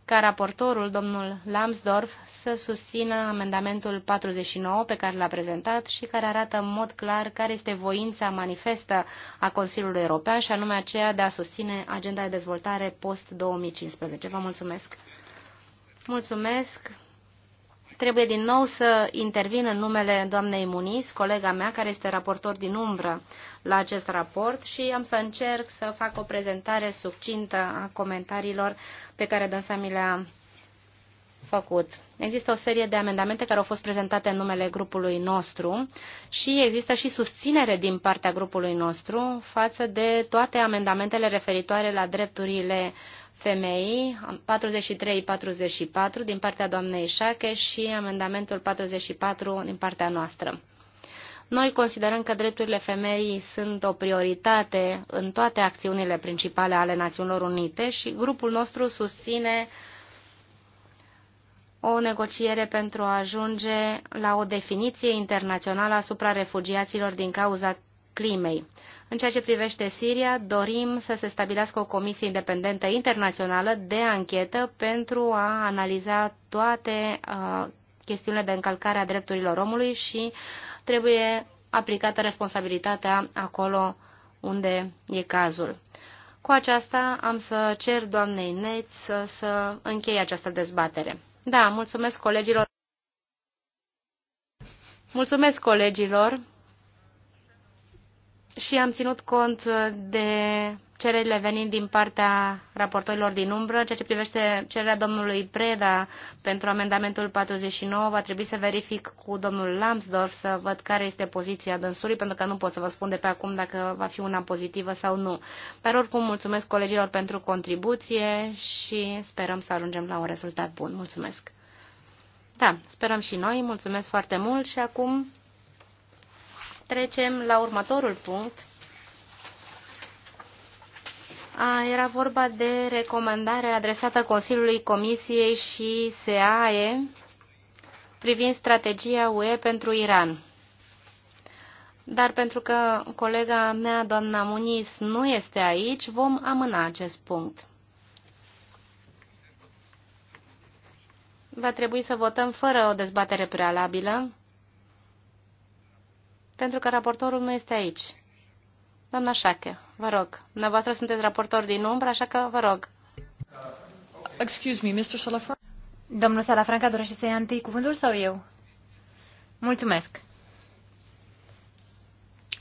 ca raportorul, domnul Lambsdorff, să susțină amendamentul 49 pe care l-a prezentat și care arată în mod clar care este voința manifestă a Consiliului European și anume aceea de a susține agenda de dezvoltare post-2015. Vă mulțumesc! Mulțumesc! Trebuie din nou să intervin în numele doamnei Muniz, colega mea, care este raportor din umbră la acest raport și am să încerc să fac o prezentare subcintă a comentariilor pe care dânsa mi le-a făcut. Există o serie de amendamente care au fost prezentate în numele grupului nostru și există și susținere din partea grupului nostru față de toate amendamentele referitoare la drepturile femei 43-44 din partea doamnei Șache și amendamentul 44 din partea noastră. Noi considerăm că drepturile femeii sunt o prioritate în toate acțiunile principale ale Națiunilor Unite și grupul nostru susține o negociere pentru a ajunge la o definiție internațională asupra refugiaților din cauza climei. În ceea ce privește Siria, dorim să se stabilească o comisie independentă internațională de anchetă pentru a analiza toate uh, chestiunile de încălcare a drepturilor omului și trebuie aplicată responsabilitatea acolo unde e cazul. Cu aceasta am să cer doamnei Neț să, să încheie această dezbatere. Da, mulțumesc colegilor. Mulțumesc colegilor și am ținut cont uh, de cererile venind din partea raportorilor din umbră. Ceea ce privește cererea domnului Preda pentru amendamentul 49, va trebui să verific cu domnul Lambsdorff să văd care este poziția dânsului, pentru că nu pot să vă spun de pe acum dacă va fi una pozitivă sau nu. Dar oricum mulțumesc colegilor pentru contribuție și sperăm să ajungem la un rezultat bun. Mulțumesc! Da, sperăm și noi. Mulțumesc foarte mult și acum trecem la următorul punct. A, era vorba de recomandare adresată Consiliului Comisiei și SEAE privind strategia UE pentru Iran. Dar pentru că colega mea, doamna Muniz, nu este aici, vom amâna acest punct. Va trebui să votăm fără o dezbatere prealabilă pentru că raportorul nu este aici. Doamna Șache, vă rog. Dumneavoastră sunteți raportor din umbră, așa că vă rog. Excuse me, Mr. Salafranca. Domnul Salafranca dorește să ia întâi cuvântul sau eu? Mulțumesc.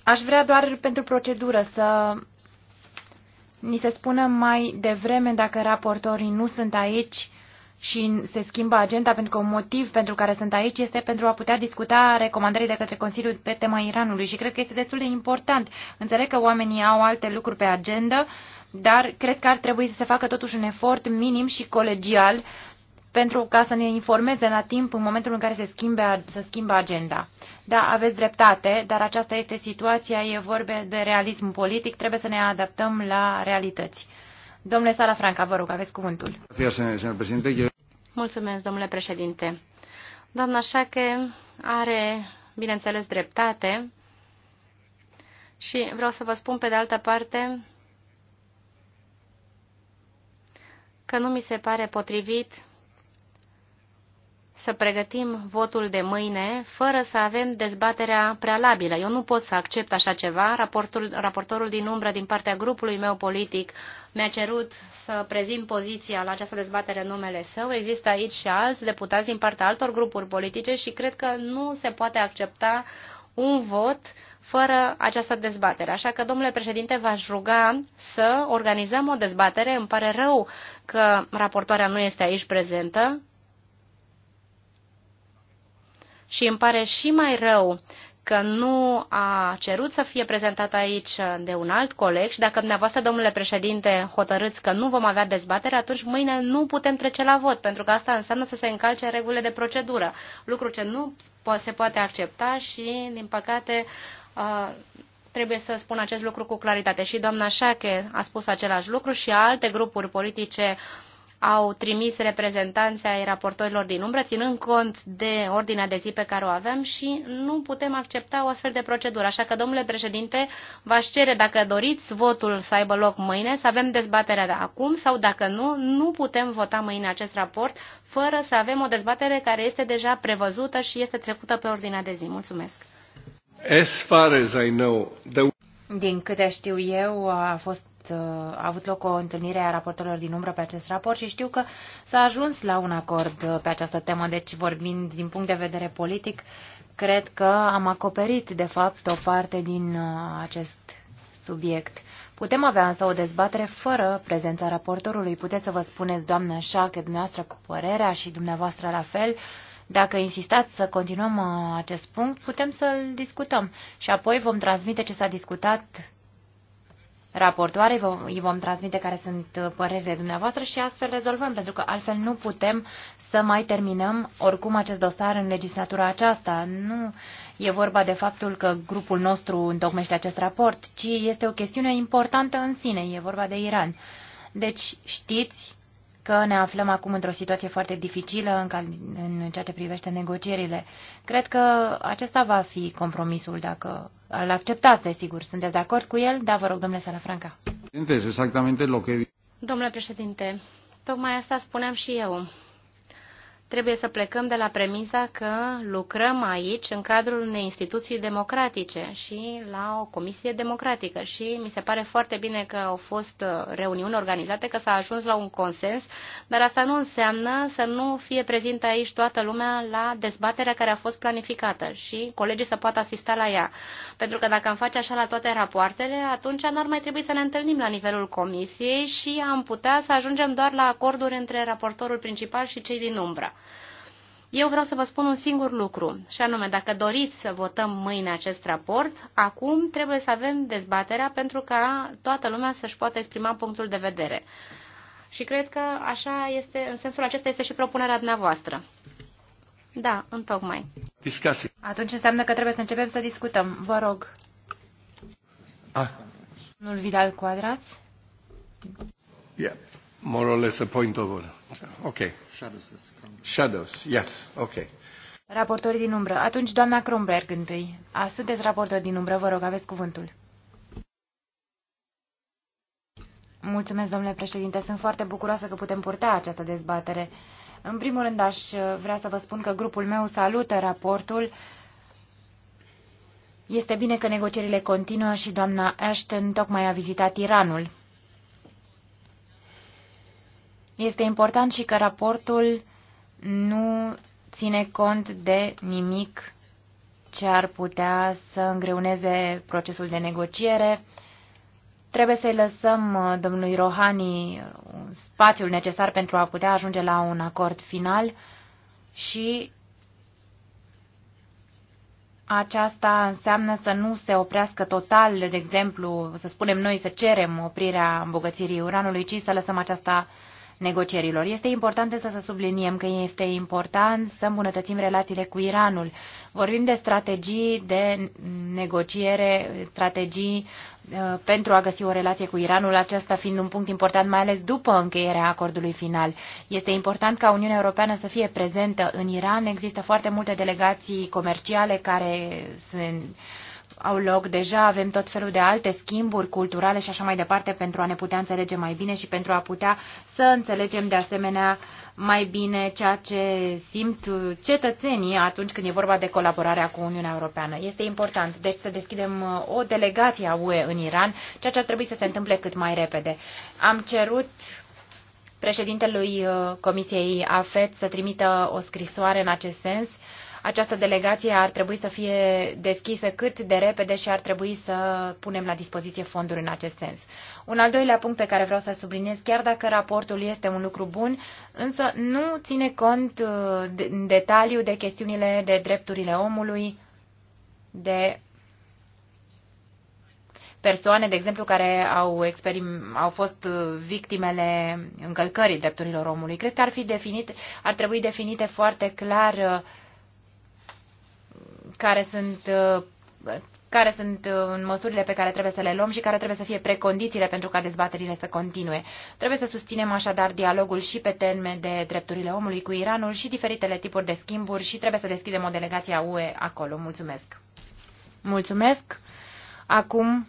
Aș vrea doar pentru procedură să ni se spună mai devreme dacă raportorii nu sunt aici și se schimbă agenda pentru că un motiv pentru care sunt aici este pentru a putea discuta recomandările către Consiliul pe tema Iranului și cred că este destul de important. Înțeleg că oamenii au alte lucruri pe agenda, dar cred că ar trebui să se facă totuși un efort minim și colegial pentru ca să ne informeze la timp în momentul în care se schimbe, să schimbe agenda. Da, aveți dreptate, dar aceasta este situația, e vorbe de realism politic, trebuie să ne adaptăm la realități. Domnule Sara vă rog, aveți cuvântul. Mulțumesc, domnule președinte. Doamna Șache are, bineînțeles, dreptate și vreau să vă spun, pe de altă parte, că nu mi se pare potrivit să pregătim votul de mâine fără să avem dezbaterea prealabilă. Eu nu pot să accept așa ceva. Raportul, raportorul din umbră din partea grupului meu politic mi-a cerut să prezint poziția la această dezbatere în numele său. Există aici și alți deputați din partea altor grupuri politice și cred că nu se poate accepta un vot fără această dezbatere. Așa că, domnule președinte, v-aș ruga să organizăm o dezbatere. Îmi pare rău că raportoarea nu este aici prezentă, și îmi pare și mai rău că nu a cerut să fie prezentat aici de un alt coleg și dacă dumneavoastră, domnule președinte, hotărâți că nu vom avea dezbatere, atunci mâine nu putem trece la vot, pentru că asta înseamnă să se încalce regulile de procedură, lucru ce nu se poate accepta și, din păcate, uh, trebuie să spun acest lucru cu claritate. Și doamna Șache a spus același lucru și alte grupuri politice uh, au trimis reprezentanții ai raportorilor din umbră, ținând cont de ordinea de zi pe care o avem și nu putem accepta o astfel de procedură. Așa că, domnule președinte, v-aș cere, dacă doriți votul să aibă loc mâine, să avem dezbaterea de acum sau, dacă nu, nu putem vota mâine acest raport fără să avem o dezbatere care este deja prevăzută și este trecută pe ordinea de zi. Mulțumesc! As far as I know, the... Din câte știu eu, a fost Uh, a avut loc o întâlnire a raportorilor din umbră pe acest raport și știu că s-a ajuns la un acord uh, pe această temă, deci vorbind din punct de vedere politic, cred că am acoperit de fapt o parte din uh, acest subiect. Putem avea însă o dezbatere fără prezența raportorului. Puteți să vă spuneți, doamnă Șac, dumneavoastră cu părerea și dumneavoastră la fel. Dacă insistați să continuăm acest punct, putem să-l discutăm și apoi vom transmite ce s-a discutat raportoare, îi vom transmite care sunt părerile dumneavoastră și astfel rezolvăm, pentru că altfel nu putem să mai terminăm oricum acest dosar în legislatura aceasta. Nu e vorba de faptul că grupul nostru întocmește acest raport, ci este o chestiune importantă în sine, e vorba de Iran. Deci știți că ne aflăm acum într-o situație foarte dificilă în, cal- în ceea ce privește negocierile. Cred că acesta va fi compromisul, dacă îl acceptați, desigur. Sunteți de acord cu el? Da, vă rog, domnule Salafranca. Exactamente Domnule președinte, tocmai asta spuneam și eu trebuie să plecăm de la premisa că lucrăm aici în cadrul unei instituții democratice și la o comisie democratică și mi se pare foarte bine că au fost uh, reuniuni organizate, că s-a ajuns la un consens, dar asta nu înseamnă să nu fie prezentă aici toată lumea la dezbaterea care a fost planificată și colegii să poată asista la ea. Pentru că dacă am face așa la toate rapoartele, atunci n-ar mai trebui să ne întâlnim la nivelul comisiei și am putea să ajungem doar la acorduri între raportorul principal și cei din umbra. Eu vreau să vă spun un singur lucru, și anume, dacă doriți să votăm mâine acest raport, acum trebuie să avem dezbaterea pentru ca toată lumea să-și poată exprima punctul de vedere. Și cred că așa este, în sensul acesta este și propunerea dumneavoastră. Da, întocmai. Discasi. Atunci înseamnă că trebuie să începem să discutăm. Vă rog. Ah. Nu-l Vidal Cuadrat? Yeah more or less a point of order. Okay. Shadows. Shadows, yes, okay. Raportori din umbră. Atunci, doamna Kronberg întâi. A, sunteți raportor din umbră, vă rog, aveți cuvântul. Mulțumesc, domnule președinte. Sunt foarte bucuroasă că putem purta această dezbatere. În primul rând, aș vrea să vă spun că grupul meu salută raportul. Este bine că negocierile continuă și doamna Ashton tocmai a vizitat Iranul. Este important și că raportul nu ține cont de nimic ce ar putea să îngreuneze procesul de negociere. Trebuie să-i lăsăm uh, domnului Rohani uh, spațiul necesar pentru a putea ajunge la un acord final și aceasta înseamnă să nu se oprească total, de exemplu, să spunem noi să cerem oprirea îmbogățirii uranului, ci să lăsăm aceasta negocierilor. Este important să subliniem că este important să îmbunătățim relațiile cu Iranul. Vorbim de strategii de negociere, strategii uh, pentru a găsi o relație cu Iranul, acesta fiind un punct important, mai ales după încheierea acordului final. Este important ca Uniunea Europeană să fie prezentă în Iran. Există foarte multe delegații comerciale care sunt au loc deja, avem tot felul de alte schimburi culturale și așa mai departe pentru a ne putea înțelege mai bine și pentru a putea să înțelegem de asemenea mai bine ceea ce simt cetățenii atunci când e vorba de colaborarea cu Uniunea Europeană. Este important, deci, să deschidem uh, o delegație a UE în Iran, ceea ce ar trebui să se întâmple cât mai repede. Am cerut președintelui uh, Comisiei AFET să trimită o scrisoare în acest sens această delegație ar trebui să fie deschisă cât de repede și ar trebui să punem la dispoziție fonduri în acest sens. Un al doilea punct pe care vreau să subliniez, chiar dacă raportul este un lucru bun, însă nu ține cont uh, în detaliu de chestiunile de drepturile omului, de persoane, de exemplu, care au, experim, au fost uh, victimele încălcării drepturilor omului. Cred că ar, fi definit, ar trebui definite foarte clar uh, care sunt uh, care sunt uh, măsurile pe care trebuie să le luăm și care trebuie să fie precondițiile pentru ca dezbaterile să continue. Trebuie să susținem așadar dialogul și pe teme de drepturile omului cu Iranul și diferitele tipuri de schimburi și trebuie să deschidem o delegație a UE acolo. Mulțumesc! Mulțumesc! Acum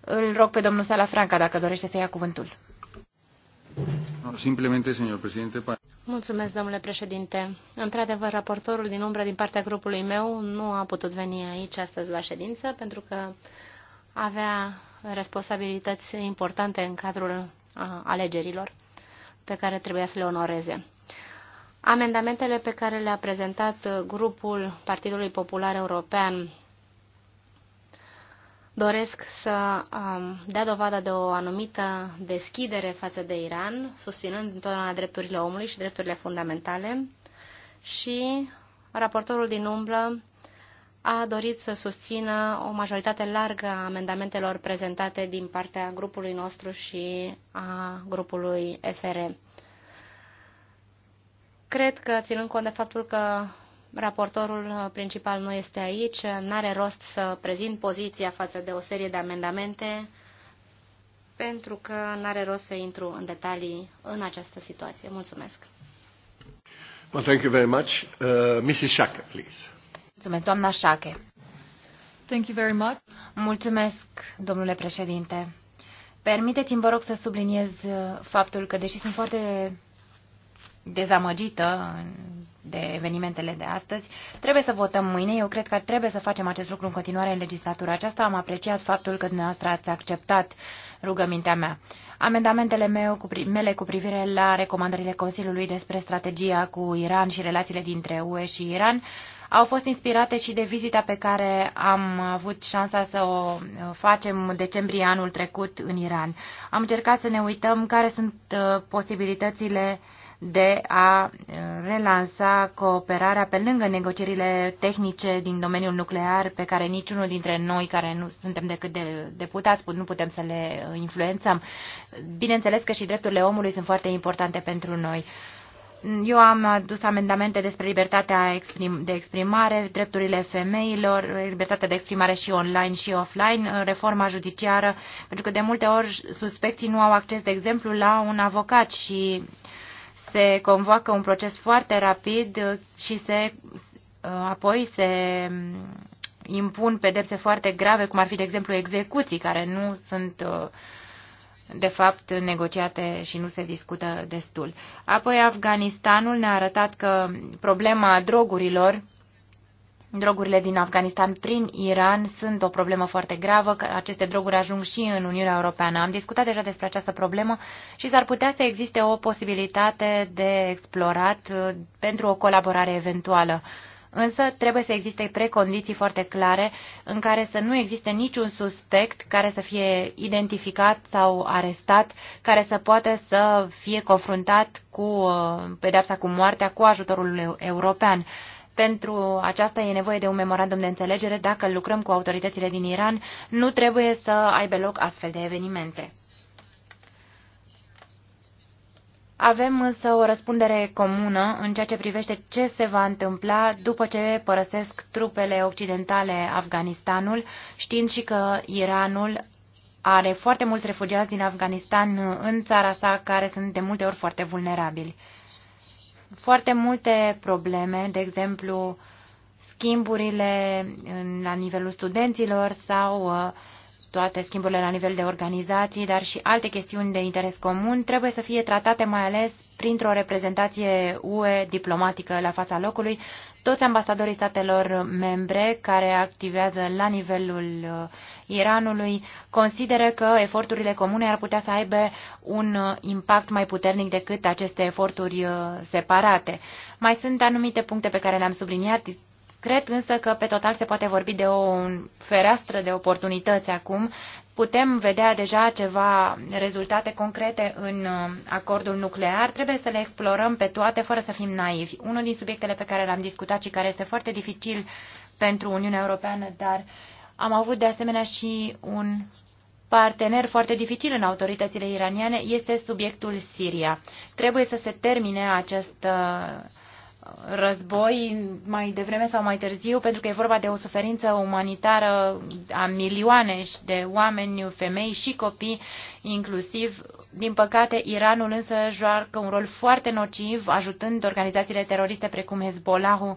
îl rog pe domnul Sala Franca dacă dorește să ia cuvântul. Simplemente, señor presidente, Mulțumesc, domnule președinte. Într-adevăr, raportorul din umbră din partea grupului meu nu a putut veni aici astăzi la ședință pentru că avea responsabilități importante în cadrul alegerilor pe care trebuia să le onoreze. Amendamentele pe care le-a prezentat uh, grupul Partidului Popular European doresc să um, dea dovadă de o anumită deschidere față de Iran, susținând întotdeauna drepturile omului și drepturile fundamentale și raportorul din umblă a dorit să susțină o majoritate largă a amendamentelor prezentate din partea grupului nostru și a grupului FR. Cred că, ținând cont de faptul că Raportorul principal nu este aici, n-are rost să prezint poziția față de o serie de amendamente, pentru că n-are rost să intru în detalii în această situație. Mulțumesc. Well, thank you very much. Uh, Mrs. Shaka, please. Mulțumesc, doamna Shake. Thank you very much. Mulțumesc, domnule președinte. Permiteți-mi, vă rog, să subliniez uh, faptul că, deși sunt foarte dezamăgită de evenimentele de astăzi. Trebuie să votăm mâine. Eu cred că trebuie să facem acest lucru în continuare în legislatura aceasta. Am apreciat faptul că dumneavoastră ați acceptat rugămintea mea. Amendamentele meu, cu, mele cu privire la recomandările Consiliului despre strategia cu Iran și relațiile dintre UE și Iran au fost inspirate și de vizita pe care am avut șansa să o uh, facem în decembrie anul trecut în Iran. Am încercat să ne uităm care sunt uh, posibilitățile uh, de a uh, relansa cooperarea pe lângă negocierile tehnice din domeniul nuclear pe care niciunul dintre noi care nu suntem decât de deputați nu putem să le influențăm. Bineînțeles că și drepturile omului sunt foarte importante pentru noi. Eu am adus amendamente despre libertatea de exprimare, drepturile femeilor, libertatea de exprimare și online și offline, reforma judiciară, pentru că de multe ori suspecții nu au acces, de exemplu, la un avocat și se convoacă un proces foarte rapid și se, apoi se impun pedepse foarte grave, cum ar fi, de exemplu, execuții, care nu sunt, de fapt, negociate și nu se discută destul. Apoi, Afganistanul ne-a arătat că problema drogurilor Drogurile din Afganistan prin Iran sunt o problemă foarte gravă, că aceste droguri ajung și în Uniunea Europeană. Am discutat deja despre această problemă și s-ar putea să existe o posibilitate de explorat uh, pentru o colaborare eventuală. Însă trebuie să existe precondiții foarte clare în care să nu existe niciun suspect care să fie identificat sau arestat, care să poată să fie confruntat cu uh, pedeapsa cu moartea cu ajutorul european. Pentru aceasta e nevoie de un memorandum de înțelegere dacă lucrăm cu autoritățile din Iran. Nu trebuie să aibă loc astfel de evenimente. Avem însă o răspundere comună în ceea ce privește ce se va întâmpla după ce părăsesc trupele occidentale Afganistanul, știind și că Iranul are foarte mulți refugiați din Afganistan în țara sa care sunt de multe ori foarte vulnerabili foarte multe probleme, de exemplu, schimburile la nivelul studenților sau uh, toate schimburile la nivel de organizații, dar și alte chestiuni de interes comun trebuie să fie tratate mai ales printr-o reprezentație UE diplomatică la fața locului. Toți ambasadorii statelor membre care activează la nivelul uh, Iranului consideră că eforturile comune ar putea să aibă un uh, impact mai puternic decât aceste eforturi uh, separate. Mai sunt anumite puncte pe care le-am subliniat. Cred însă că pe total se poate vorbi de o fereastră de oportunități acum. Putem vedea deja ceva rezultate concrete în uh, acordul nuclear. Trebuie să le explorăm pe toate fără să fim naivi. Unul din subiectele pe care l-am discutat și care este foarte dificil pentru Uniunea Europeană, dar uh, am avut de asemenea și un partener foarte dificil în autoritățile iraniene, este subiectul Siria. Trebuie să se termine acest uh, război mai devreme sau mai târziu, pentru că e vorba de o suferință umanitară a milioane de oameni, femei și copii, inclusiv din păcate, Iranul însă joacă un rol foarte nociv, ajutând organizațiile teroriste precum Hezbollahul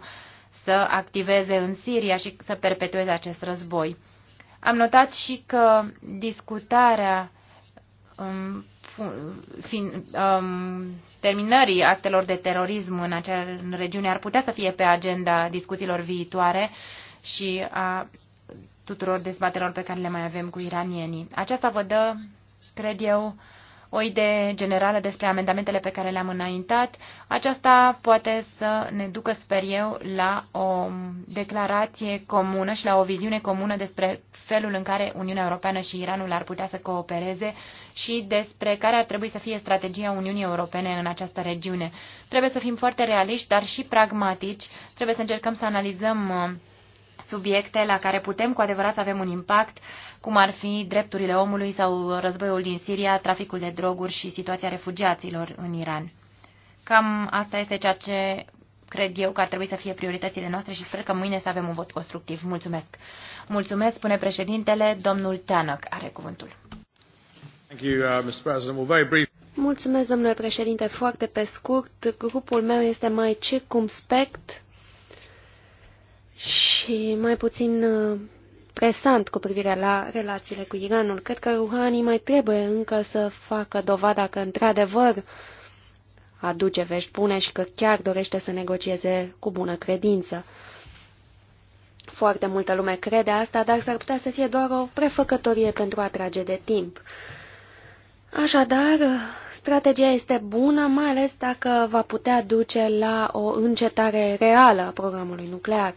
să activeze în Siria și să perpetueze acest război. Am notat și că discutarea um, fin, um, terminării actelor de terorism în acea în regiune ar putea să fie pe agenda discuțiilor viitoare și a tuturor dezbaterilor pe care le mai avem cu iranienii. Aceasta vă dă, cred eu, o idee generală despre amendamentele pe care le-am înaintat. Aceasta poate să ne ducă, sper eu, la o declarație comună și la o viziune comună despre felul în care Uniunea Europeană și Iranul ar putea să coopereze și despre care ar trebui să fie strategia Uniunii Europene în această regiune. Trebuie să fim foarte realiști, dar și pragmatici. Trebuie să încercăm să analizăm uh, subiecte la care putem cu adevărat să avem un impact, cum ar fi drepturile omului sau războiul din Siria, traficul de droguri și situația refugiaților în Iran. Cam asta este ceea ce cred eu că ar trebui să fie prioritățile noastre și sper că mâine să avem un vot constructiv. Mulțumesc. Mulțumesc, spune președintele, domnul Tanăc are cuvântul. Uh, Mulțumesc, domnule președinte. Foarte pe scurt, grupul meu este mai circumspect și mai puțin uh, presant cu privire la relațiile cu Iranul. Cred că Rouhani mai trebuie încă să facă dovada că, într-adevăr, aduce vești bune și că chiar dorește să negocieze cu bună credință. Foarte multă lume crede asta, dar s-ar putea să fie doar o prefăcătorie pentru a trage de timp. Așadar, strategia este bună, mai ales dacă va putea duce la o încetare reală a programului nuclear.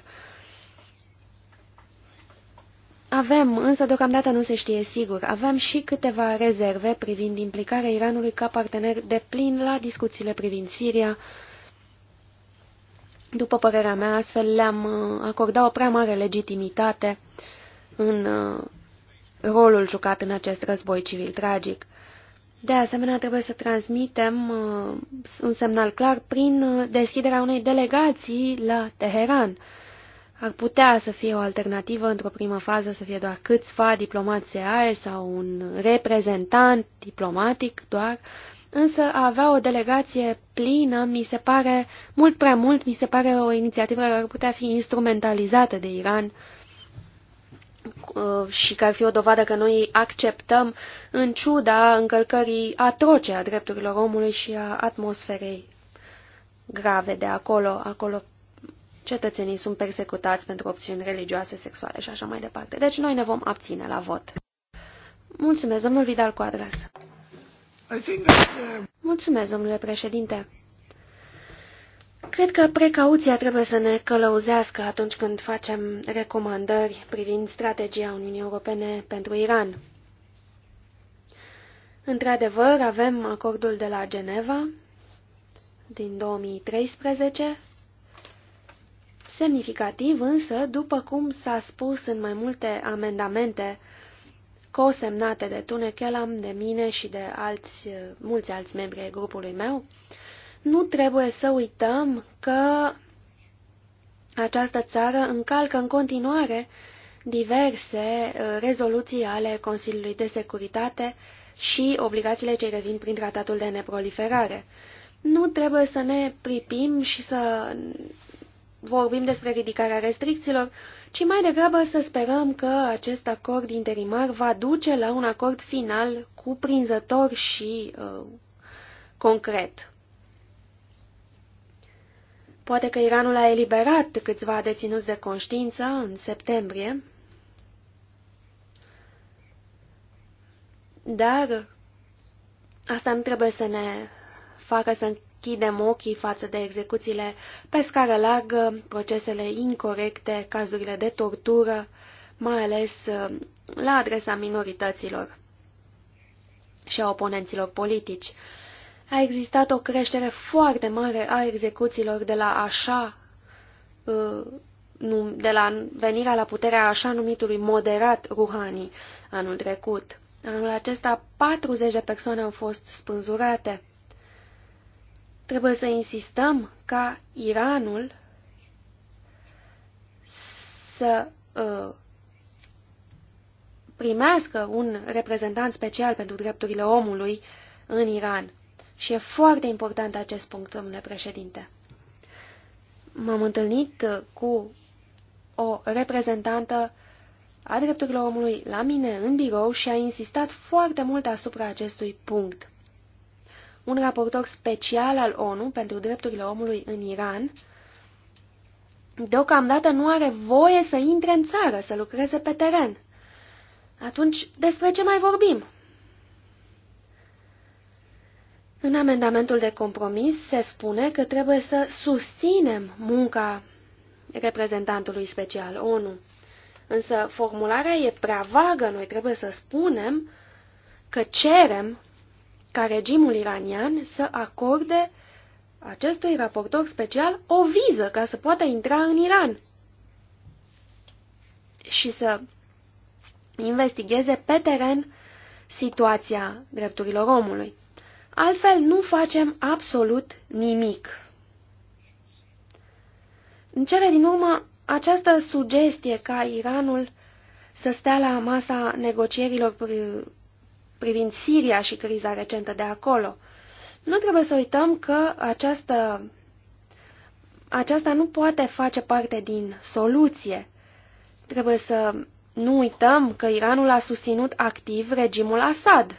Avem, însă deocamdată nu se știe sigur, avem și câteva rezerve privind implicarea Iranului ca partener de plin la discuțiile privind Siria. După părerea mea, astfel le-am uh, acordat o prea mare legitimitate în uh, rolul jucat în acest război civil tragic. De asemenea, trebuie să transmitem uh, un semnal clar prin deschiderea unei delegații la Teheran, ar putea să fie o alternativă într-o primă fază, să fie doar câțiva diplomați SAE sau un reprezentant diplomatic doar, însă a avea o delegație plină mi se pare mult prea mult, mi se pare o inițiativă care ar putea fi instrumentalizată de Iran uh, și că ar fi o dovadă că noi acceptăm în ciuda încălcării atroce a drepturilor omului și a atmosferei grave de acolo. Acolo cetățenii sunt persecutați pentru opțiuni religioase, sexuale și așa mai departe. Deci noi ne vom abține la vot. Mulțumesc, domnul Vidal Coadras. Uh, Mulțumesc, domnule președinte. Cred că precauția trebuie să ne călăuzească atunci când facem recomandări privind strategia Uniunii Europene pentru Iran. Într-adevăr, avem acordul de la Geneva din 2013 Semnificativ însă, după cum s-a spus în mai multe amendamente cosemnate de Tunechelam, de mine și de alți, mulți alți membri ai grupului meu, nu trebuie să uităm că această țară încalcă în continuare diverse uh, rezoluții ale Consiliului de Securitate și obligațiile ce revin prin tratatul de neproliferare. Nu trebuie să ne pripim și să vorbim despre ridicarea restricțiilor, ci mai degrabă să sperăm că acest acord interimar va duce la un acord final cuprinzător și uh, concret. Poate că Iranul a eliberat câțiva deținuți de conștiință în septembrie, dar asta nu trebuie să ne facă să închidem ochii față de execuțiile pe scară largă, procesele incorrecte, cazurile de tortură, mai ales uh, la adresa minorităților și a oponenților politici. A existat o creștere foarte mare a execuțiilor de la așa uh, de la venirea la puterea așa numitului moderat Ruhani anul trecut. Anul acesta 40 de persoane au fost spânzurate. Trebuie să insistăm ca Iranul să uh, primească un reprezentant special pentru drepturile omului în Iran. Și e foarte important acest punct, domnule președinte. M-am întâlnit uh, cu o reprezentantă a drepturilor omului la mine în birou și a insistat foarte mult asupra acestui punct un raportor special al ONU pentru drepturile omului în Iran, deocamdată nu are voie să intre în țară, să lucreze pe teren. Atunci, despre ce mai vorbim? În amendamentul de compromis se spune că trebuie să susținem munca reprezentantului special ONU. Însă formularea e prea vagă, noi trebuie să spunem că cerem ca regimul iranian să acorde acestui raportor special o viză ca să poată intra în Iran și să investigheze pe teren situația drepturilor omului. Altfel nu facem absolut nimic. În cele din urmă, această sugestie ca Iranul să stea la masa negocierilor privind Siria și criza recentă de acolo. Nu trebuie să uităm că această, aceasta nu poate face parte din soluție. Trebuie să nu uităm că Iranul a susținut activ regimul Assad.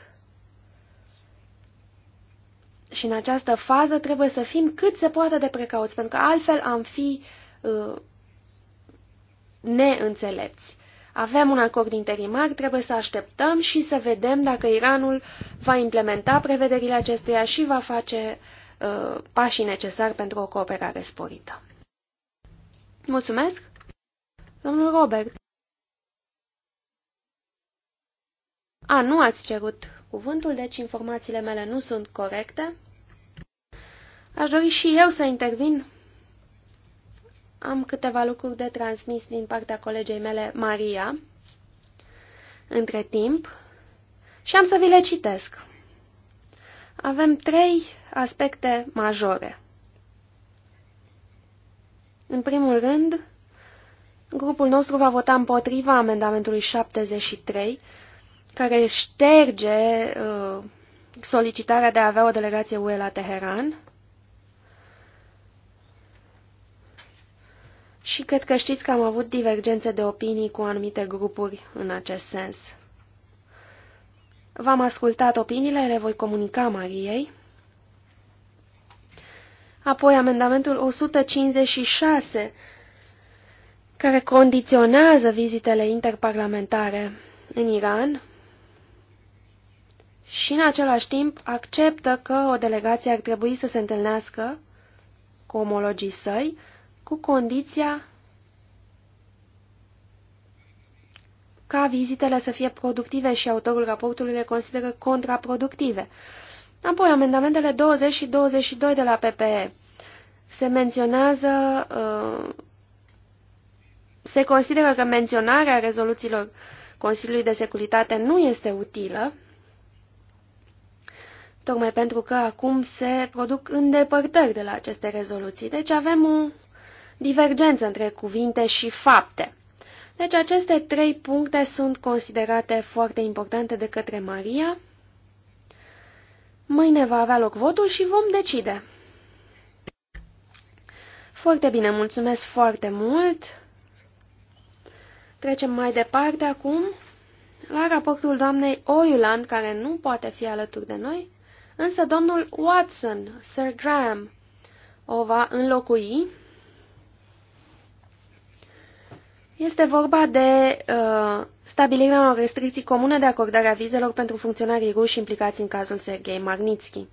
Și în această fază trebuie să fim cât se poate de precauți, pentru că altfel am fi uh, neînțelepți. Avem un acord interimar, trebuie să așteptăm și să vedem dacă Iranul va implementa prevederile acestuia și va face uh, pașii necesari pentru o cooperare sporită. Mulțumesc! Domnul Robert. A, nu ați cerut cuvântul, deci informațiile mele nu sunt corecte. Aș dori și eu să intervin am câteva lucruri de transmis din partea colegei mele, Maria, între timp, și am să vi le citesc. Avem trei aspecte majore. În primul rând, grupul nostru va vota împotriva amendamentului 73, care șterge uh, solicitarea de a avea o delegație UE la Teheran. Și cred că știți că am avut divergențe de opinii cu anumite grupuri în acest sens. V-am ascultat opiniile, le voi comunica Mariei. Apoi amendamentul 156, care condiționează vizitele interparlamentare în Iran și în același timp acceptă că o delegație ar trebui să se întâlnească cu omologii săi, cu condiția ca vizitele să fie productive și autorul raportului le consideră contraproductive. Apoi, amendamentele 20 și 22 de la PPE. Se menționează, uh, se consideră că menționarea rezoluțiilor Consiliului de Securitate nu este utilă, tocmai pentru că acum se produc îndepărtări de la aceste rezoluții. Deci avem un divergență între cuvinte și fapte. Deci aceste trei puncte sunt considerate foarte importante de către Maria. Mâine va avea loc votul și vom decide. Foarte bine, mulțumesc foarte mult. Trecem mai departe acum la raportul doamnei Oiuland, care nu poate fi alături de noi, însă domnul Watson, Sir Graham, o va înlocui Este vorba de uh, stabilirea unor restricții comune de acordare a vizelor pentru funcționarii ruși implicați în cazul Sergei Magnitsky.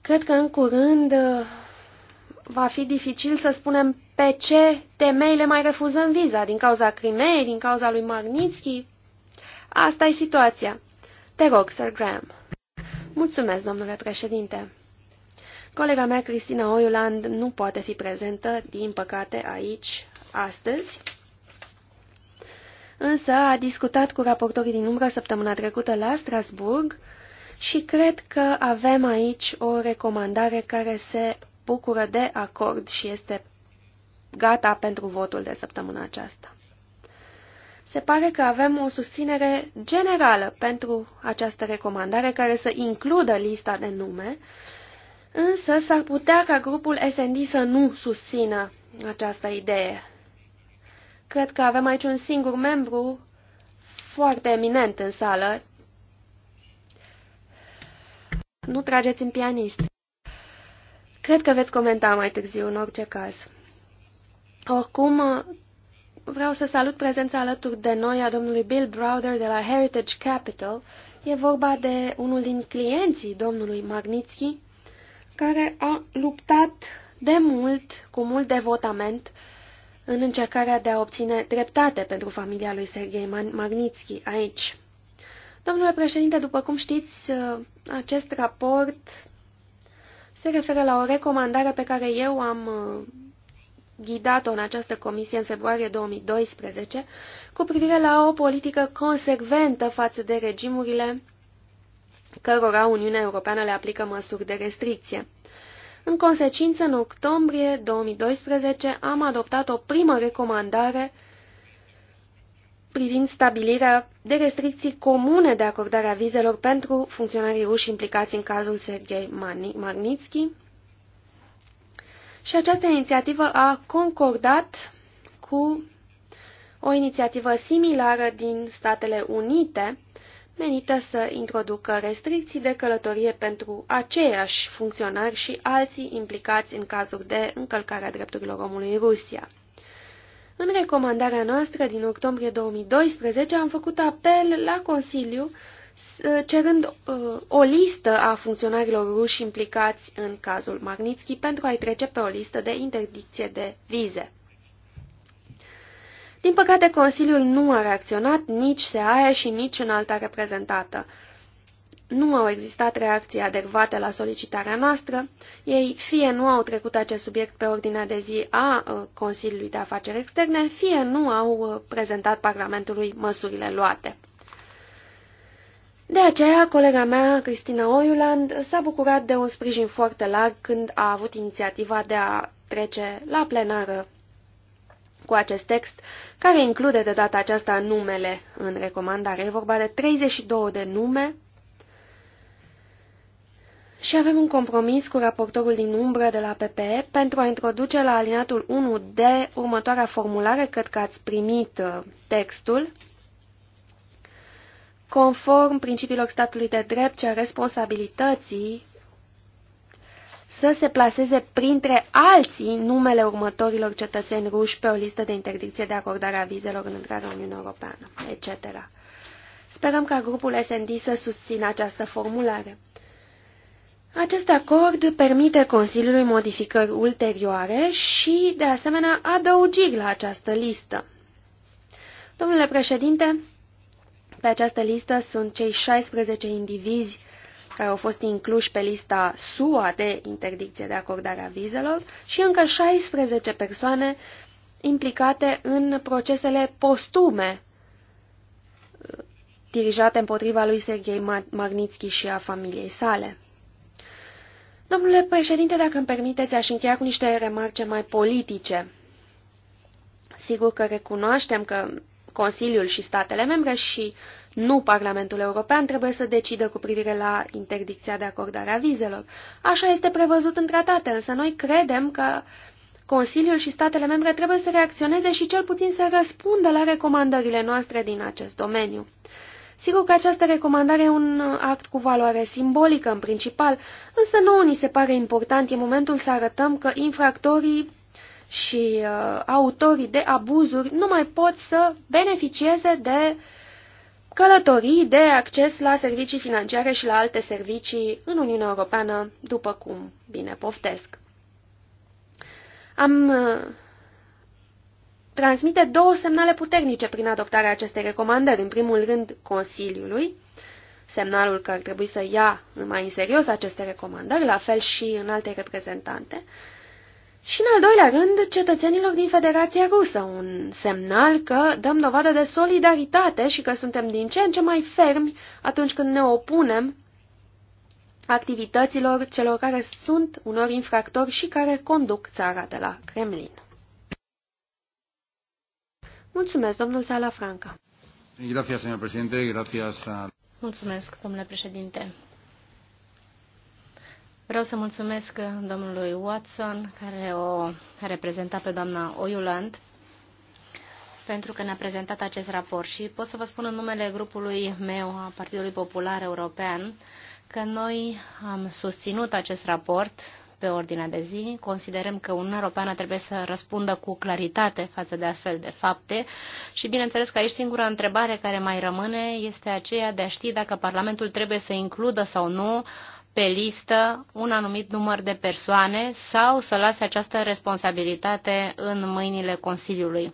Cred că în curând uh, va fi dificil să spunem pe ce temei le mai refuzăm viza, din cauza Crimeei, din cauza lui Magnitsky. Asta e situația. Te rog, Sir Graham. Mulțumesc, domnule președinte. Colega mea, Cristina Oiuland, nu poate fi prezentă, din păcate, aici, astăzi, însă a discutat cu raportorii din umbră săptămâna trecută la Strasburg și cred că avem aici o recomandare care se bucură de acord și este gata pentru votul de săptămâna aceasta. Se pare că avem o susținere generală pentru această recomandare care să includă lista de nume, însă s-ar putea ca grupul SND să nu susțină această idee. Cred că avem aici un singur membru foarte eminent în sală. Nu trageți în pianist. Cred că veți comenta mai târziu, în orice caz. Oricum, vreau să salut prezența alături de noi a domnului Bill Browder de la Heritage Capital. E vorba de unul din clienții domnului Magnitsky, care a luptat de mult, cu mult devotament, în încercarea de a obține dreptate pentru familia lui Sergei Magnitsky aici. Domnule președinte, după cum știți, uh, acest raport se referă la o recomandare pe care eu am uh, ghidat-o în această comisie în februarie 2012 cu privire la o politică consecventă față de regimurile cărora Uniunea Europeană le aplică măsuri de restricție. În consecință, în octombrie 2012 am adoptat o primă recomandare privind stabilirea de restricții comune de acordare a vizelor pentru funcționarii ruși implicați în cazul Sergei Magnitsky. Și această inițiativă a concordat cu o inițiativă similară din Statele Unite, menită să introducă restricții de călătorie pentru aceiași funcționari și alții implicați în cazuri de încălcare a drepturilor omului în Rusia. În recomandarea noastră din octombrie 2012 am făcut apel la Consiliu cerând uh, o listă a funcționarilor ruși implicați în cazul Magnitsky pentru a-i trece pe o listă de interdicție de vize. Din păcate, Consiliul nu a reacționat nici aia și nici în alta reprezentată. Nu au existat reacții adecvate la solicitarea noastră, ei fie nu au trecut acest subiect pe ordinea de zi a uh, Consiliului de Afaceri Externe, fie nu au uh, prezentat Parlamentului măsurile luate. De aceea, colega mea, Cristina Oiuland, s-a bucurat de un sprijin foarte larg când a avut inițiativa de a trece la plenară cu acest text, care include de data aceasta numele în recomandare. E vorba de 32 de nume și avem un compromis cu raportorul din umbră de la PPE pentru a introduce la alinatul 1D următoarea formulare, cât că ați primit uh, textul, conform principiilor statului de drept și a responsabilității să se plaseze printre alții numele următorilor cetățeni ruși pe o listă de interdicție de acordare a vizelor în întreaga Uniunea Europeană, etc. Sperăm ca grupul SND să susțină această formulare. Acest acord permite Consiliului modificări ulterioare și, de asemenea, adăugiri la această listă. Domnule președinte, pe această listă sunt cei 16 indivizi care au fost incluși pe lista SUA de interdicție de acordare a vizelor și încă 16 persoane implicate în procesele postume dirijate împotriva lui Serghei Magnitsky și a familiei sale. Domnule președinte, dacă îmi permiteți, aș încheia cu niște remarce mai politice. Sigur că recunoaștem că Consiliul și statele membre și nu Parlamentul European trebuie să decidă cu privire la interdicția de acordare a vizelor. Așa este prevăzut în tratate, însă noi credem că Consiliul și statele membre trebuie să reacționeze și cel puțin să răspundă la recomandările noastre din acest domeniu. Sigur că această recomandare e un act cu valoare simbolică în principal, însă nouă ni se pare important, e momentul să arătăm că infractorii și uh, autorii de abuzuri nu mai pot să beneficieze de uh, călătorii de acces la servicii financiare și la alte servicii în Uniunea Europeană, după cum bine poftesc. Am uh, transmite două semnale puternice prin adoptarea acestei recomandări. În primul rând, Consiliului, semnalul că ar trebui să ia mai în serios aceste recomandări, la fel și în alte reprezentante, și în al doilea rând, cetățenilor din Federația Rusă, un semnal că dăm dovadă de solidaritate și că suntem din ce în ce mai fermi atunci când ne opunem activităților celor care sunt unor infractori și care conduc țara de la Kremlin. Mulțumesc, domnul Sala Franca. Mulțumesc, domnule președinte. Vreau să mulțumesc domnului Watson, care o reprezentat pe doamna Oyuland, pentru că ne-a prezentat acest raport și pot să vă spun în numele grupului meu, a Partidului Popular European, că noi am susținut acest raport pe ordinea de zi. Considerăm că Uniunea Europeană trebuie să răspundă cu claritate față de astfel de fapte și bineînțeles că aici singura întrebare care mai rămâne este aceea de a ști dacă Parlamentul trebuie să includă sau nu pe listă un anumit număr de persoane sau să lase această responsabilitate în mâinile Consiliului.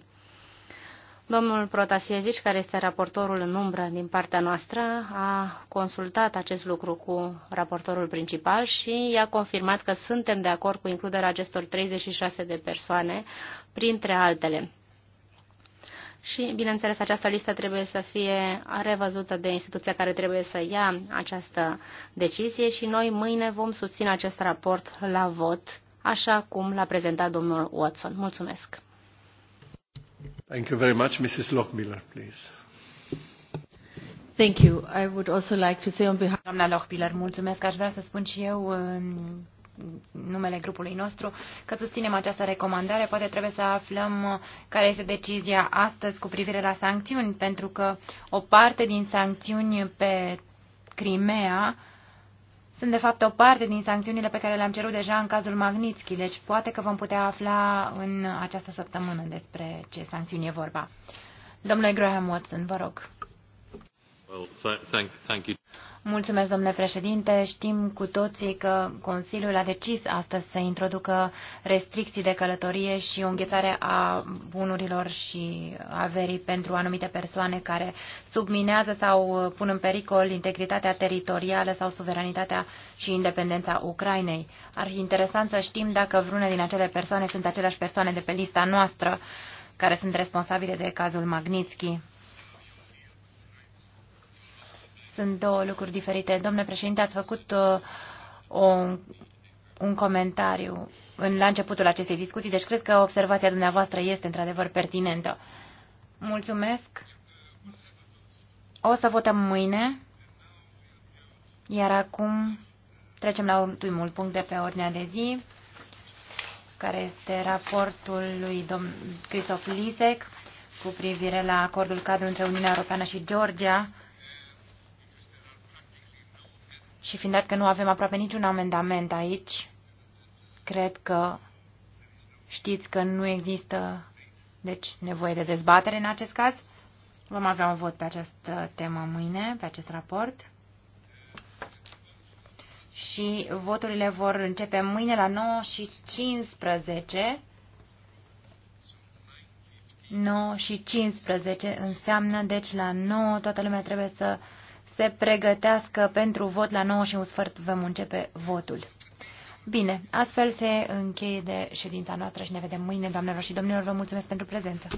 Domnul Protasievic, care este raportorul în umbră din partea noastră, a consultat acest lucru cu raportorul principal și i-a confirmat că suntem de acord cu includerea acestor 36 de persoane, printre altele și, bineînțeles, această listă trebuie să fie revăzută de instituția care trebuie să ia această decizie și noi mâine vom susține acest raport la vot, așa cum l-a prezentat domnul Watson. Mulțumesc! Thank you very much, Mrs. Lochmiller, please. Thank you. I would also like to say on behalf... of Doamna Lochbiller, mulțumesc. Aș vrea să spun și eu în um, numele grupului nostru că susținem această recomandare. Poate trebuie să aflăm uh, care este decizia astăzi cu privire la sancțiuni, pentru că o parte din sancțiuni pe Crimea sunt de fapt o parte din sancțiunile pe care le-am cerut deja în cazul Magnitsky, deci poate că vom putea afla în această săptămână despre ce sancțiuni e vorba. Domnule Graham Watson, vă rog. Well, thank, thank you. Mulțumesc, domnule președinte. Știm cu toții că Consiliul a decis astăzi să introducă restricții de călătorie și o înghețare a bunurilor și averii pentru anumite persoane care subminează sau pun în pericol integritatea teritorială sau suveranitatea și independența Ucrainei. Ar fi interesant să știm dacă vreuna din acele persoane sunt aceleași persoane de pe lista noastră care sunt responsabile de cazul Magnitsky. Sunt două lucruri diferite. Domnule președinte, ați făcut uh, o, un comentariu în, la începutul acestei discuții, deci cred că observația dumneavoastră este într-adevăr pertinentă. Mulțumesc. O să votăm mâine, iar acum trecem la ultimul punct de pe ordinea de zi, care este raportul lui domn Christoph Lisek cu privire la acordul cadru între Uniunea Europeană și Georgia și fiind dat că nu avem aproape niciun amendament aici, cred că știți că nu există deci nevoie de dezbatere în acest caz. Vom avea un vot pe această temă mâine, pe acest raport. Și voturile vor începe mâine la 9 și 15. 9 și 15 înseamnă, deci la 9 toată lumea trebuie să se pregătească pentru vot la 9 și un sfert vom începe votul. Bine, astfel se încheie de ședința noastră și ne vedem mâine, doamnelor și domnilor. Vă mulțumesc pentru prezență.